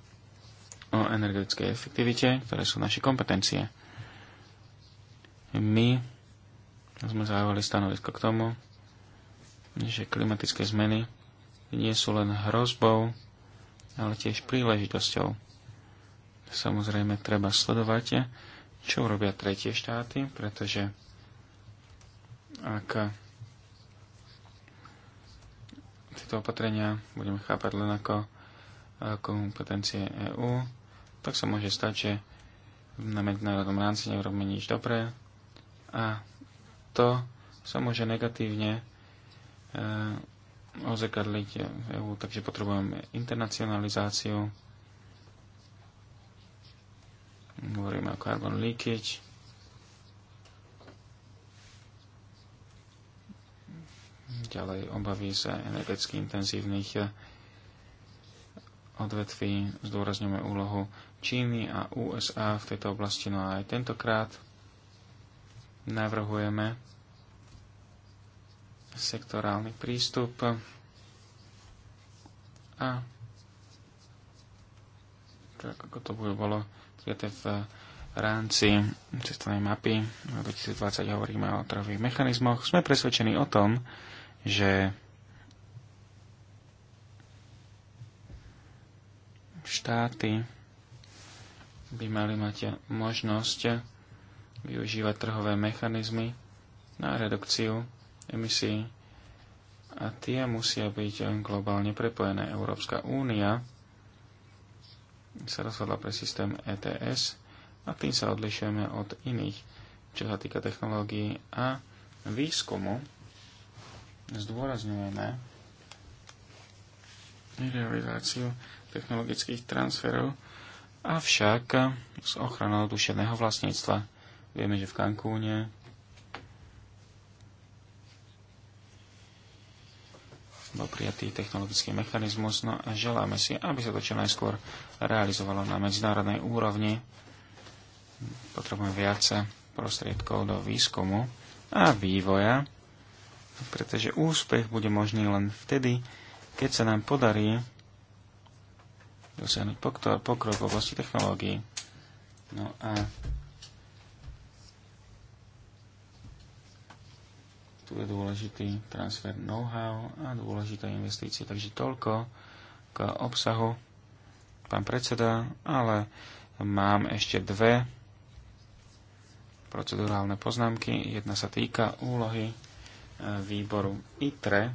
o energetickej efektivite, ktoré sú naše kompetencie. My sme zaujali stanovisko k tomu, že klimatické zmeny nie sú len hrozbou ale tiež príležitosťou. Samozrejme, treba sledovať, čo robia tretie štáty, pretože ak tieto opatrenia budeme chápať len ako kompetencie EÚ, tak sa môže stať, že na medzinárodnom rámci neurobíme nič dobré a to sa môže negatívne e, ozekadliť v e EU, takže potrebujeme internacionalizáciu. Hovoríme o carbon leakage. Ďalej obavy z energeticky intenzívnych odvetví. Zdôrazňujeme úlohu Číny a USA v tejto oblasti. No a aj tentokrát navrhujeme sektorálny prístup a tak ako to bolo prijaté v rámci cestovnej mapy 2020 hovoríme o trhových mechanizmoch, sme presvedčení o tom, že štáty by mali mať možnosť využívať trhové mechanizmy na redukciu emisí a tie musia byť globálne prepojené. Európska únia sa rozhodla pre systém ETS a tým sa odlišujeme od iných, čo sa týka technológií a výskumu. Zdôrazňujeme realizáciu technologických transferov, avšak s ochranou duševného vlastníctva. Vieme, že v Cancúne bol prijatý technologický mechanizmus no a želáme si, aby sa to čo najskôr realizovalo na medzinárodnej úrovni. Potrebujeme viac prostriedkov do výskumu a vývoja, pretože úspech bude možný len vtedy, keď sa nám podarí dosiahnuť pokrok v oblasti technológií. No a tu je dôležitý transfer know-how a dôležité investície. Takže toľko k obsahu, pán predseda, ale mám ešte dve procedurálne poznámky. Jedna sa týka úlohy e, výboru ITRE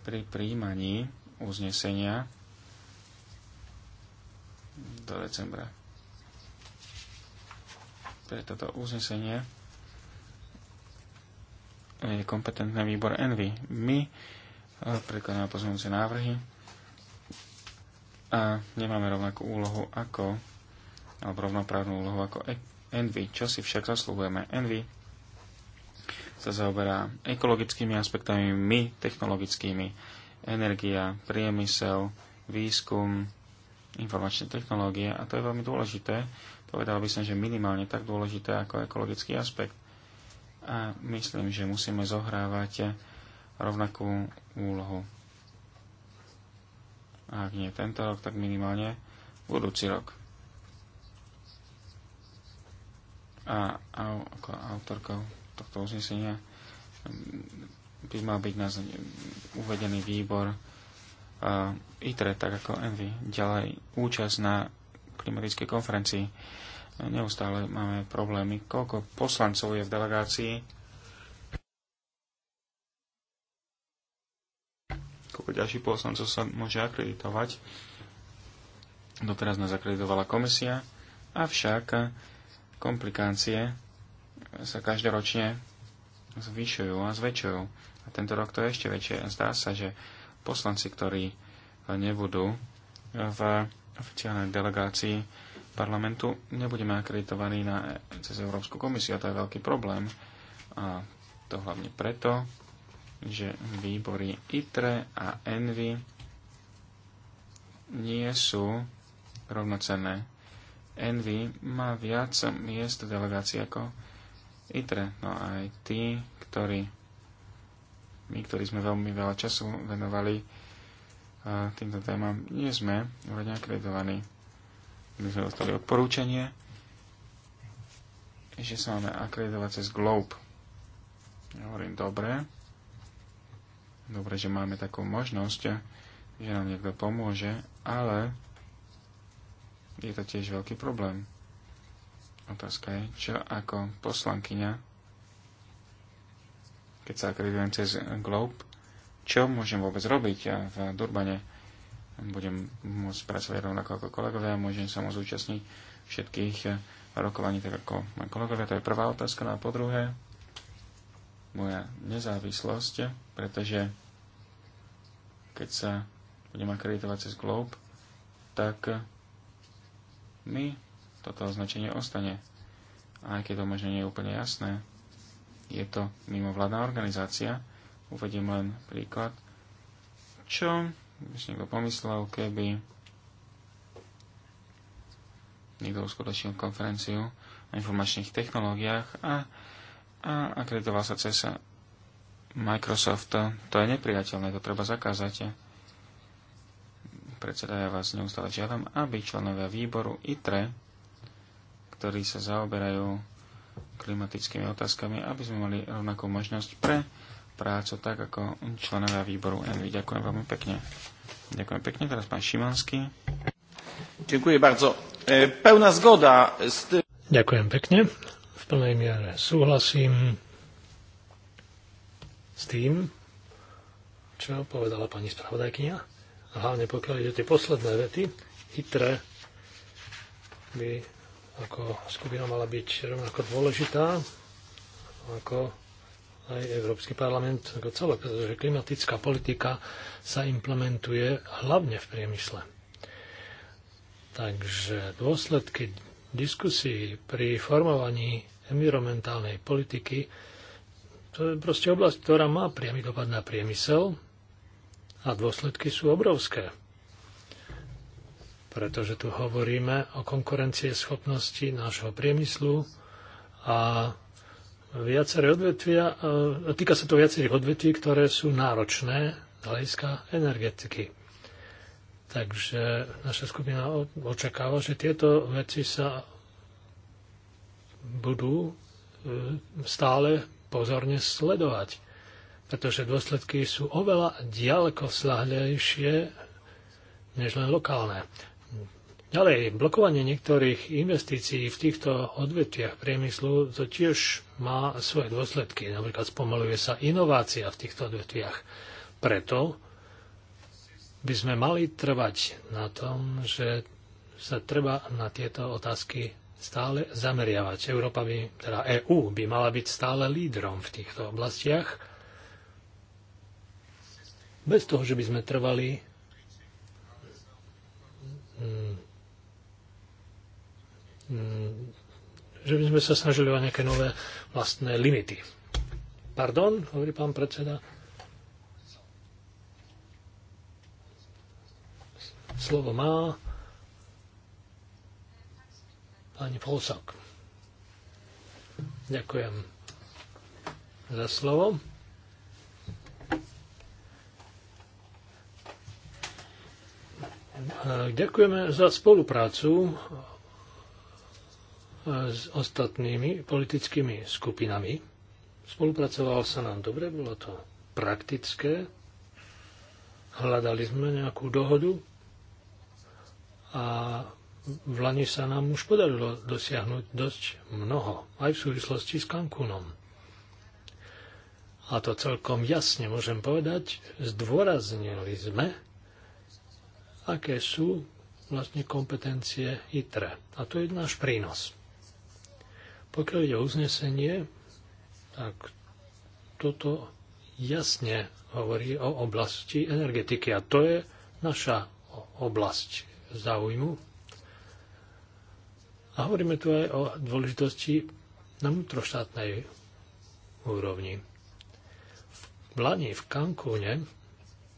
pri príjmaní uznesenia do decembra. Pre toto uznesenie je kompetentný výbor Envy. My e, prekladáme pozmeňujúce návrhy a nemáme rovnakú úlohu ako alebo rovnoprávnu úlohu ako e- Envy. Čo si však zaslúhujeme? Envy sa zaoberá ekologickými aspektami, my technologickými. Energia, priemysel, výskum, informačné technológie a to je veľmi dôležité. Povedal by som, že minimálne tak dôležité ako ekologický aspekt a myslím, že musíme zohrávať rovnakú úlohu. A ak nie tento rok, tak minimálne budúci rok. A ako autorkou tohto uznesenia mm, by mal byť na uvedený výbor ITRE, tak ako ENVY. Ďalej účasť na klimatickej konferencii neustále máme problémy. Koľko poslancov je v delegácii? Koľko ďalších poslancov sa môže akreditovať? Doteraz nás akreditovala komisia, avšak komplikácie sa každoročne zvyšujú a zväčšujú. A tento rok to je ešte väčšie. Zdá sa, že poslanci, ktorí nebudú v oficiálnej delegácii, parlamentu nebudeme akreditovaní na, cez Európsku komisiu a to je veľký problém. A to hlavne preto, že výbory ITRE a ENVY nie sú rovnocenné. ENVY má viac miest delegácie ako ITRE. No a aj tí, ktorí my, ktorí sme veľmi veľa času venovali týmto témam, nie sme úradne akreditovaní kde sme dostali odporúčanie, že sa máme akreditovať cez Globe. Ja hovorím, dobre. Dobre, že máme takú možnosť, že nám niekto pomôže, ale je to tiež veľký problém. Otázka je, čo ako poslankyňa, keď sa akreditujem cez Globe, čo môžem vôbec robiť v Durbane? budem môcť pracovať rovnako ako kolegovia a môžem sa môcť zúčastniť všetkých eh, rokovaní tak ako moji kolegovia. To je prvá otázka. No a po druhé, moja nezávislosť, pretože keď sa budem akreditovať cez Globe, tak mi toto označenie ostane. A aj keď to možno nie je úplne jasné, je to mimovládna organizácia. Uvediem len príklad, čo si niekto pomyslel, keby niekto uskutočnil konferenciu o informačných technológiách a, a akreditoval sa cez Microsoft. To je nepriateľné, to treba zakázať. Predseda, ja vás neustále žiadam, aby členovia výboru ITRE, ktorí sa zaoberajú klimatickými otázkami, aby sme mali rovnakú možnosť pre prácu tak ako členovia výboru Envy. Ďakujem veľmi pekne. Ďakujem pekne. Teraz pán Šimanský. Ďakujem bardzo. E, pevná zgoda s tým... Ďakujem pekne. V plnej miere súhlasím s tým, čo povedala pani spravodajkynia. Hlavne pokiaľ ide tie posledné vety, ITRE by ako skupina mala byť rovnako dôležitá ako aj Európsky parlament ako celok, pretože klimatická politika sa implementuje hlavne v priemysle. Takže dôsledky diskusí pri formovaní environmentálnej politiky to je proste oblasť, ktorá má priamy dopad na priemysel a dôsledky sú obrovské. Pretože tu hovoríme o konkurencie schopnosti nášho priemyslu a viaceré odvetvia, e, týka sa to viacerých odvetví, ktoré sú náročné z hľadiska energetiky. Takže naša skupina očakáva, že tieto veci sa budú e, stále pozorne sledovať, pretože dôsledky sú oveľa ďaleko slahlejšie než len lokálne. Ďalej, blokovanie niektorých investícií v týchto odvetviach priemyslu to tiež má svoje dôsledky. Napríklad spomaluje sa inovácia v týchto odvetviach. Preto by sme mali trvať na tom, že sa treba na tieto otázky stále zameriavať. Európa by, teda EÚ by mala byť stále lídrom v týchto oblastiach, bez toho, že by sme trvali mm, mm, že by sme sa snažili o nejaké nové vlastné limity. Pardon, hovorí pán predseda. Slovo má pani Polsak. Ďakujem za slovo. Ďakujeme za spoluprácu s ostatnými politickými skupinami. Spolupracovalo sa nám dobre, bolo to praktické. Hľadali sme nejakú dohodu a v Lani sa nám už podarilo dosiahnuť dosť mnoho, aj v súvislosti s Cancúnom. A to celkom jasne môžem povedať, zdôraznili sme, aké sú vlastne kompetencie ITRE. A to je náš prínos. Pokiaľ ide o uznesenie, tak toto jasne hovorí o oblasti energetiky a to je naša oblasť záujmu. A hovoríme tu aj o dôležitosti na vnútroštátnej úrovni. V Lani v Cancúne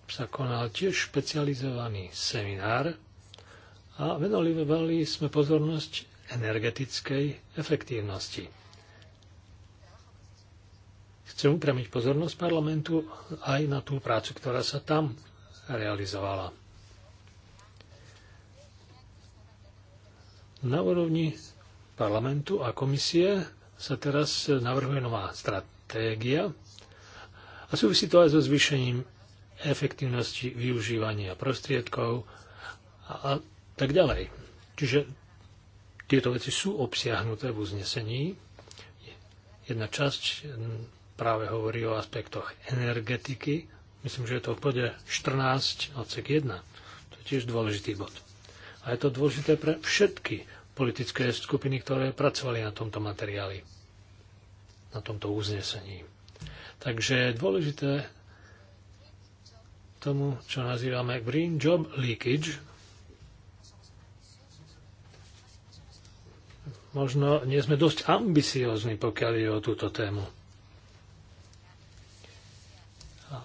sa konal tiež špecializovaný seminár a venovali sme pozornosť energetickej efektívnosti. Chcem upriamiť pozornosť parlamentu aj na tú prácu, ktorá sa tam realizovala. Na úrovni parlamentu a komisie sa teraz navrhuje nová stratégia a súvisí to aj so zvýšením efektivnosti využívania prostriedkov a, a tak ďalej. Čiže tieto veci sú obsiahnuté v uznesení. Jedna časť práve hovorí o aspektoch energetiky. Myslím, že je to v bode 14 odsek 1. To je tiež dôležitý bod. A je to dôležité pre všetky politické skupiny, ktoré pracovali na tomto materiáli, na tomto uznesení. Takže je dôležité tomu, čo nazývame Green Job Leakage, možno nie sme dosť ambiciózni, pokiaľ je o túto tému. A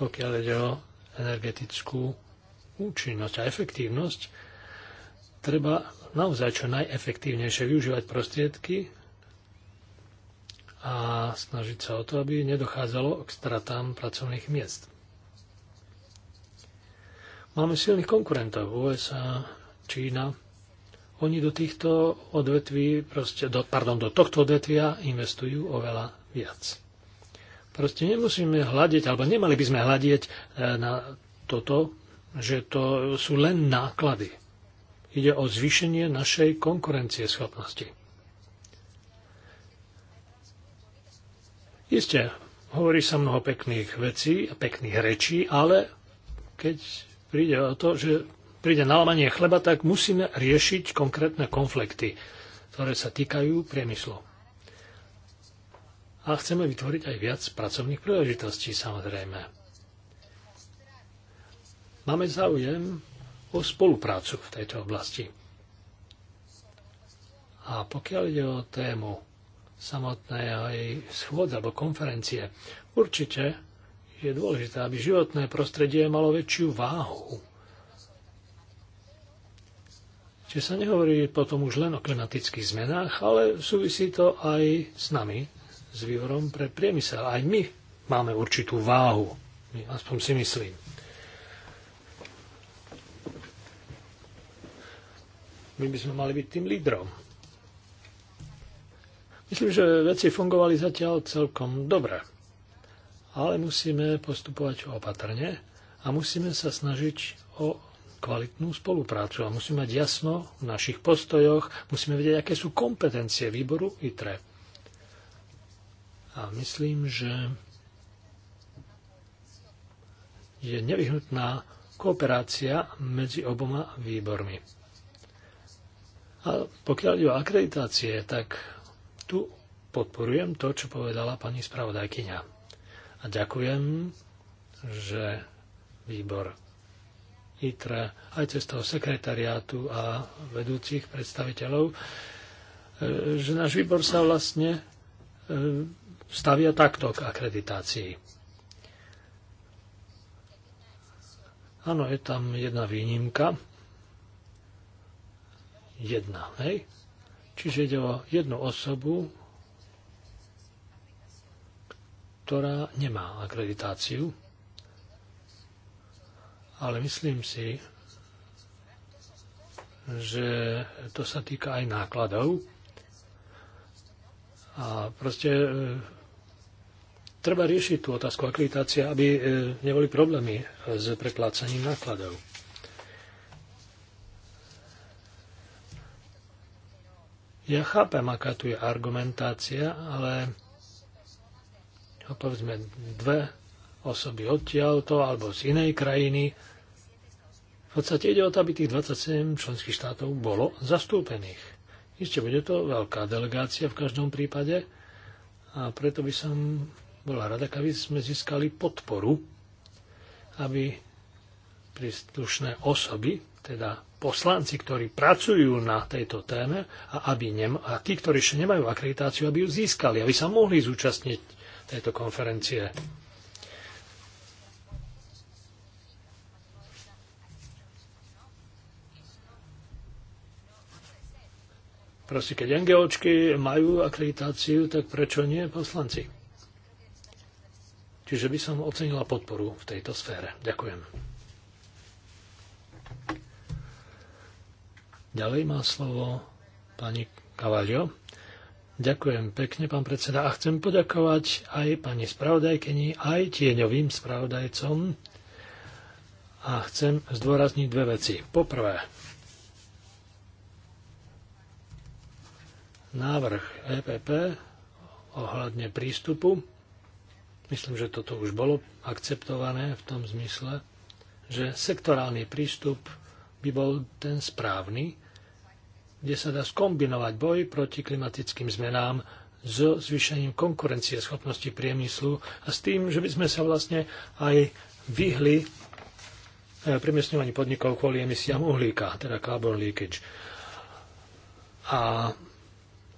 pokiaľ ide o energetickú účinnosť a efektívnosť, treba naozaj čo najefektívnejšie využívať prostriedky a snažiť sa o to, aby nedochádzalo k stratám pracovných miest. Máme silných konkurentov USA, Čína, oni do týchto odvetví, proste do, pardon, do tohto odvetvia investujú oveľa viac. Proste nemusíme hľadiť, alebo nemali by sme hľadiť e, na toto, že to sú len náklady. Ide o zvýšenie našej konkurencieschopnosti. Isté, hovorí sa mnoho pekných vecí a pekných rečí, ale keď príde o to, že príde na chleba, tak musíme riešiť konkrétne konflikty, ktoré sa týkajú priemyslu. A chceme vytvoriť aj viac pracovných príležitostí, samozrejme. Máme záujem o spoluprácu v tejto oblasti. A pokiaľ ide o tému samotnej schôdze alebo konferencie, určite je dôležité, aby životné prostredie malo väčšiu váhu Čiže sa nehovorí potom už len o klimatických zmenách, ale súvisí to aj s nami, s vývorom pre priemysel. Aj my máme určitú váhu, aspoň si myslím. My by sme mali byť tým lídrom. Myslím, že veci fungovali zatiaľ celkom dobre, ale musíme postupovať opatrne a musíme sa snažiť o kvalitnú spoluprácu a musíme mať jasno v našich postojoch, musíme vedieť, aké sú kompetencie výboru ITRE. A myslím, že je nevyhnutná kooperácia medzi oboma výbormi. A pokiaľ ide o akreditácie, tak tu podporujem to, čo povedala pani spravodajkyňa. A ďakujem, že výbor ITRE aj cez toho sekretariátu a vedúcich predstaviteľov, e, že náš výbor sa vlastne e, stavia takto k akreditácii. Áno, je tam jedna výnimka. Jedna, hej? Čiže ide o jednu osobu, ktorá nemá akreditáciu ale myslím si, že to sa týka aj nákladov. A proste e, treba riešiť tú otázku akreditácie, aby e, neboli problémy s preplácaním nákladov. Ja chápem, aká tu je argumentácia, ale povedzme dve osoby odtiaľto alebo z inej krajiny v podstate ide o to, aby tých 27 členských štátov bolo zastúpených. Ešte bude to veľká delegácia v každom prípade a preto by som bola rada, aby sme získali podporu, aby príslušné osoby, teda poslanci, ktorí pracujú na tejto téme a, aby nem, a tí, ktorí ešte nemajú akreditáciu, aby ju získali, aby sa mohli zúčastniť tejto konferencie. Proste, keď NGOčky majú akreditáciu, tak prečo nie poslanci? Čiže by som ocenila podporu v tejto sfére. Ďakujem. Ďalej má slovo pani Cavalio. Ďakujem pekne, pán predseda, a chcem poďakovať aj pani spravodajkeni, aj tieňovým spravodajcom. A chcem zdôrazniť dve veci. Poprvé, návrh EPP ohľadne prístupu. Myslím, že toto už bolo akceptované v tom zmysle, že sektorálny prístup by bol ten správny, kde sa dá skombinovať boj proti klimatickým zmenám so zvýšením konkurencie schopnosti priemyslu a s tým, že by sme sa vlastne aj vyhli e, premiestňovaní podnikov kvôli emisiám uhlíka, teda carbon leakage. A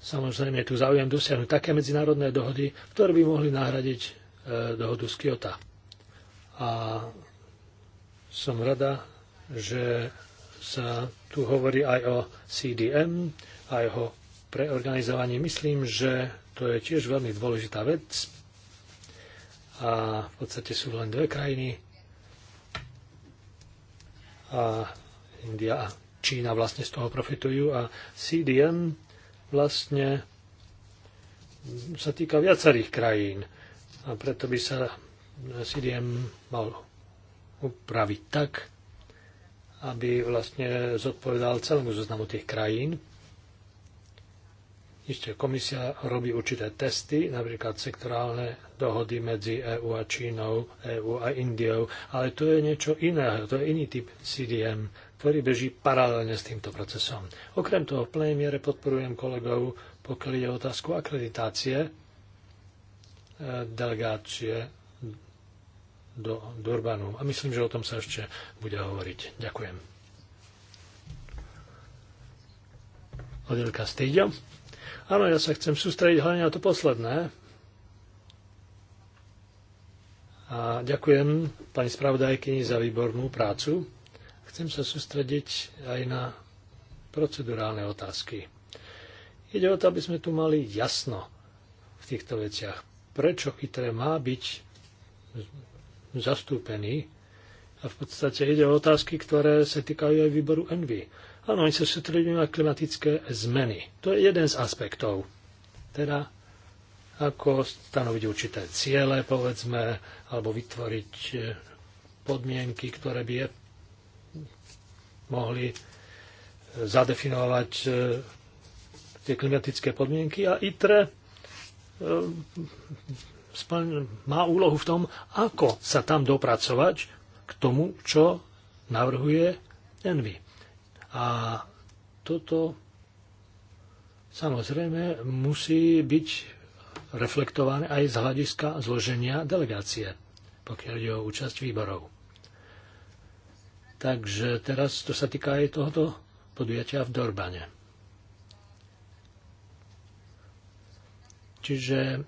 Samozrejme, tu záujem dosiahnuť také medzinárodné dohody, ktoré by mohli nahradiť e, dohodu z Kyoto. A som rada, že sa tu hovorí aj o CDM, aj o preorganizovaní. Myslím, že to je tiež veľmi dôležitá vec. A v podstate sú len dve krajiny. A India a Čína vlastne z toho profitujú. A CDM vlastne sa týka viacerých krajín a preto by sa CDM mal upraviť tak, aby vlastne zodpovedal celému zoznamu tých krajín. Isté, komisia robí určité testy, napríklad sektorálne dohody medzi EÚ a Čínou, EÚ a Indiou, ale to je niečo iné, to je iný typ CDM ktorý beží paralelne s týmto procesom. Okrem toho v plnej miere podporujem kolegov, pokiaľ ide o otázku akreditácie e, delegácie do Durbanu. A myslím, že o tom sa ešte bude hovoriť. Ďakujem. Odelka Stýďo. Áno, ja sa chcem sústrediť hlavne na to posledné, a ďakujem pani spravodajkyni za výbornú prácu chcem sa sústrediť aj na procedurálne otázky. Ide o to, aby sme tu mali jasno v týchto veciach. Prečo chytré má byť zastúpený? A v podstate ide o otázky, ktoré sa týkajú aj výboru Envy. Áno, oni sa sústredujú na klimatické zmeny. To je jeden z aspektov. Teda ako stanoviť určité ciele, povedzme, alebo vytvoriť eh, podmienky, ktoré by mohli eh, zadefinovať eh, tie klimatické podmienky a ITRE eh, má úlohu v tom, ako sa tam dopracovať k tomu, čo navrhuje Envy. A toto samozrejme musí byť reflektované aj z hľadiska zloženia delegácie, pokiaľ ide o účasť výborov. Takže teraz to sa týka aj tohoto podujatia v Dorbane. Čiže e,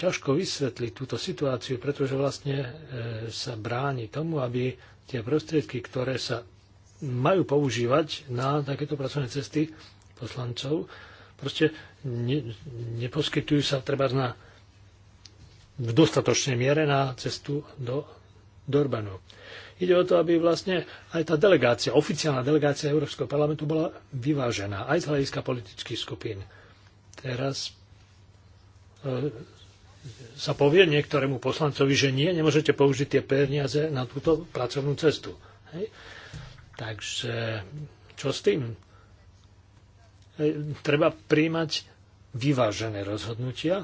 ťažko vysvetliť túto situáciu, pretože vlastne e, sa bráni tomu, aby tie prostriedky, ktoré sa majú používať na takéto pracovné cesty poslancov, proste ne, neposkytujú sa treba na, v dostatočnej miere na cestu do Dorbanov. Ide o to, aby vlastne aj tá delegácia, oficiálna delegácia Európskeho parlamentu bola vyvážená aj z hľadiska politických skupín. Teraz e, sa povie niektorému poslancovi, že nie, nemôžete použiť tie peniaze na túto pracovnú cestu. Hej? Takže čo s tým? E, treba príjmať vyvážené rozhodnutia.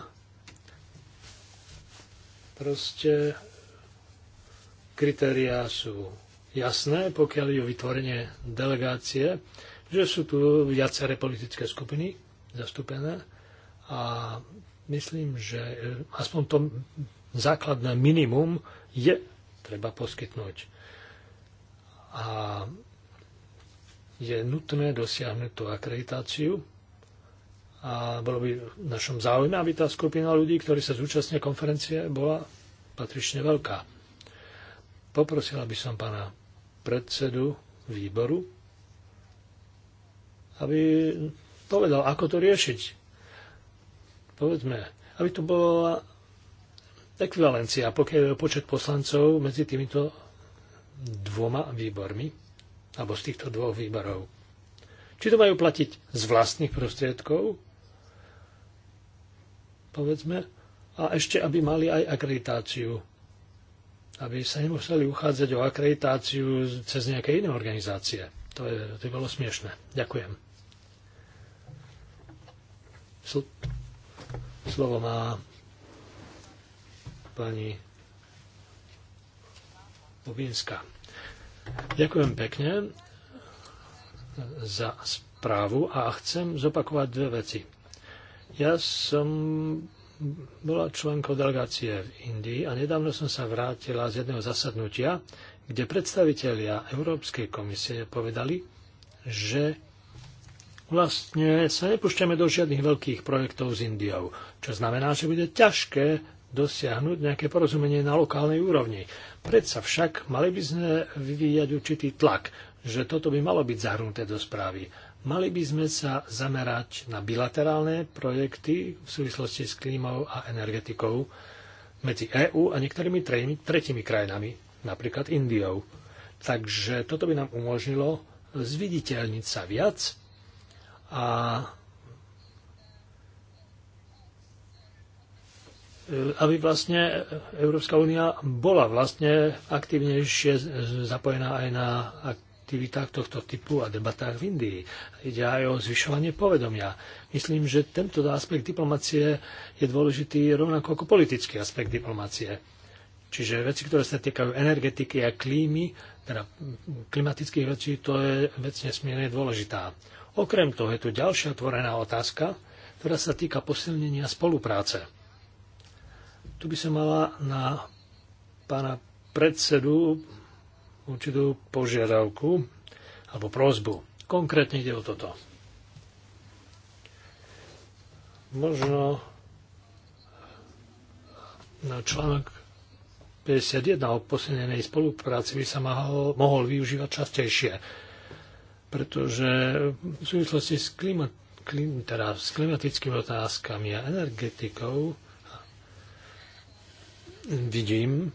Proste kritériá sú jasné, pokiaľ je o vytvorenie delegácie, že sú tu viaceré politické skupiny zastúpené a myslím, že eh, aspoň to základné minimum je treba poskytnúť. A je nutné dosiahnuť tú akreditáciu a bolo by v našom záujme, aby tá skupina ľudí, ktorí sa zúčastnia konferencie, bola patrične veľká. Poprosila by som pána predsedu výboru, aby povedal, ako to riešiť. Povedzme, aby tu bola ekvivalencia, pokiaľ je počet poslancov medzi týmito dvoma výbormi, alebo z týchto dvoch výborov. Či to majú platiť z vlastných prostriedkov, povedzme, a ešte, aby mali aj akreditáciu aby sa nemuseli uchádzať o akreditáciu cez nejaké iné organizácie. To, je, to je bolo smiešne. Ďakujem. Slovo má pani Bobinska. Ďakujem pekne za správu a chcem zopakovať dve veci. Ja som bola členkou delegácie v Indii a nedávno som sa vrátila z jedného zasadnutia, kde predstavitelia Európskej komisie povedali, že vlastne sa nepúšťame do žiadnych veľkých projektov s Indiou, čo znamená, že bude ťažké dosiahnuť nejaké porozumenie na lokálnej úrovni. Predsa však mali by sme vyvíjať určitý tlak, že toto by malo byť zahrnuté do správy. Mali by sme sa zamerať na bilaterálne projekty v súvislosti s klímou a energetikou medzi EÚ a niektorými tretimi krajinami, napríklad Indiou. Takže toto by nám umožnilo zviditeľniť sa viac a aby vlastne Európska únia bola vlastne aktívnejšie zapojená aj na aktivitách tohto typu a debatách v Indii. Ide aj o zvyšovanie povedomia. Myslím, že tento aspekt diplomacie je dôležitý rovnako ako politický aspekt diplomacie. Čiže veci, ktoré sa týkajú energetiky a klímy, teda klimatických vecí, to je vec nesmierne dôležitá. Okrem toho je tu ďalšia otvorená otázka, ktorá sa týka posilnenia spolupráce. Tu by som mala na pána predsedu určitú požiadavku alebo prozbu. Konkrétne ide o toto. Možno na článok 51 o posilnenej spolupráci by sa mohol, mohol využívať častejšie, pretože v súvislosti s, klimat, klim, teda s klimatickými otázkami a energetikou vidím,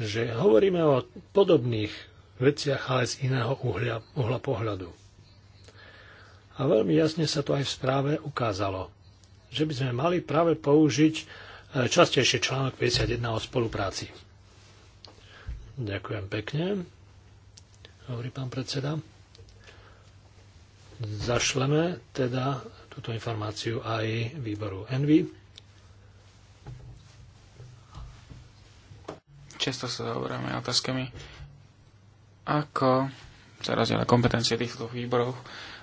že hovoríme o podobných veciach, ale z iného uhlia, uhla pohľadu. A veľmi jasne sa to aj v správe ukázalo, že by sme mali práve použiť e, častejšie článok 51 o spolupráci. Ďakujem pekne, hovorí pán predseda. Zašleme teda túto informáciu aj výboru Envy. často sa zaoberáme otázkami, ako sa rozdiela kompetencie týchto výborov,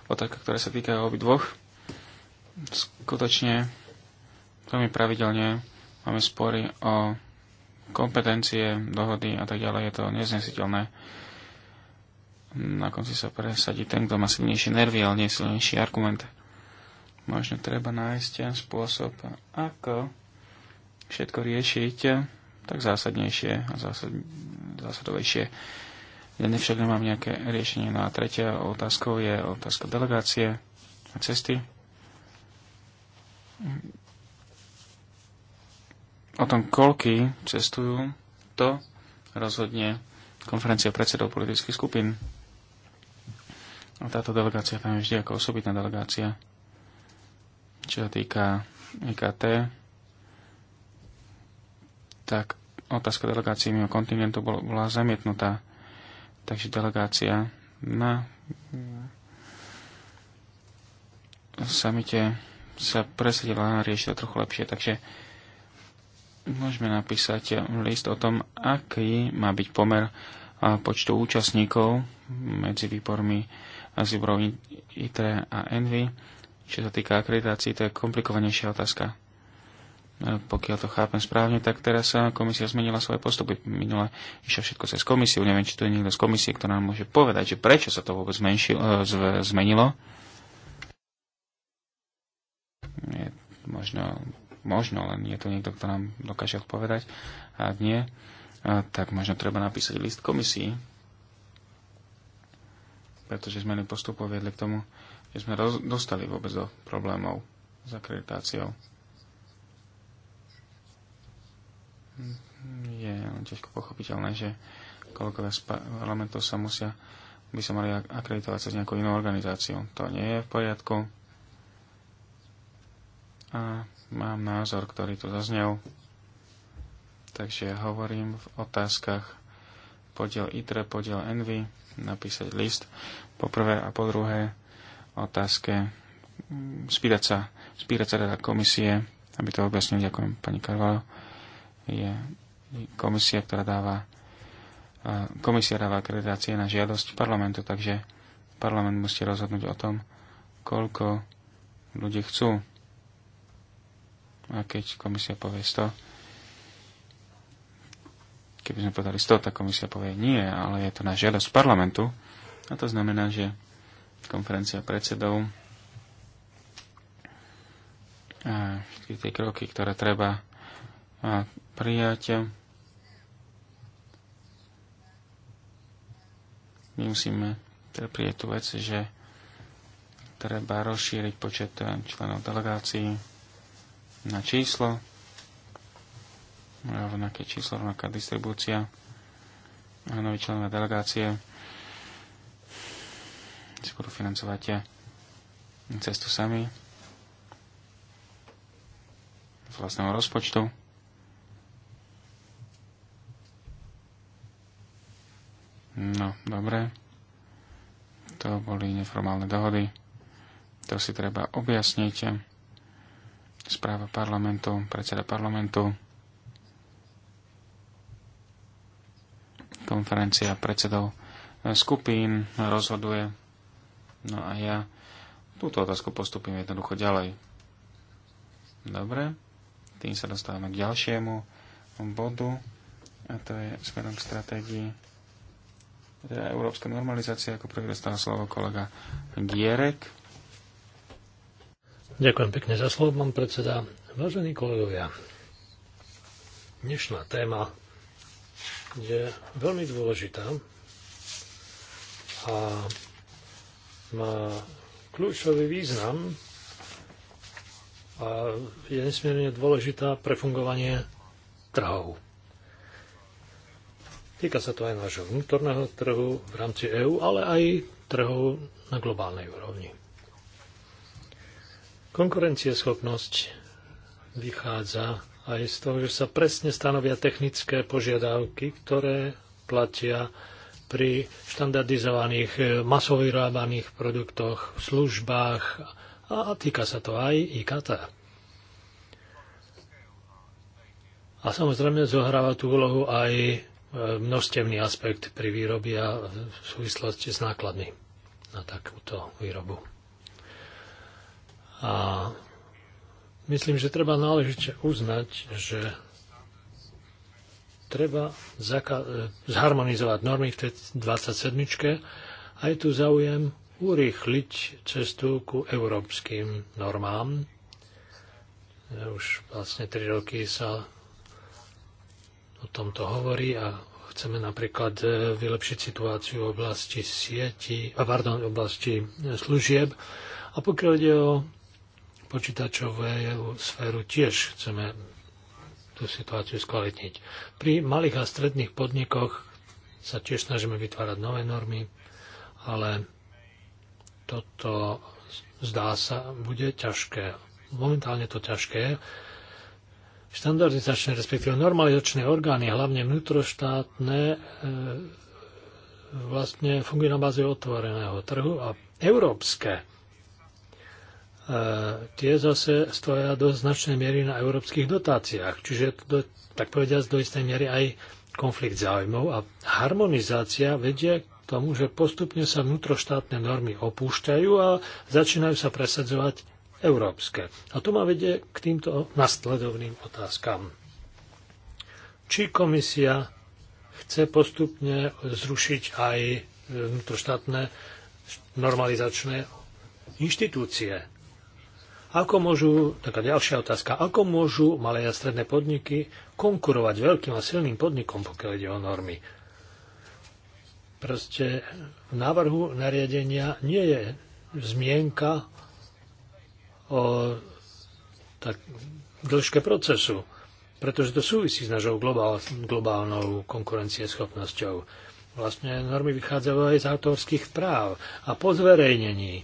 otázka, ktoré sa týkajú dvoch. Skutočne veľmi pravidelne máme spory o kompetencie, dohody a tak ďalej. Je to neznesiteľné. Na konci sa presadí ten, kto má silnejšie nervy, ale nie silnejší argument. Možno treba nájsť ten spôsob, ako všetko riešiť tak zásadnejšie a zásad, zásadovejšie. Ja však nemám nejaké riešenie. No a tretia otázkou je otázka delegácie a cesty. O tom, koľky cestujú, to rozhodne konferencia predsedov politických skupín. A táto delegácia tam je vždy ako osobitná delegácia. Čo sa týka IKT, e tak otázka delegácie mimo kontinentu bola zamietnutá. Takže delegácia na samite sa presedila a riešila trochu lepšie. Takže môžeme napísať list o tom, aký má byť pomer počtu účastníkov medzi výbormi Azibrov ITRE a ENVY. Čo sa týka akreditácií, to je komplikovanejšia otázka. E, pokiaľ to chápem správne, tak teraz sa komisia zmenila svoje postupy. Minule išlo všetko cez komisiu. Neviem, či tu je niekto z komisie, ktorá nám môže povedať, že prečo sa to vôbec e, zmenilo. Nie, možno, možno, len je to niekto, kto nám dokáže odpovedať. A nie, e, tak možno treba napísať list komisii, pretože zmeny postupov viedli k tomu, že sme roz, dostali vôbec do problémov s akreditáciou. je ťažko pochopiteľné, že koľko z parlamentov sa musia, by sa mali akreditovať cez nejakú inú organizáciu. To nie je v poriadku. A mám názor, ktorý tu zaznel. Takže hovorím v otázkach podiel ITRE, podiel ENVY, napísať list po prvé a po druhé otázke spýtať sa, spýtať sa teda komisie, aby to objasnili, Ďakujem, pani Karvalo je komisia, ktorá dáva komisia dáva akreditácie na žiadosť parlamentu, takže parlament musí rozhodnúť o tom, koľko ľudí chcú. A keď komisia povie 100, keby sme povedali 100, tak komisia povie nie, ale je to na žiadosť parlamentu. A to znamená, že konferencia predsedov a tie kroky, ktoré treba a prijať. My musíme teda prijať tú vec, že treba rozšíriť počet eh, členov delegácií na číslo, rovnaké číslo, rovnaká distribúcia a noví členovia delegácie si budú financovať eh, cestu sami z vlastného rozpočtu. No, dobre. To boli neformálne dohody. To si treba objasniť. Správa parlamentu, predseda parlamentu, konferencia predsedov skupín rozhoduje. No a ja túto otázku postupím jednoducho ďalej. Dobre, tým sa dostávame k ďalšiemu bodu a to je smerom k stratégii teda európska normalizácia, ako prvý dostal slovo kolega Gierek. Ďakujem pekne za slovo, pán predseda. Vážení kolegovia, dnešná téma je veľmi dôležitá a má kľúčový význam a je nesmierne dôležitá pre fungovanie trhov. Týka sa to aj nášho vnútorného trhu v rámci EÚ, ale aj trhu na globálnej úrovni. Konkurencieschopnosť vychádza aj z toho, že sa presne stanovia technické požiadavky, ktoré platia pri štandardizovaných eh, masovo vyrábaných produktoch, službách a týka sa to aj IKT. A samozrejme zohráva tú úlohu aj množstevný aspekt pri výrobe a v súvislosti s nákladmi na takúto výrobu. A myslím, že treba náležite uznať, že treba zharmonizovať normy v tej 27. a je tu záujem urýchliť cestu ku európskym normám. Už vlastne 3 roky sa o tomto hovorí a chceme napríklad e, vylepšiť situáciu v oblasti sieti, a pardon, v oblasti e, služieb. A pokiaľ ide o počítačové sféru, tiež chceme tú situáciu skvalitniť. Pri malých a stredných podnikoch sa tiež snažíme vytvárať nové normy, ale toto zdá sa bude ťažké. Momentálne to ťažké je, štandardizačné, respektíve normalizačné orgány, hlavne vnútroštátne, e, vlastne fungujú na báze otvoreného trhu a európske e, tie zase stoja do značnej miery na európskych dotáciách. Čiže do, tak povediať do istej miery aj konflikt záujmov a harmonizácia vedie k tomu, že postupne sa vnútroštátne normy opúšťajú a začínajú sa presadzovať európske. A to ma vedie k týmto nasledovným otázkam. Či komisia chce postupne zrušiť aj vnútroštátne normalizačné inštitúcie? Ako môžu, taká ďalšia otázka, ako môžu malé a stredné podniky konkurovať veľkým a silným podnikom, pokiaľ ide o normy? Proste v návrhu nariadenia nie je zmienka o tak dĺžke procesu, pretože to súvisí s našou globál, globálnou konkurencieschopnosťou. Vlastne normy vychádzajú aj z autorských práv a po zverejnení e,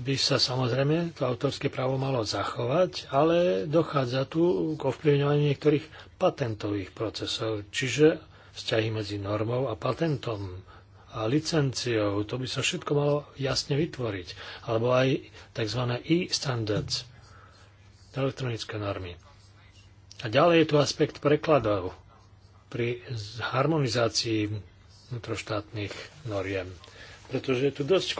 by sa samozrejme to autorské právo malo zachovať, ale dochádza tu k ovplyvňovaniu niektorých patentových procesov, čiže vzťahy medzi normou a patentom a licenciou. To by sa všetko malo jasne vytvoriť. Alebo aj tzv. e-standards, elektronické normy. A ďalej je tu aspekt prekladov pri harmonizácii vnútroštátnych noriem. Pretože je tu dosť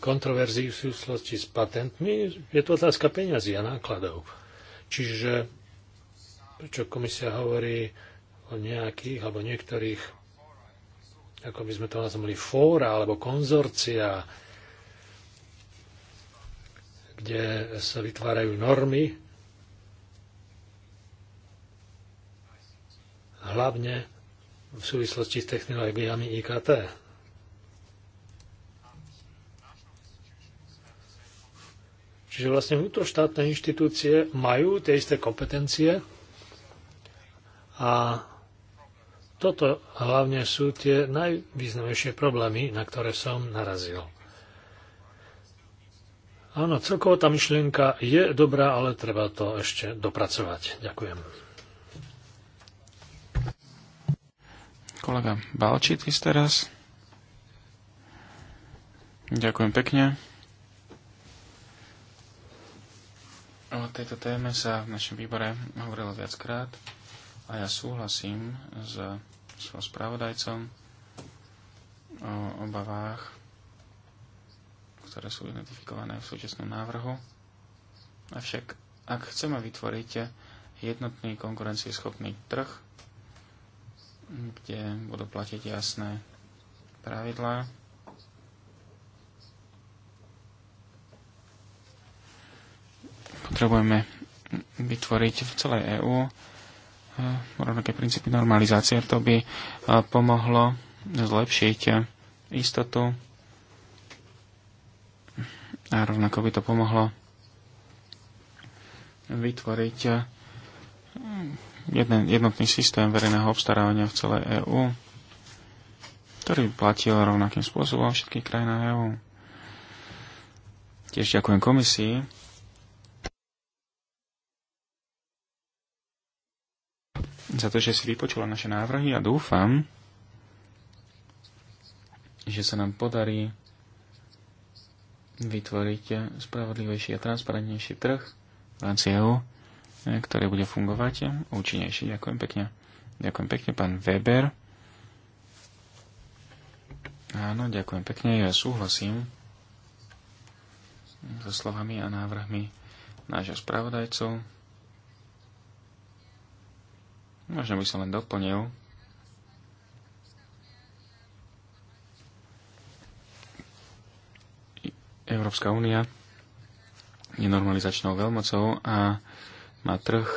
kontroverzií, v súvislosti s patentmi. Je tu otázka peňazí a nákladov. Čiže, prečo komisia hovorí o nejakých alebo niektorých ako by sme to nazvali, fóra alebo konzorcia, kde sa vytvárajú normy, hlavne v súvislosti s technológiami IKT. Čiže vlastne vnútroštátne inštitúcie majú tie isté kompetencie a toto hlavne sú tie najvýznamnejšie problémy, na ktoré som narazil. Áno, celkovo tá myšlienka je dobrá, ale treba to ešte dopracovať. Ďakujem. Kolega ísť teraz. Ďakujem pekne. O tejto téme sa v našom výbore hovorilo viackrát a ja súhlasím s so spravodajcom o obavách, ktoré sú identifikované v súčasnom návrhu. Avšak, ak chceme vytvoriť jednotný konkurencieschopný trh, kde budú platiť jasné pravidlá, potrebujeme vytvoriť v celej EÚ Eh, rovnaké princípy normalizácie. To by eh, pomohlo zlepšiť istotu a rovnako by to pomohlo vytvoriť eh, jeden, jednotný systém verejného obstarávania v celej EÚ, ktorý platil rovnakým spôsobom všetkých krajinách EÚ. Tiež ďakujem komisii za to, že si vypočula naše návrhy a dúfam, že sa nám podarí vytvoriť spravodlivejší a transparentnejší trh v rámci EU, ktorý bude fungovať účinnejšie. Ďakujem pekne. Ďakujem pekne, pán Weber. Áno, ďakujem pekne, ja súhlasím so slovami a návrhmi nášho spravodajcov. Možno by som len doplnil. Európska únia je normalizačnou veľmocou a má trh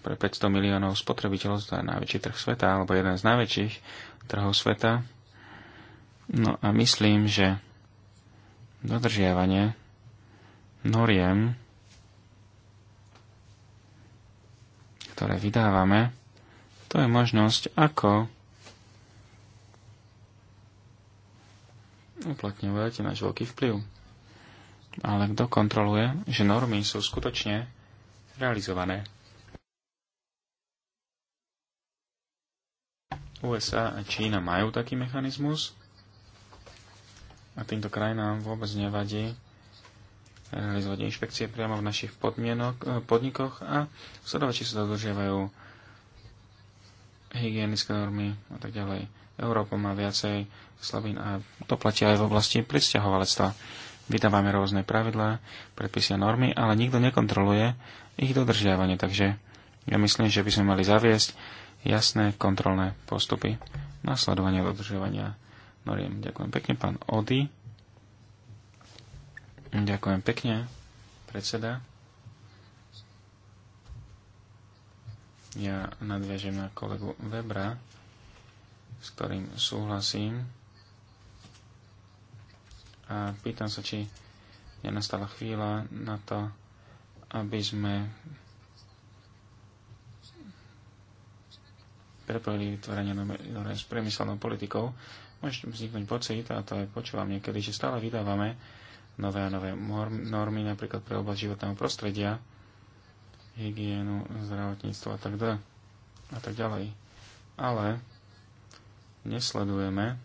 pre 500 miliónov spotrebiteľov, to je najväčší trh sveta, alebo jeden z najväčších trhov sveta. No a myslím, že dodržiavanie noriem, ktoré vydávame, to je možnosť, ako uplatňovať náš veľký vplyv. Ale kto kontroluje, že normy sú skutočne realizované? USA a Čína majú taký mechanizmus a týmto krajinám vôbec nevadí realizovať inšpekcie priamo v našich podmienok, podnikoch a sledovači sa dodržiavajú hygienické normy a tak ďalej. Európa má viacej slabín a to platí aj v oblasti pristahovalectva. Vydávame rôzne pravidlá, predpisy a normy, ale nikto nekontroluje ich dodržiavanie, takže ja myslím, že by sme mali zaviesť jasné kontrolné postupy sledovanie dodržiavania noriem. Ďakujem pekne, pán Ody. Ďakujem pekne, predseda. Ja nadviažem na kolegu Webra, s ktorým súhlasím. A pýtam sa, či nenastala chvíľa na to, aby sme prepojili vytvorenie s priemyselnou politikou. Môže vzniknúť pocit, a to aj počúvam niekedy, že stále vydávame nové a nové normy, napríklad pre oblasť životného prostredia, hygienu, zdravotníctvo a tak, a tak ďalej. Ale nesledujeme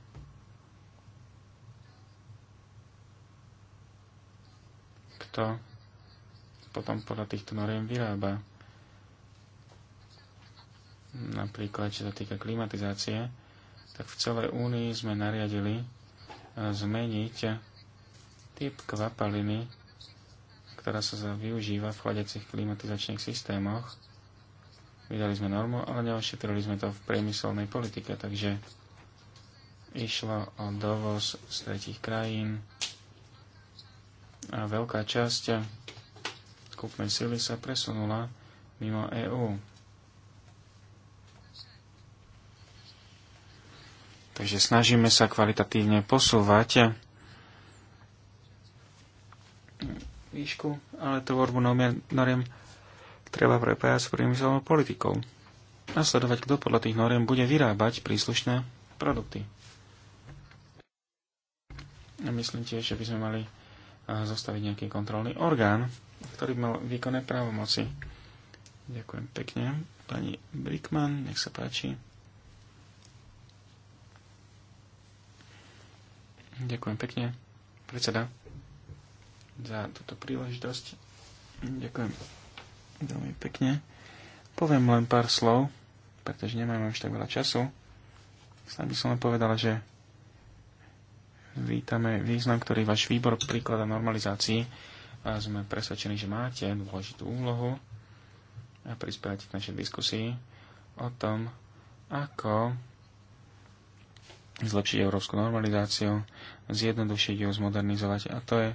kto potom podľa týchto noriem vyrába. Napríklad, čo sa týka klimatizácie, tak v celej únii sme nariadili eh, zmeniť typ kvapaliny ktorá sa využíva v chladiacich klimatizačných systémoch. Vydali sme normu, ale neošetrili sme to v priemyselnej politike, takže išlo o dovoz z tretich krajín a veľká časť kúpnej sily sa presunula mimo EÚ. Takže snažíme sa kvalitatívne posúvať výšku, ale tvorbu noriem treba prepájať s priemyselnou politikou a sledovať, kto podľa tých noriem bude vyrábať príslušné produkty. A myslím tiež, že by sme mali zostaviť nejaký kontrolný orgán, ktorý mal výkonné právomoci. Ďakujem pekne. Pani Brickman, nech sa páči. Ďakujem pekne. Predseda za túto príležitosť. Ďakujem veľmi pekne. Poviem len pár slov, pretože nemám už tak veľa času. Sám by som len povedala, že vítame význam, ktorý váš výbor príklada normalizácii a sme presvedčení, že máte dôležitú úlohu a prispievate k našej diskusii o tom, ako zlepšiť európsku normalizáciu, zjednodušiť ju, zmodernizovať. A to je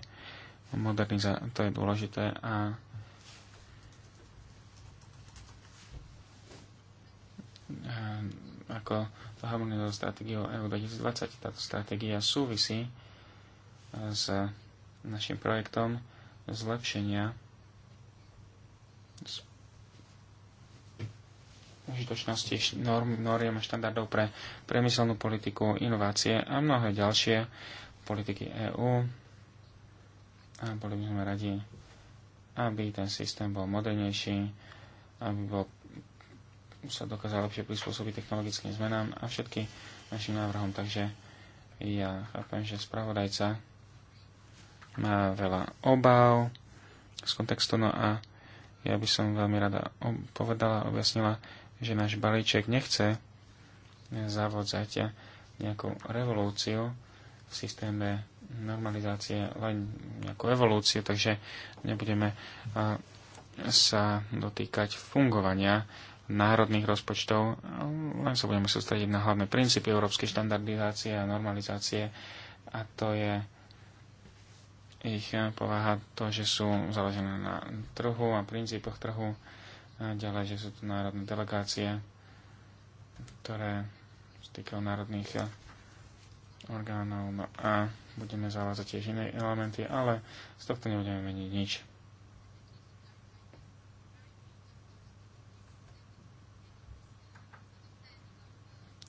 Moderniza- to je dôležité a ako to harmonizovať stratégiou EU 2020. Táto stratégia súvisí e, s našim projektom zlepšenia užitočnosti norm, noriem a štandardov pre priemyselnú politiku, inovácie a mnohé ďalšie politiky EÚ a boli by sme radi, aby ten systém bol modernejší, aby bol, sa dokázal lepšie prispôsobiť technologickým zmenám a všetky našim návrhom. Takže ja chápem, že spravodajca má veľa obav z kontextu, no a ja by som veľmi rada povedala, objasnila, že náš balíček nechce zavodzať nejakú revolúciu v systéme normalizácie, len nejakú evolúciu, takže nebudeme sa dotýkať fungovania národných rozpočtov, len sa budeme sústrediť na hlavné princípy európskej štandardizácie a normalizácie a to je ich povaha to, že sú založené na trhu a princípoch trhu a ďalej, že sú tu národné delegácie, ktoré týkajú národných orgánov. No a budeme zavádzať tiež iné elementy, ale z tohto nebudeme meniť nič.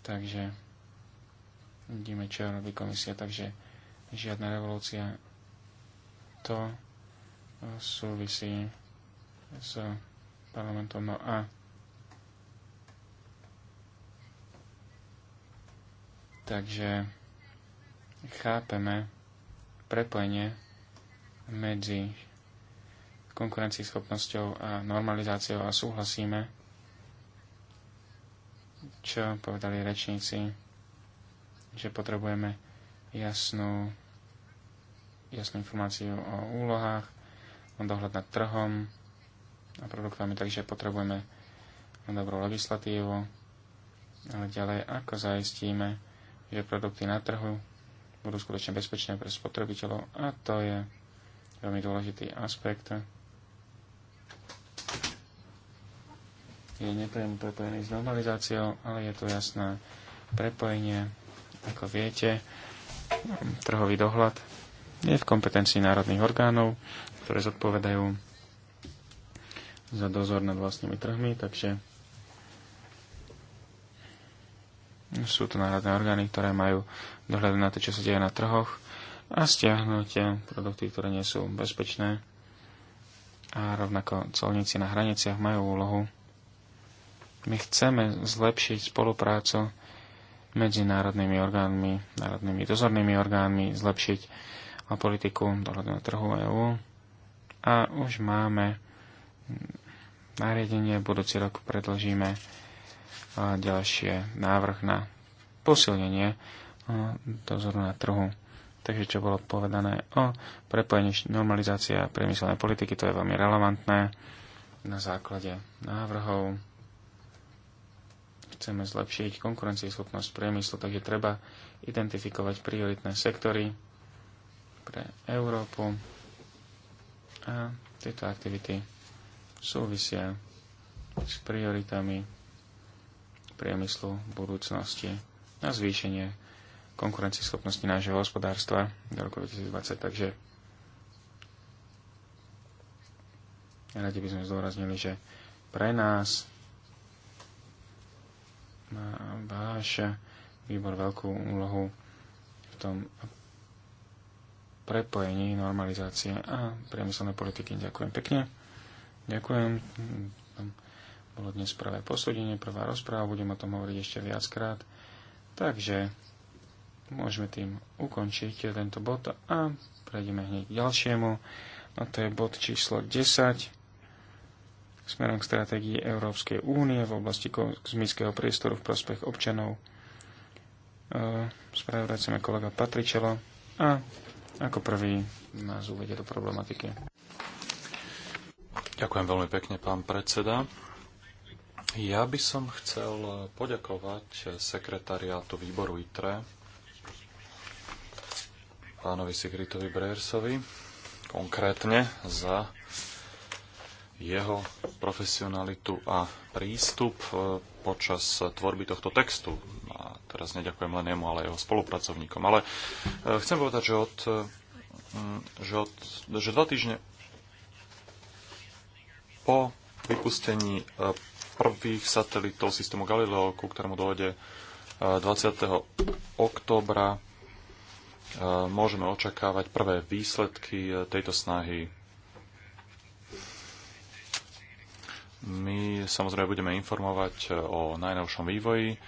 Takže vidíme, čo robí komisia. Takže žiadna revolúcia. To súvisí s parlamentom. No a takže chápeme prepojenie medzi konkurencieschopnosťou a normalizáciou a súhlasíme, čo povedali rečníci, že potrebujeme jasnú, jasnú informáciu o úlohách, o dohľad nad trhom a produktami, takže potrebujeme dobrú legislatívu, ale ďalej ako zaistíme, že produkty na trhu budú skutočne bezpečné pre spotrebiteľov a to je veľmi dôležitý aspekt. Je nepriamo prepojený s normalizáciou, ale je tu jasné prepojenie. Ako viete, trhový dohľad je v kompetencii národných orgánov, ktoré zodpovedajú za dozor nad vlastnými trhmi, takže Sú to národné orgány, ktoré majú dohľad na to, čo sa deje na trhoch a stiahnuť produkty, ktoré nie sú bezpečné. A rovnako colníci na hraniciach majú úlohu. My chceme zlepšiť spoluprácu medzi národnými orgánmi, národnými dozornými orgánmi, zlepšiť politiku dohľadu na trhu EÚ. A už máme nariadenie, budúci rok predložíme ďalšie návrh na posilnenie dozoru na trhu. Takže čo bolo povedané o prepojení normalizácia priemyselnej politiky, to je veľmi relevantné na základe návrhov. Chceme zlepšiť konkurencieschopnosť priemyslu, takže treba identifikovať prioritné sektory pre Európu. A tieto aktivity súvisia s prioritami priemyslu v budúcnosti na zvýšenie konkurencieschopnosti nášho hospodárstva do roku 2020. Takže radi by sme zdôraznili, že pre nás má váš výbor veľkú úlohu v tom prepojení normalizácie a priemyselnej politiky. Ďakujem pekne. Ďakujem. Bolo dnes prvé posúdenie, prvá rozpráva, budem o tom hovoriť ešte viackrát. Takže môžeme tým ukončiť tento bod a prejdeme hneď k ďalšiemu. A to je bod číslo 10 smerom k stratégii Európskej únie v oblasti kozmického priestoru v prospech občanov. E, Spravodajcem kolega Patričelo a ako prvý nás uvedie do problematiky. Ďakujem veľmi pekne, pán predseda. Ja by som chcel poďakovať sekretariátu výboru ITRE, pánovi Sigritovi Brejersovi, konkrétne za jeho profesionalitu a prístup e, počas tvorby tohto textu. A teraz neďakujem len jemu, ale jeho spolupracovníkom. Ale e, chcem povedať, že od, mm, že od že dva týždne po vypustení e, prvých satelitov systému Galileo, ku ktorému dojde 20. Eh, oktobra. Eh, môžeme očakávať prvé výsledky eh, tejto snahy. My samozrejme budeme informovať o najnovšom vývoji.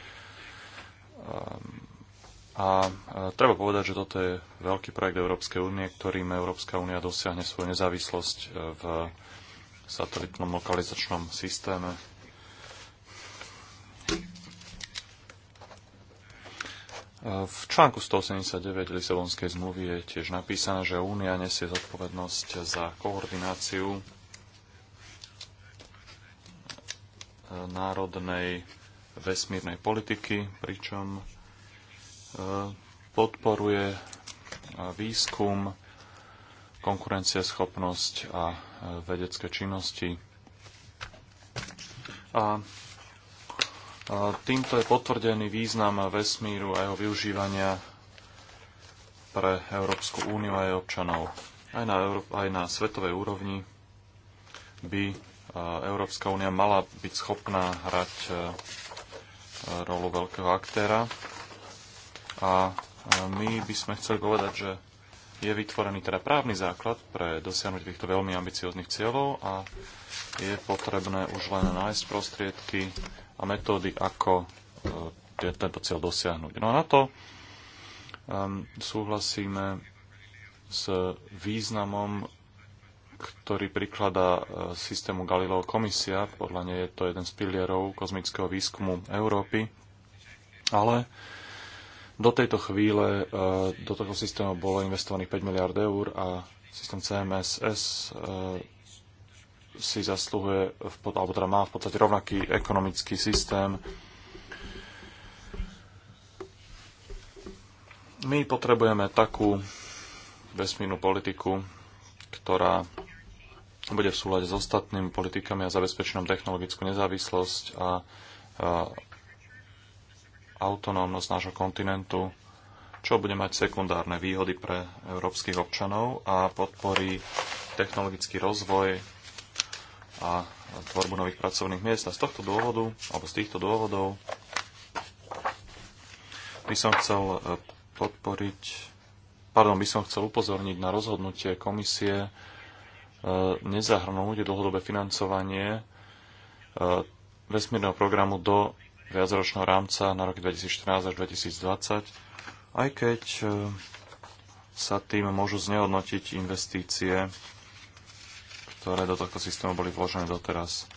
A treba povedať, že toto je veľký projekt Európskej únie, ktorým Európska únia dosiahne svoju nezávislosť v satelitnom lokalizačnom systéme. V článku 189 Lisabonskej zmluvy je tiež napísané, že Únia nesie zodpovednosť za koordináciu národnej vesmírnej politiky, pričom e, podporuje výskum, konkurencieschopnosť a e, vedecké činnosti. A Týmto je potvrdený význam vesmíru a jeho využívania pre Európsku úniu a jej občanov. Aj na, Euró- aj na svetovej úrovni by e, Európska únia mala byť schopná hrať e, rolu veľkého aktéra. A e, my by sme chceli povedať, že je vytvorený teda právny základ pre dosiahnuť týchto veľmi ambicióznych cieľov a je potrebné už len nájsť prostriedky a metódy, ako e, tento cieľ dosiahnuť. No a na to um, súhlasíme s významom, ktorý prikladá e, systému Galileo komisia. Podľa nej je to jeden z pilierov kozmického výskumu Európy. Ale do tejto chvíle e, do toho systému bolo investovaných 5 miliard eur a systém CMSS si zasluhuje, alebo teda má v podstate rovnaký ekonomický systém. My potrebujeme takú vesmírnu politiku, ktorá bude v súlade s ostatnými politikami a zabezpečí nám technologickú nezávislosť a, a autonómnosť nášho kontinentu, čo bude mať sekundárne výhody pre európskych občanov a podporí technologický rozvoj a tvorbu nových pracovných miest. A z tohto dôvodu, alebo z týchto dôvodov, by som chcel e, podporiť, pardon, by som chcel upozorniť na rozhodnutie komisie e, nezahrnúť dlhodobé financovanie e, vesmírneho programu do viacročného rámca na roky 2014 až 2020, aj keď sa tým môžu znehodnotiť investície ktoré do tohto systému boli vložené doteraz.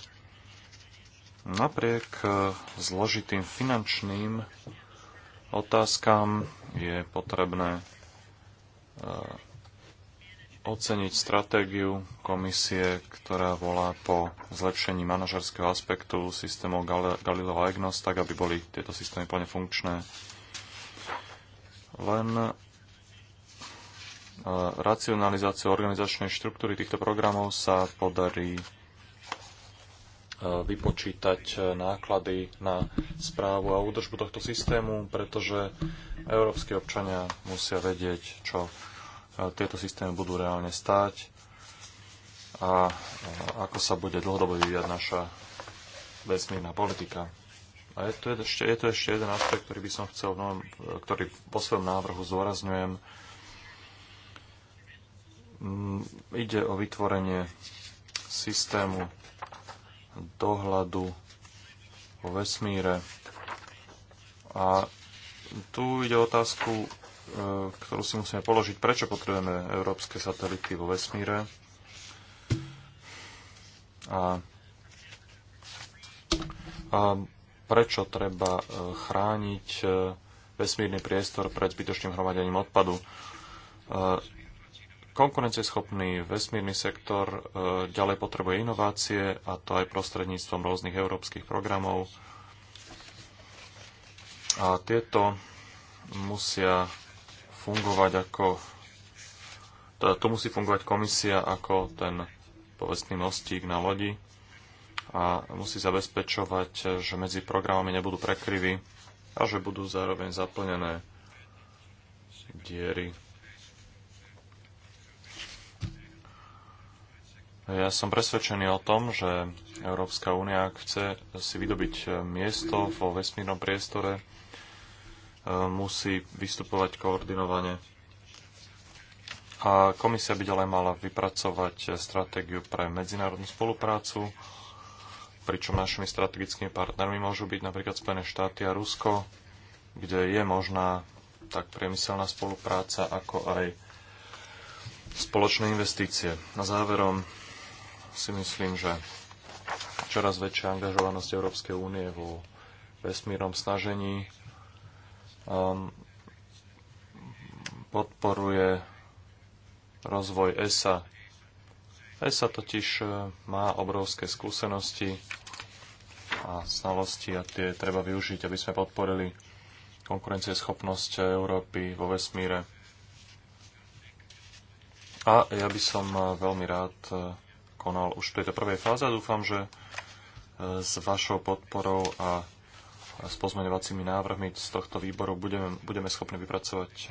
Napriek e, zložitým finančným otázkam je potrebné e, oceniť stratégiu komisie, ktorá volá po zlepšení manažerského aspektu systémov Galileo Agnos, tak aby boli tieto systémy plne funkčné. Len racionalizáciou organizačnej štruktúry týchto programov sa podarí e, vypočítať e, náklady na správu a údržbu tohto systému, pretože európske občania musia vedieť, čo e, tieto systémy budú reálne stáť a ako sa bude dlhodobo vyvíjať naša vesmírna politika. A je to ešte, je to ešte jeden aspekt, ktorý by som chcel, ktorý po svojom návrhu zdôrazňujem, Mm, ide o vytvorenie systému dohľadu vo vesmíre. A tu ide o otázku, e, ktorú si musíme položiť, prečo potrebujeme európske satelity vo vesmíre. A, a prečo treba e, chrániť e, vesmírny priestor pred zbytočným hromadením odpadu konkurencieschopný vesmírny sektor e, ďalej potrebuje inovácie a to aj prostredníctvom rôznych európskych programov. A tieto musia fungovať ako teda tu musí fungovať komisia ako ten povestný mostík na lodi a musí zabezpečovať, že medzi programami nebudú prekryvy a že budú zároveň zaplnené diery Ja som presvedčený o tom, že Európska únia, chce si vydobiť eh, miesto vo vesmírnom priestore, eh, musí vystupovať koordinovane. A komisia by ďalej mala vypracovať eh, stratégiu pre medzinárodnú spoluprácu, pričom našimi strategickými partnermi môžu byť napríklad Spojené štáty a Rusko, kde je možná tak priemyselná spolupráca, ako aj spoločné investície. Na záverom si myslím, že čoraz väčšia angažovanosť Európskej únie vo vesmírnom snažení um, podporuje rozvoj ESA. ESA totiž uh, má obrovské skúsenosti a znalosti a tie treba využiť, aby sme podporili konkurencieschopnosť Európy vo vesmíre. A ja by som uh, veľmi rád uh, konal už v tejto prvej fáze a dúfam, že e, s vašou podporou a s pozmeňovacími návrhmi z tohto výboru budeme, budeme schopní vypracovať e,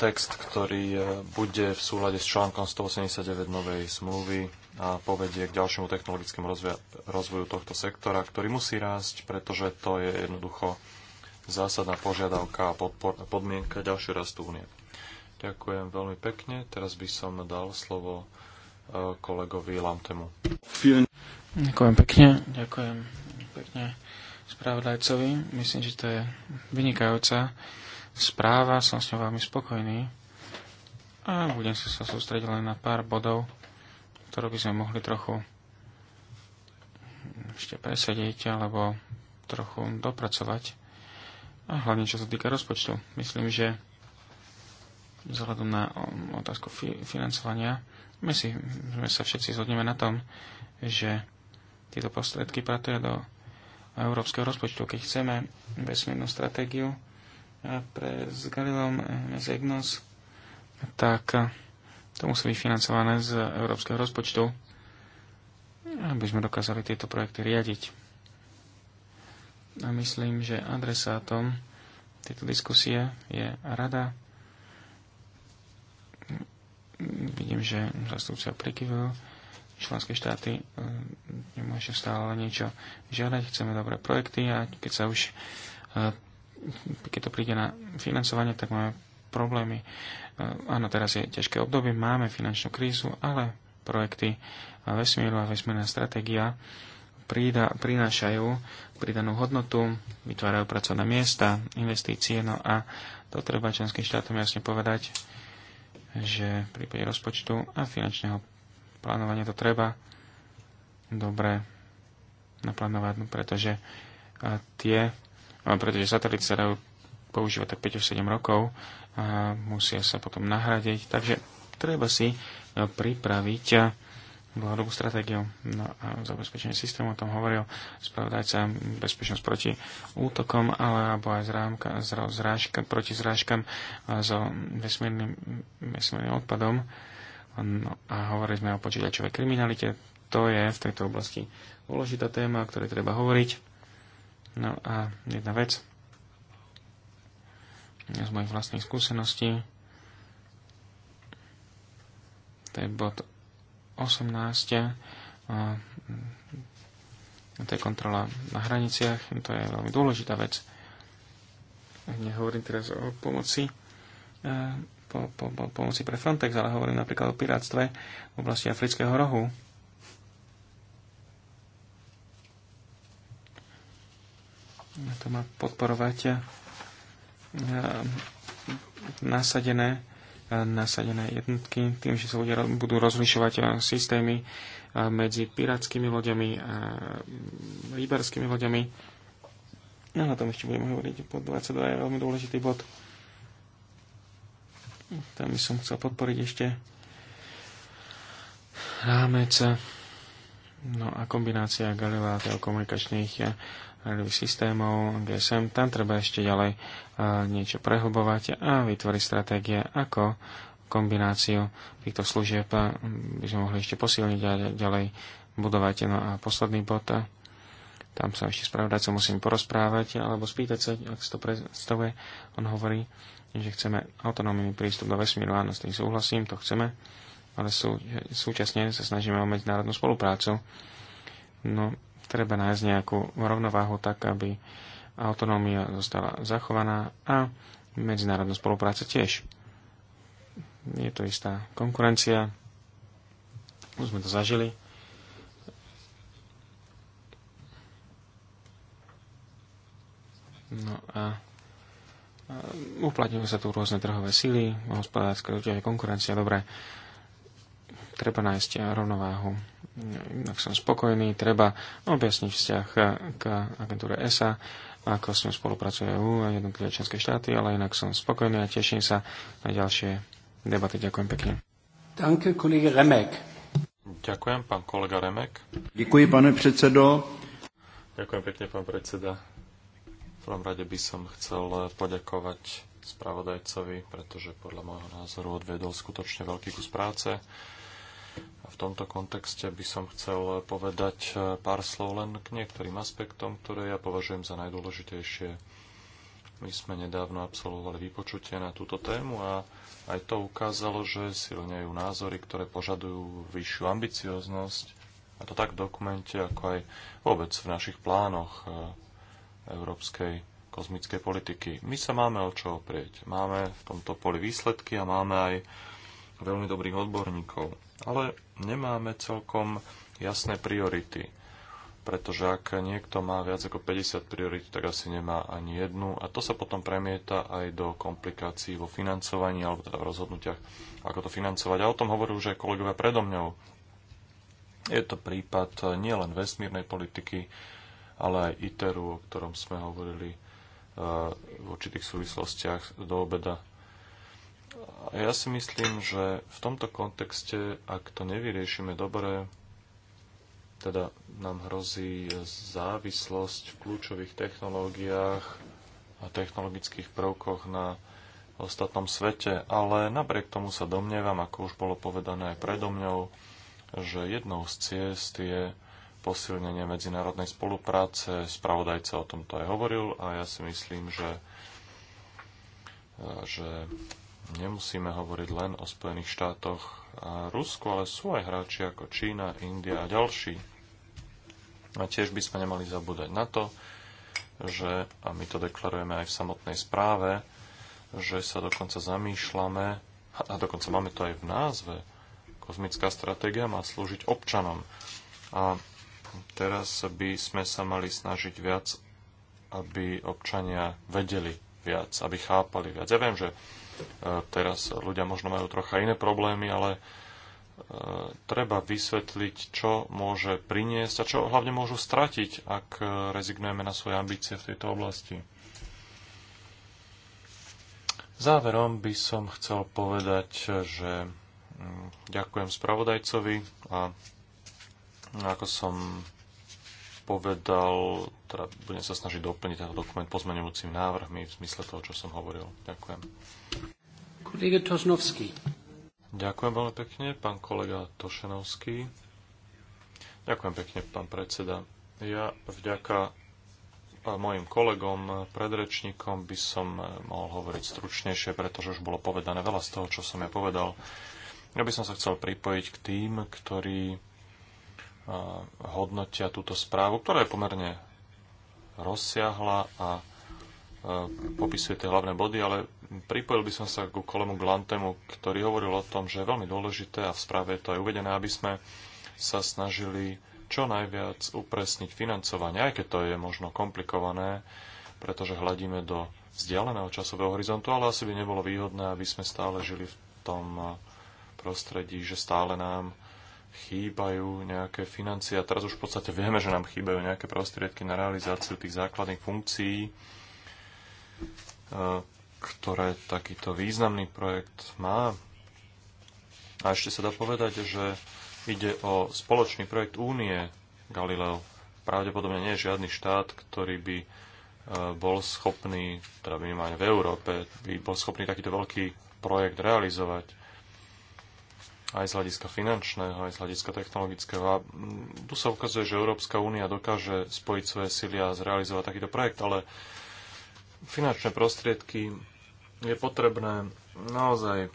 text, ktorý e, bude v súlade s článkom 189 novej zmluvy a povedie k ďalšiemu technologickému rozvoju tohto sektora, ktorý musí rásť, pretože to je jednoducho zásadná požiadavka a podmienka ďalšieho rastu únie. Ďakujem veľmi pekne. Teraz by som dal slovo e, kolegovi Lamtemu. Ďakujem pekne. Ďakujem pekne spravodajcovi. Myslím, že to je vynikajúca správa. Som s ňou veľmi spokojný. A budem si sa sústrediť len na pár bodov, ktoré by sme mohli trochu ešte presediť alebo trochu dopracovať. A hlavne čo sa týka rozpočtu. Myslím, že vzhľadom na um, otázku financovania, my si my sa všetci zhodneme na tom, že tieto prostriedky patria do európskeho rozpočtu. Keď chceme vesmírnu stratégiu e, pre s Galilom Mesegnos, tak e, to musí byť financované z európskeho rozpočtu, aby sme dokázali tieto projekty riadiť. A myslím, že adresátom tejto diskusie je Rada Vidím, že zastupca prikyvil. Členské štáty e, nemôže stále niečo žiadať. Chceme dobré projekty a keď sa už e, keď to príde na financovanie, tak máme problémy. E, áno, teraz je ťažké obdobie, máme finančnú krízu, ale projekty vesmíru a vesmírna stratégia prída, prinášajú pridanú hodnotu, vytvárajú pracovné miesta, investície, no a to treba členským štátom jasne povedať, že v prípade rozpočtu a finančného plánovania to treba dobre naplánovať, no, pretože tie, pretože satelit sa dajú používať tak 5 až 7 rokov a musia sa potom nahradiť, takže treba si e, pripraviť dlhodobú stratégiu na no zabezpečenie systému, o tom hovoril spravodajca bezpečnosť proti útokom, ale alebo aj zrámka, zra, zrážka, proti zrážkam so vesmírnym, vesmírnym odpadom. No a hovorili sme o počítačovej kriminalite. To je v tejto oblasti dôležitá téma, o ktorej treba hovoriť. No a jedna vec z mojich vlastných skúseností, to je bod 18. To je kontrola na hraniciach, to je veľmi dôležitá vec. Nehovorím teraz o pomoci, e, po, po, po, pomoci pre Frontex, ale hovorím napríklad o pirátstve v oblasti Afrického rohu. To má podporovať e, nasadené nasadené jednotky, tým, že sa ľudia budú rozlišovať eh, systémy eh, medzi pirátskymi loďami a mm, rybárskými loďami. No, na tom ešte budeme hovoriť. Pod 22 je veľmi dôležitý bod. Tam by som chcel podporiť ešte rámec eh, no a kombinácia Galilea telekomunikačných rádiových systémov GSM, tam treba ešte ďalej niečo prehlbovať a vytvoriť stratégie, ako kombináciu týchto služieb by sme mohli ešte posilniť a ďalej budovať. No a posledný bod, tam sa ešte co musím porozprávať alebo spýtať sa, ak si to predstavuje. On hovorí, že chceme autonómny prístup do vesmíru. Áno, s tým súhlasím, to chceme, ale sú, súčasne sa snažíme o medzinárodnú spoluprácu. No, treba nájsť nejakú rovnováhu tak, aby autonómia zostala zachovaná a medzinárodná spolupráca tiež. Je to istá konkurencia, už sme to zažili. No a uplatňujú sa tu rôzne trhové síly, hospodárska súťaž, konkurencia, dobré treba nájsť rovnováhu. Ak som spokojný, treba objasniť vzťah k agentúre ESA, ako s ňou spolupracuje EU a jednotlivé členské štáty, ale inak som spokojný a teším sa na ďalšie debaty. Ďakujem pekne. Danke, kolega Remek. Ďakujem, pán kolega Remek. Ďakujem, pane predsedo. Ďakujem pekne, pán predseda. V prvom rade by som chcel poďakovať spravodajcovi, pretože podľa môjho názoru odvedol skutočne veľký kus práce a v tomto kontexte by som chcel povedať eh, pár slov len k niektorým aspektom, ktoré ja považujem za najdôležitejšie. My sme nedávno absolvovali vypočutie na túto tému a aj to ukázalo, že silnejú názory, ktoré požadujú vyššiu ambicioznosť, a to tak v dokumente, ako aj vôbec v našich plánoch eh, európskej kozmickej politiky. My sa máme o čo oprieť. Máme v tomto poli výsledky a máme aj veľmi dobrých odborníkov ale nemáme celkom jasné priority. Pretože ak niekto má viac ako 50 priorit, tak asi nemá ani jednu. A to sa potom premieta aj do komplikácií vo financovaní, alebo teda v rozhodnutiach, ako to financovať. A o tom hovorí už aj kolegovia predo mňou. Je to prípad nielen vesmírnej politiky, ale aj ITERu, o ktorom sme hovorili eh, v určitých súvislostiach do obeda. Ja si myslím, že v tomto kontexte, ak to nevyriešime dobre, teda nám hrozí závislosť v kľúčových technológiách a technologických prvkoch na ostatnom svete, ale napriek tomu sa domnievam, ako už bolo povedané aj predo mňou, že jednou z ciest je posilnenie medzinárodnej spolupráce. Spravodajca o tomto aj hovoril a ja si myslím, že, že nemusíme hovoriť len o Spojených štátoch a Rusku, ale sú aj hráči ako Čína, India a ďalší. A tiež by sme nemali zabúdať na to, že, a my to deklarujeme aj v samotnej správe, že sa dokonca zamýšľame, a dokonca máme to aj v názve, kozmická stratégia má slúžiť občanom. A teraz by sme sa mali snažiť viac, aby občania vedeli viac, aby chápali viac. Ja viem, že Teraz ľudia možno majú trocha iné problémy, ale e, treba vysvetliť, čo môže priniesť a čo hlavne môžu stratiť, ak e, rezignujeme na svoje ambície v tejto oblasti. Záverom by som chcel povedať, že mm, ďakujem spravodajcovi a no, ako som povedal, teda budem sa snažiť doplniť tento dokument pozmeňujúcim návrhmi v zmysle toho, čo som hovoril. Ďakujem. Kolega Ďakujem veľmi pekne, pán kolega Tošenovský. Ďakujem pekne, pán predseda. Ja vďaka eh, mojim kolegom, eh, predrečníkom by som eh, mohol hovoriť stručnejšie, pretože už bolo povedané veľa z toho, čo som ja povedal. Ja by som sa chcel pripojiť k tým, ktorí hodnotia túto správu, ktorá je pomerne rozsiahla a popisuje tie hlavné body, ale pripojil by som sa ku kolemu Glantemu, ktorý hovoril o tom, že je veľmi dôležité a v správe je to aj uvedené, aby sme sa snažili čo najviac upresniť financovanie, aj keď to je možno komplikované, pretože hľadíme do vzdialeného časového horizontu, ale asi by nebolo výhodné, aby sme stále žili v tom prostredí, že stále nám chýbajú nejaké financie a teraz už v podstate vieme, že nám chýbajú nejaké prostriedky na realizáciu tých základných funkcií, ktoré takýto významný projekt má. A ešte sa dá povedať, že ide o spoločný projekt Únie Galileo. Pravdepodobne nie je žiadny štát, ktorý by e, bol schopný, teda minimálne v Európe, by bol schopný takýto veľký projekt realizovať aj z hľadiska finančného, aj z hľadiska technologického. A tu sa ukazuje, že Európska únia dokáže spojiť svoje sily a zrealizovať takýto projekt, ale finančné prostriedky je potrebné naozaj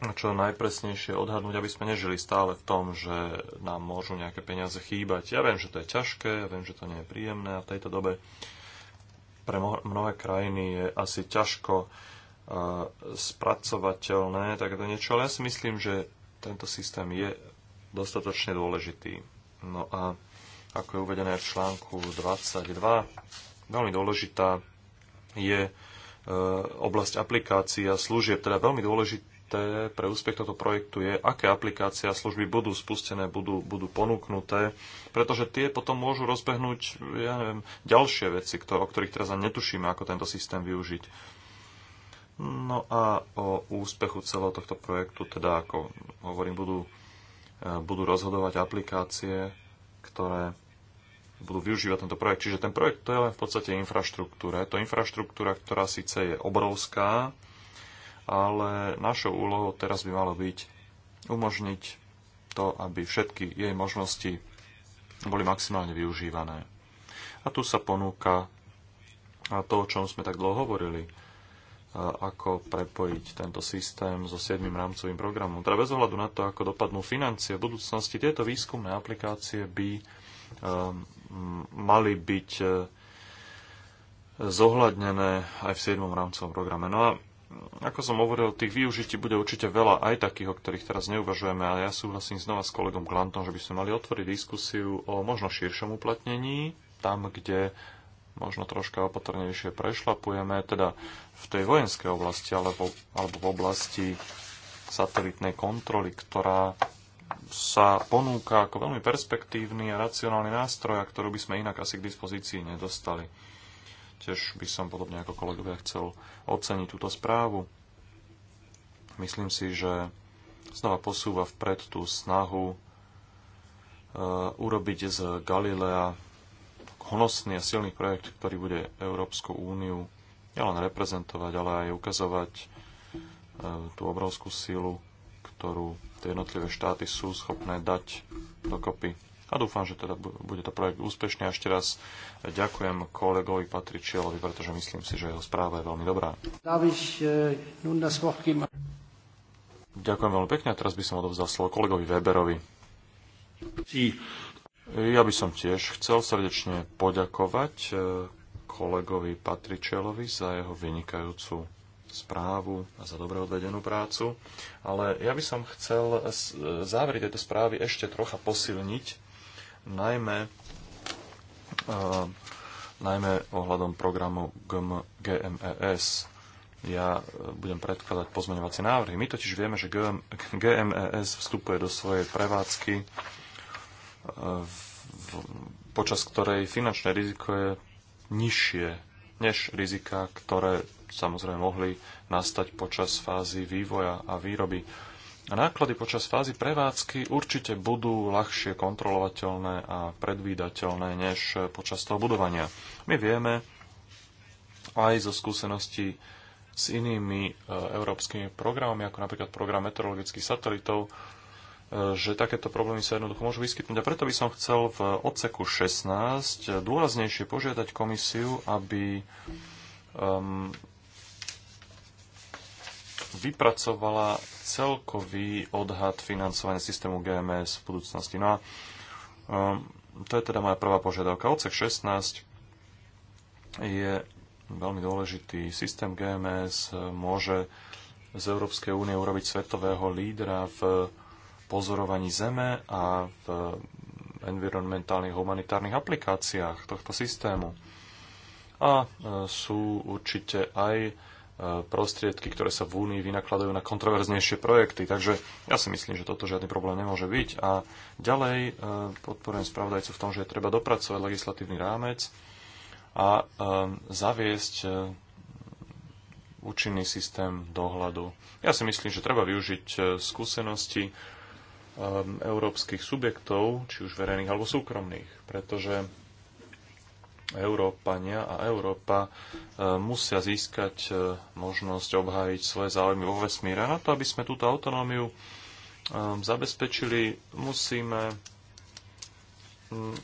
čo najpresnejšie odhadnúť, aby sme nežili stále v tom, že nám môžu nejaké peniaze chýbať. Ja viem, že to je ťažké, ja viem, že to nie je príjemné a v tejto dobe pre mnohé krajiny je asi ťažko eh, spracovateľné takéto niečo, ale ja si myslím, že tento systém je dostatočne dôležitý. No a ako je uvedené v článku 22, veľmi dôležitá je e, oblasť aplikácií a služieb. Teda veľmi dôležité pre úspech tohto projektu je, aké aplikácie a služby budú spustené, budú, budú ponúknuté, pretože tie potom môžu rozbehnúť ja neviem, ďalšie veci, o ktorých teraz ani netušíme, ako tento systém využiť. No a o úspechu celého tohto projektu, teda ako hovorím, budú, e, budú rozhodovať aplikácie, ktoré budú využívať tento projekt. Čiže ten projekt to je len v podstate infraštruktúra. Je to infraštruktúra, ktorá síce je obrovská, ale našou úlohou teraz by malo byť umožniť to, aby všetky jej možnosti boli maximálne využívané. A tu sa ponúka to, o čom sme tak dlho hovorili, ako prepojiť tento systém so 7. rámcovým programom. Teda bez ohľadu na to, ako dopadnú financie v budúcnosti, tieto výskumné aplikácie by ehm, mali byť e, zohľadnené aj v 7. rámcovom programe. No a ako som hovoril, tých využití bude určite veľa aj takých, o ktorých teraz neuvažujeme, ale ja súhlasím znova s kolegom Glantom, že by sme mali otvoriť diskusiu o možno širšom uplatnení, tam, kde možno troška opatrnejšie prešlapujeme, teda v tej vojenskej oblasti alebo, alebo v oblasti satelitnej kontroly, ktorá sa ponúka ako veľmi perspektívny a racionálny nástroj, a ktorú by sme inak asi k dispozícii nedostali. Tiež by som podobne ako kolegovia chcel oceniť túto správu. Myslím si, že znova posúva vpred tú snahu e, urobiť z Galilea honosný a silný projekt, ktorý bude Európsku úniu nielen reprezentovať, ale aj ukazovať e, tú obrovskú silu, ktorú tie jednotlivé štáty sú schopné dať dokopy. A dúfam, že teda bude to projekt úspešný. A ešte raz ďakujem kolegovi Patričielovi, pretože myslím si, že jeho správa je veľmi dobrá. E, ďakujem veľmi pekne a teraz by som odovzdal slovo kolegovi Weberovi. Ja by som tiež chcel srdečne poďakovať e, kolegovi Patričelovi za jeho vynikajúcu správu a za dobre odvedenú prácu. Ale ja by som chcel závery tejto správy ešte trocha posilniť, najmä, uh, najmä ohľadom programu GMES. Ja eh, budem predkladať pozmeňovacie návrhy. My totiž vieme, že GMES vstupuje do svojej prevádzky, uh, v, počas ktorej finančné riziko je nižšie než rizika, ktoré samozrejme mohli nastať počas fázy vývoja a výroby. Náklady počas fázy prevádzky určite budú ľahšie kontrolovateľné a predvídateľné než počas toho budovania. My vieme aj zo skúseností s inými e, európskymi programami, ako napríklad program meteorologických satelitov, že takéto problémy sa jednoducho môžu vyskytnúť. A preto by som chcel v odseku 16 dôraznejšie požiadať komisiu, aby um, vypracovala celkový odhad financovania systému GMS v budúcnosti. No a um, to je teda moja prvá požiadavka. Odsek 16 je veľmi dôležitý. Systém GMS môže z Európskej únie urobiť svetového lídra v pozorovaní Zeme a v environmentálnych humanitárnych aplikáciách tohto systému. A e, sú určite aj e, prostriedky, ktoré sa v Únii vynakladajú na kontroverznejšie projekty. Takže ja si myslím, že toto žiadny problém nemôže byť. A ďalej e, podporujem spravodajcu v tom, že je treba dopracovať legislatívny rámec a zaviesť účinný systém dohľadu. Ja si myslím, že treba využiť skúsenosti Um, európskych subjektov, či už verejných alebo súkromných, pretože Európania a Európa um, musia získať uh, možnosť obhájiť svoje záujmy vo vesmíre. A na to, aby sme túto autonómiu um, zabezpečili, musíme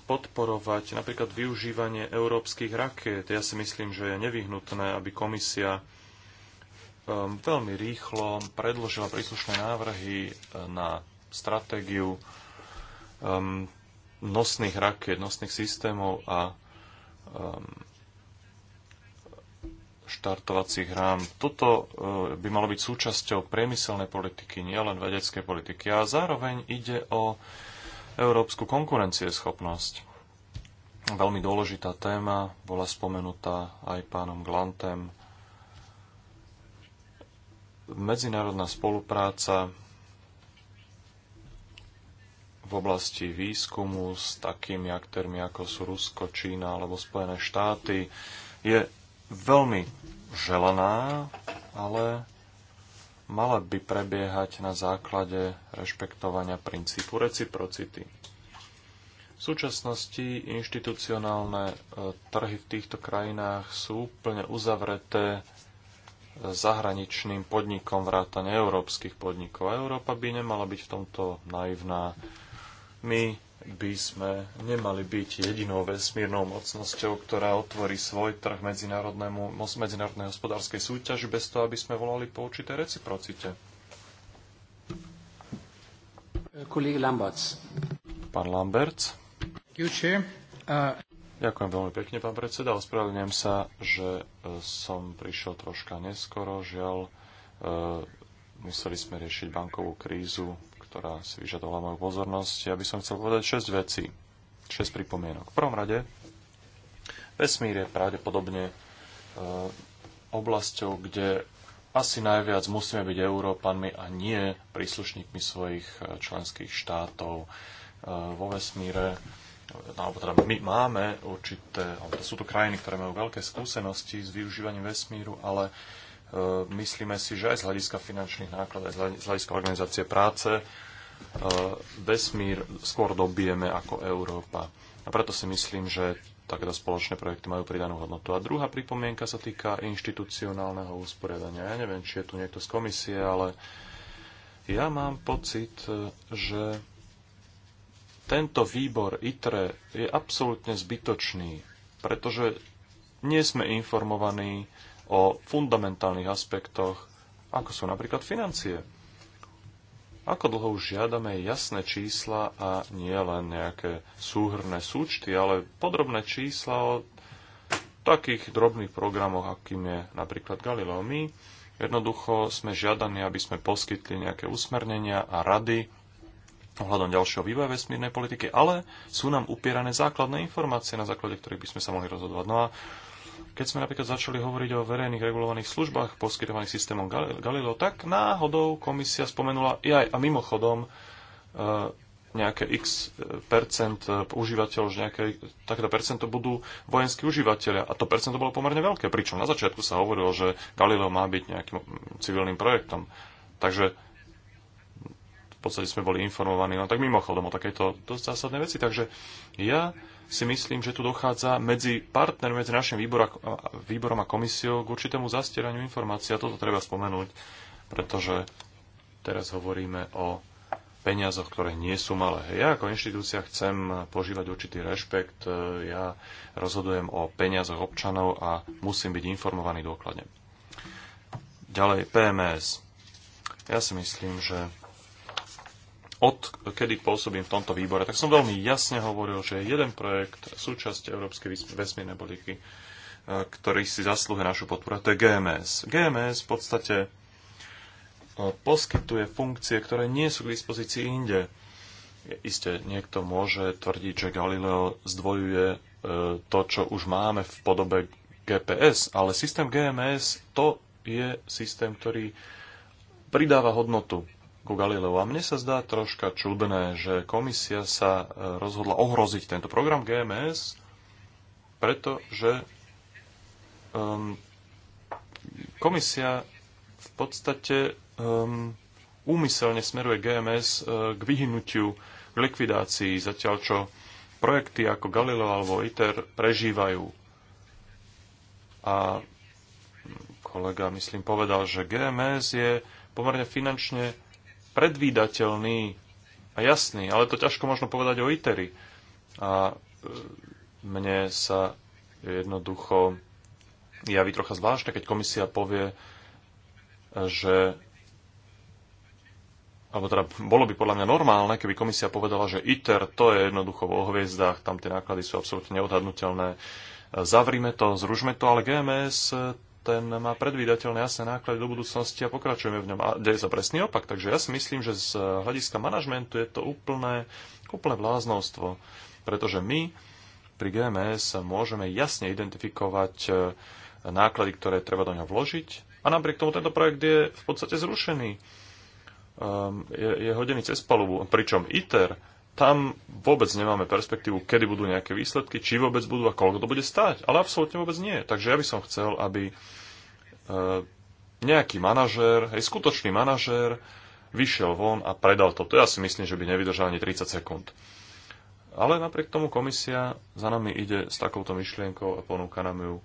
podporovať napríklad využívanie európskych rakiet. Ja si myslím, že je nevyhnutné, aby komisia veľmi rýchlo predložila príslušné návrhy uh, na stratégiu um, nosných raket, nosných systémov a um, štartovacích rám. Toto uh, by malo byť súčasťou priemyselnej politiky, nielen vedeckej politiky. A zároveň ide o európsku konkurencieschopnosť. Veľmi dôležitá téma bola spomenutá aj pánom Glantem. Medzinárodná spolupráca v oblasti výskumu s takými aktérmi, ako sú Rusko, Čína alebo Spojené štáty, je veľmi želaná, ale mala by prebiehať na základe rešpektovania princípu reciprocity. V súčasnosti inštitucionálne e, trhy v týchto krajinách sú úplne uzavreté e, zahraničným podnikom vrátane európskych podnikov. A Európa by nemala byť v tomto naivná. My by sme nemali byť jedinou vesmírnou mocnosťou, ktorá otvorí svoj trh medzinárodnému, medzinárodnej hospodárskej súťaži bez toho, aby sme volali po určité reciprocite. Lamberts. Pán Lamberts. Uh, Ďakujem veľmi pekne, pán predseda. Ospravedlňujem sa, že uh, som prišiel troška neskoro. Žiaľ, uh, museli sme riešiť bankovú krízu ktorá si vyžadovala moju pozornosť. Ja by som chcel povedať 6 vecí, 6 pripomienok. V prvom rade, vesmír je pravdepodobne e, oblasťou, kde asi najviac musíme byť Európanmi a nie príslušníkmi svojich e, členských štátov. E, vo vesmíre No, teda my máme určité, alebo sú to krajiny, ktoré majú veľké skúsenosti s využívaním vesmíru, ale E, myslíme si, že aj z hľadiska finančných nákladov, aj z hľadiska organizácie práce, e, vesmír skôr dobijeme ako Európa. A preto si myslím, že takéto spoločné projekty majú pridanú hodnotu. A druhá pripomienka sa týka inštitucionálneho usporiadania. Ja neviem, či je tu niekto z komisie, ale ja mám pocit, e, že tento výbor ITRE je absolútne zbytočný, pretože nie sme informovaní o fundamentálnych aspektoch, ako sú napríklad financie. Ako dlho už žiadame jasné čísla a nie len nejaké súhrné súčty, ale podrobné čísla o takých drobných programoch, akým je napríklad Galileo. My jednoducho sme žiadaní, aby sme poskytli nejaké usmernenia a rady ohľadom ďalšieho vývoja vesmírnej politiky, ale sú nám upierané základné informácie, na základe ktorých by sme sa mohli rozhodovať. No a keď sme napríklad začali hovoriť o verejných regulovaných službách poskytovaných systémom Galileo, tak náhodou komisia spomenula i aj a mimochodom e, nejaké x percent e, užívateľov, že nejaké takéto percento budú vojenskí užívateľia. A to percento bolo pomerne veľké, pričom na začiatku sa hovorilo, že Galileo má byť nejakým civilným projektom. Takže podstate sme boli informovaní len no, tak mimochodom o takéto dosť zásadné veci. Takže ja si myslím, že tu dochádza medzi partnermi, medzi našim výbor a, výborom a komisiou k určitému zastieraniu informácií. A toto treba spomenúť, pretože teraz hovoríme o peniazoch, ktoré nie sú malé. Ja ako inštitúcia chcem požívať určitý rešpekt, ja rozhodujem o peniazoch občanov a musím byť informovaný dôkladne. Ďalej, PMS. Ja si myslím, že od kedy pôsobím v tomto výbore, tak som veľmi jasne hovoril, že jeden projekt, súčasť Európskej vesmírnej politiky, e, ktorý si zaslúhuje našu podporu, a to je GMS. GMS v podstate e, poskytuje funkcie, ktoré nie sú k dispozícii inde. Isté, niekto môže tvrdiť, že Galileo zdvojuje e, to, čo už máme v podobe GPS, ale systém GMS to je systém, ktorý pridáva hodnotu ku Galileu. A mne sa zdá troška čudné, že komisia sa e, rozhodla ohroziť tento program GMS, pretože um, komisia v podstate um, úmyselne smeruje GMS uh, e, k vyhnutiu, k likvidácii, zatiaľ čo projekty ako Galileo alebo ITER prežívajú. A kolega, myslím, povedal, že GMS je pomerne finančne predvídateľný a jasný, ale to ťažko možno povedať o ITERI. A e, mne sa jednoducho javí trocha zvláštne, keď komisia povie, e, že alebo teda bolo by podľa mňa normálne, keby komisia povedala, že ITER to je jednoducho vo hviezdách, tam tie náklady sú absolútne neodhadnutelné. E, zavrime to, zružme to, ale GMS ten má predvídateľné jasné náklady do budúcnosti a pokračujeme v ňom. A deje sa presný opak. Takže ja si myslím, že z hľadiska manažmentu je to úplné, úplné bláznostvo. Pretože my pri GMS môžeme jasne identifikovať e, náklady, ktoré treba do ňa vložiť. A napriek tomu tento projekt je v podstate zrušený. Um, je, je hodený cez palubu. Pričom ITER tam vôbec nemáme perspektívu, kedy budú nejaké výsledky, či vôbec budú a koľko to bude stáť. Ale absolútne vôbec nie. Takže ja by som chcel, aby e, nejaký manažér, aj skutočný manažér, vyšiel von a predal toto. Ja si myslím, že by nevydržal ani 30 sekúnd. Ale napriek tomu komisia za nami ide s takouto myšlienkou a ponúka nám ju e,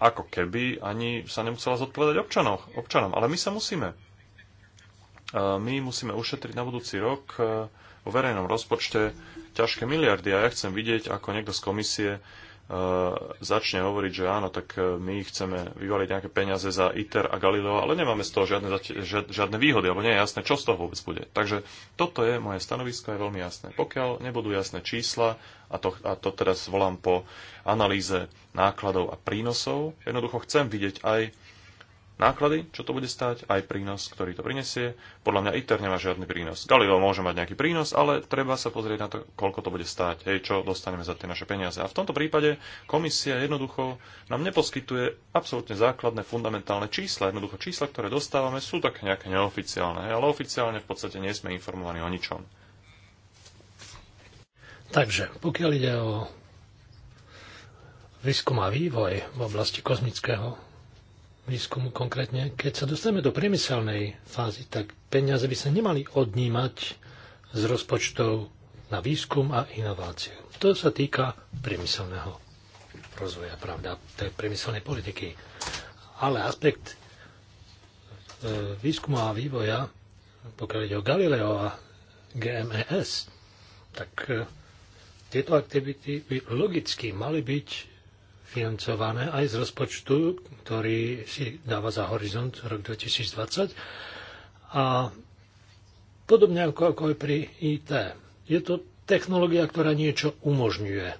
ako keby ani sa nemusela zodpovedať občanoch, občanom. Ale my sa musíme. E, my musíme ušetriť na budúci rok o verejnom rozpočte ťažké miliardy a ja chcem vidieť, ako niekto z komisie e, začne hovoriť, že áno, tak e, my chceme vyvaliť nejaké peniaze za ITER a Galileo, ale nemáme z toho žiadne, žiadne výhody, alebo nie je jasné, čo z toho vôbec bude. Takže toto je moje stanovisko, je veľmi jasné. Pokiaľ nebudú jasné čísla, a to, a to teraz volám po analýze nákladov a prínosov, jednoducho chcem vidieť aj náklady, čo to bude stať, aj prínos, ktorý to prinesie. Podľa mňa ITER nemá žiadny prínos. Galileo môže mať nejaký prínos, ale treba sa pozrieť na to, koľko to bude stáť, hej, čo dostaneme za tie naše peniaze. A v tomto prípade komisia jednoducho nám neposkytuje absolútne základné fundamentálne čísla. Jednoducho čísla, ktoré dostávame, sú tak nejaké neoficiálne, hej, ale oficiálne v podstate nie sme informovaní o ničom. Takže, pokiaľ ide o výskum a vývoj v oblasti kozmického výskumu konkrétne, keď sa dostaneme do priemyselnej fázy, tak peniaze by sa nemali odnímať z rozpočtov na výskum a inováciu. To sa týka priemyselného rozvoja, pravda, tej priemyselnej politiky. Ale aspekt e, výskumu a vývoja, pokiaľ ide o Galileo a GMES, tak e, tieto aktivity by logicky mali byť financované aj z rozpočtu, ktorý si dáva za horizont rok 2020. A podobne ako, ako aj pri IT. Je to technológia, ktorá niečo umožňuje.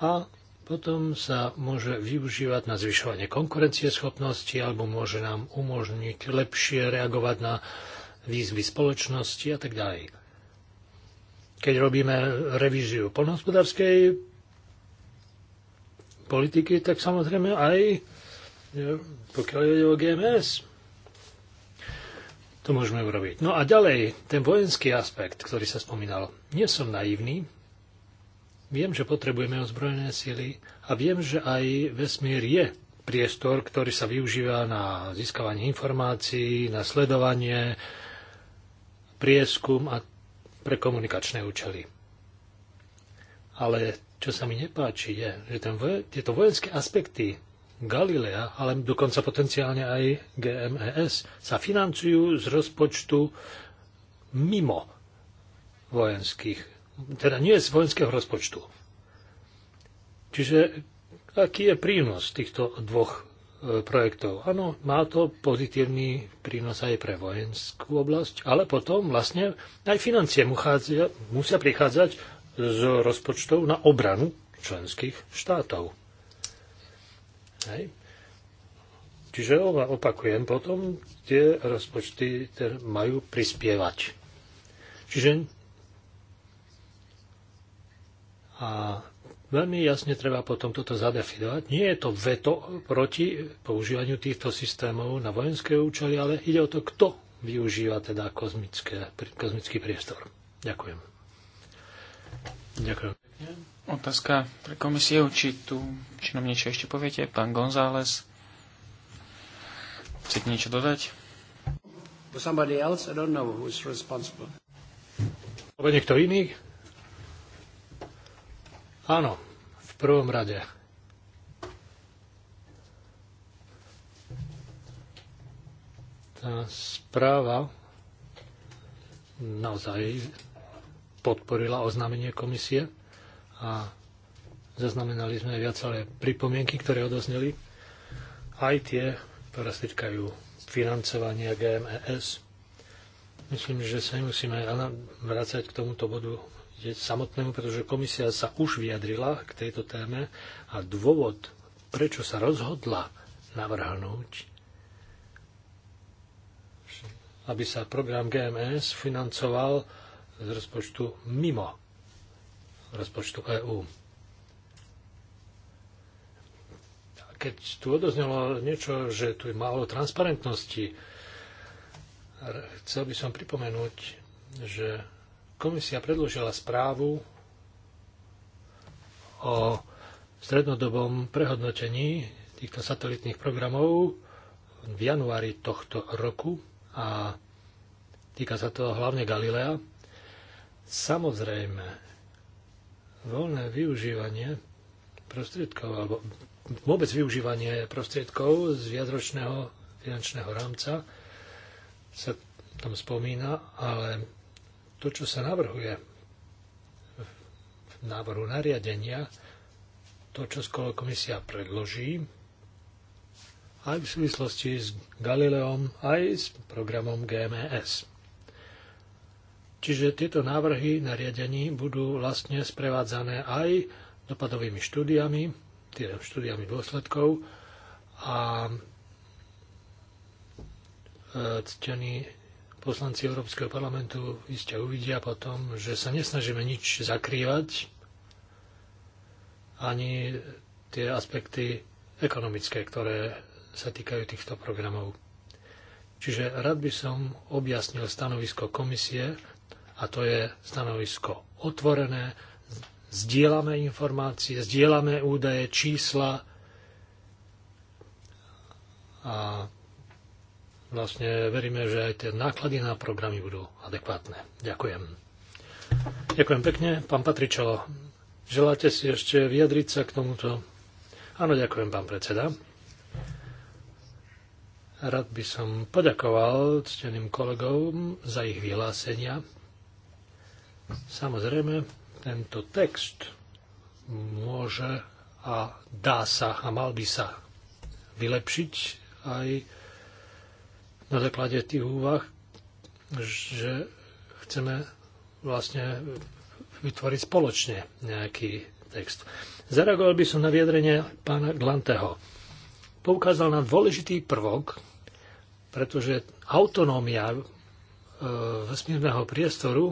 A potom sa môže využívať na zvyšovanie konkurencieschopnosti alebo môže nám umožniť lepšie reagovať na výzvy spoločnosti a tak ďalej. Keď robíme revíziu polnohospodárskej politiky, tak samozrejme aj pokiaľ ide o GMS. To môžeme urobiť. No a ďalej, ten vojenský aspekt, ktorý sa spomínal. Nie som naivný. Viem, že potrebujeme ozbrojené sily a viem, že aj vesmír je priestor, ktorý sa využíva na získavanie informácií, na sledovanie, prieskum a pre komunikačné účely. Ale čo sa mi nepáči je, že ten, tieto vojenské aspekty Galilea, ale dokonca potenciálne aj GMES, sa financujú z rozpočtu mimo vojenských, teda nie z vojenského rozpočtu. Čiže aký je prínos týchto dvoch e, projektov. Áno, má to pozitívny prínos aj pre vojenskú oblasť, ale potom vlastne aj financie musia prichádzať z rozpočtov na obranu členských štátov. Hej. Čiže opakujem, potom tie rozpočty majú prispievať. Čiže a veľmi jasne treba potom toto zadefinovať. Nie je to veto proti používaniu týchto systémov na vojenské účely, ale ide o to, kto využíva teda kozmické, kozmický priestor. Ďakujem. Ďakujem. Otázka pre komisiu, či tu, či nám niečo ešte poviete, pán González. Chcete niečo dodať? Somebody else? I don't know who's responsible. Alebo niekto iný? Áno, v prvom rade. Tá správa naozaj podporila oznámenie komisie a zaznamenali sme viaceré pripomienky, ktoré odozneli, aj tie, ktoré sa týkajú financovania GMES. Myslím, že sa nemusíme vrácať k tomuto bodu samotnému, pretože komisia sa už vyjadrila k tejto téme a dôvod, prečo sa rozhodla navrhnúť, aby sa program GMS e financoval z rozpočtu mimo rozpočtu EÚ. Keď tu odoznelo niečo, že tu je málo transparentnosti, chcel by som pripomenúť, že komisia predložila správu o strednodobom prehodnotení týchto satelitných programov v januári tohto roku a týka sa to hlavne Galilea. Samozrejme, voľné využívanie prostriedkov alebo vôbec využívanie prostriedkov z viacročného finančného rámca sa tam spomína, ale to, čo sa navrhuje v návrhu nariadenia, to, čo skolo komisia predloží, aj v súvislosti s Galileom, aj s programom GMS. Čiže tieto návrhy nariadení budú vlastne sprevádzané aj dopadovými štúdiami, tým štúdiami dôsledkov a e, ctení poslanci Európskeho parlamentu iste uvidia potom, že sa nesnažíme nič zakrývať, ani tie aspekty ekonomické, ktoré sa týkajú týchto programov. Čiže rád by som objasnil stanovisko komisie, a to je stanovisko otvorené, zdieľame informácie, zdieľame údaje, čísla a vlastne veríme, že aj tie náklady na programy budú adekvátne. Ďakujem. Ďakujem pekne. Pán Patričalo, želáte si ešte vyjadriť sa k tomuto? Áno, ďakujem, pán predseda. Rád by som poďakoval cteným kolegom za ich vyhlásenia. Samozrejme, tento text môže a dá sa a mal by sa vylepšiť aj na základe tých úvah, že chceme vlastne vytvoriť spoločne nejaký text. Zareagoval by som na vyjadrenie pána Glanteho. Poukázal na dôležitý prvok, pretože autonómia e, vesmírneho priestoru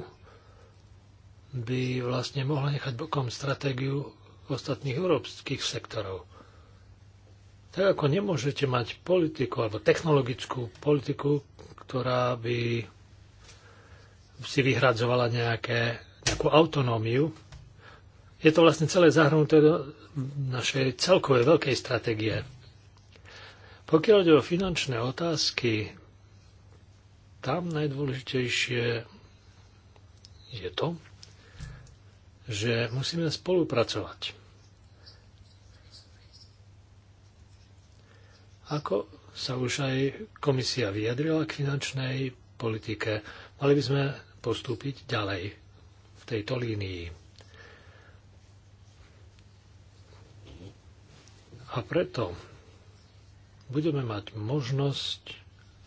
by vlastne mohla nechať bokom stratégiu ostatných európskych sektorov. Tak ako nemôžete mať politiku alebo technologickú politiku, ktorá by si vyhradzovala nejaké, nejakú autonómiu, je to vlastne celé zahrnuté do našej celkovej veľkej stratégie. Pokiaľ ide o finančné otázky, tam najdôležitejšie je to, že musíme spolupracovať. Ako sa už aj komisia vyjadrila k finančnej politike, mali by sme postúpiť ďalej v tejto línii. A preto budeme mať možnosť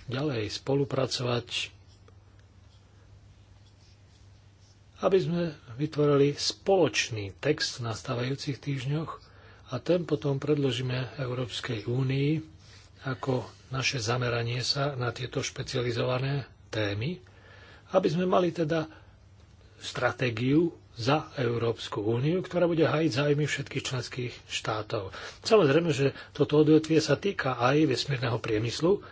ďalej spolupracovať aby sme vytvorili spoločný text v nastávajúcich týždňoch a ten potom predložíme Európskej únii ako naše zameranie sa na tieto špecializované témy, aby sme mali teda stratégiu za Európsku úniu, ktorá bude hájiť zájmy všetkých členských štátov. Samozrejme, že toto odvetvie sa týka aj vesmírneho priemyslu,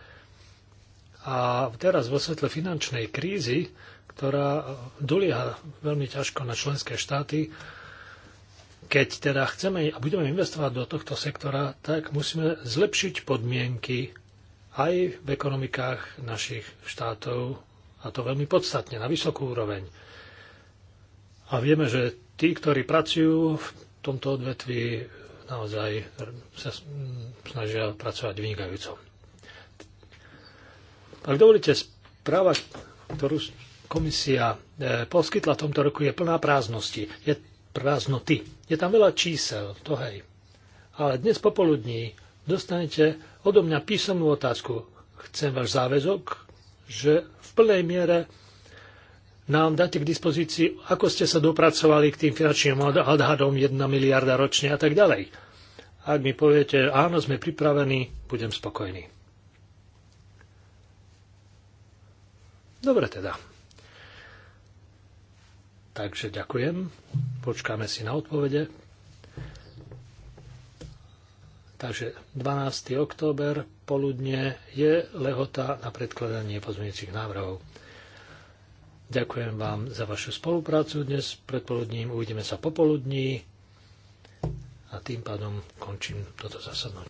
a teraz vo svetle finančnej krízy ktorá dolieha veľmi ťažko na členské štáty. Keď teda chceme a budeme investovať do tohto sektora, tak musíme zlepšiť podmienky aj v ekonomikách našich štátov a to veľmi podstatne, na vysokú úroveň. A vieme, že tí, ktorí pracujú v tomto odvetví, naozaj sa snažia pracovať vynikajúco. Ak dovolíte, správa, ktorú komisia e, poskytla v tomto roku, je plná prázdnosti. Je prázdnoty. Je tam veľa čísel, to hej. Ale dnes popoludní dostanete odo mňa písomnú otázku. Chcem váš záväzok, že v plnej miere nám dáte k dispozícii, ako ste sa dopracovali k tým finančným odhadom 1 miliarda ročne a tak ďalej. Ak mi poviete, áno, sme pripravení, budem spokojný. Dobre teda. Takže ďakujem. Počkáme si na odpovede. Takže 12. október, poludne je lehota na predkladanie pozmeňujúcich návrhov. Ďakujem vám za vašu spoluprácu dnes predpoludním. Uvidíme sa popoludní a tým pádom končím toto zasadnutie.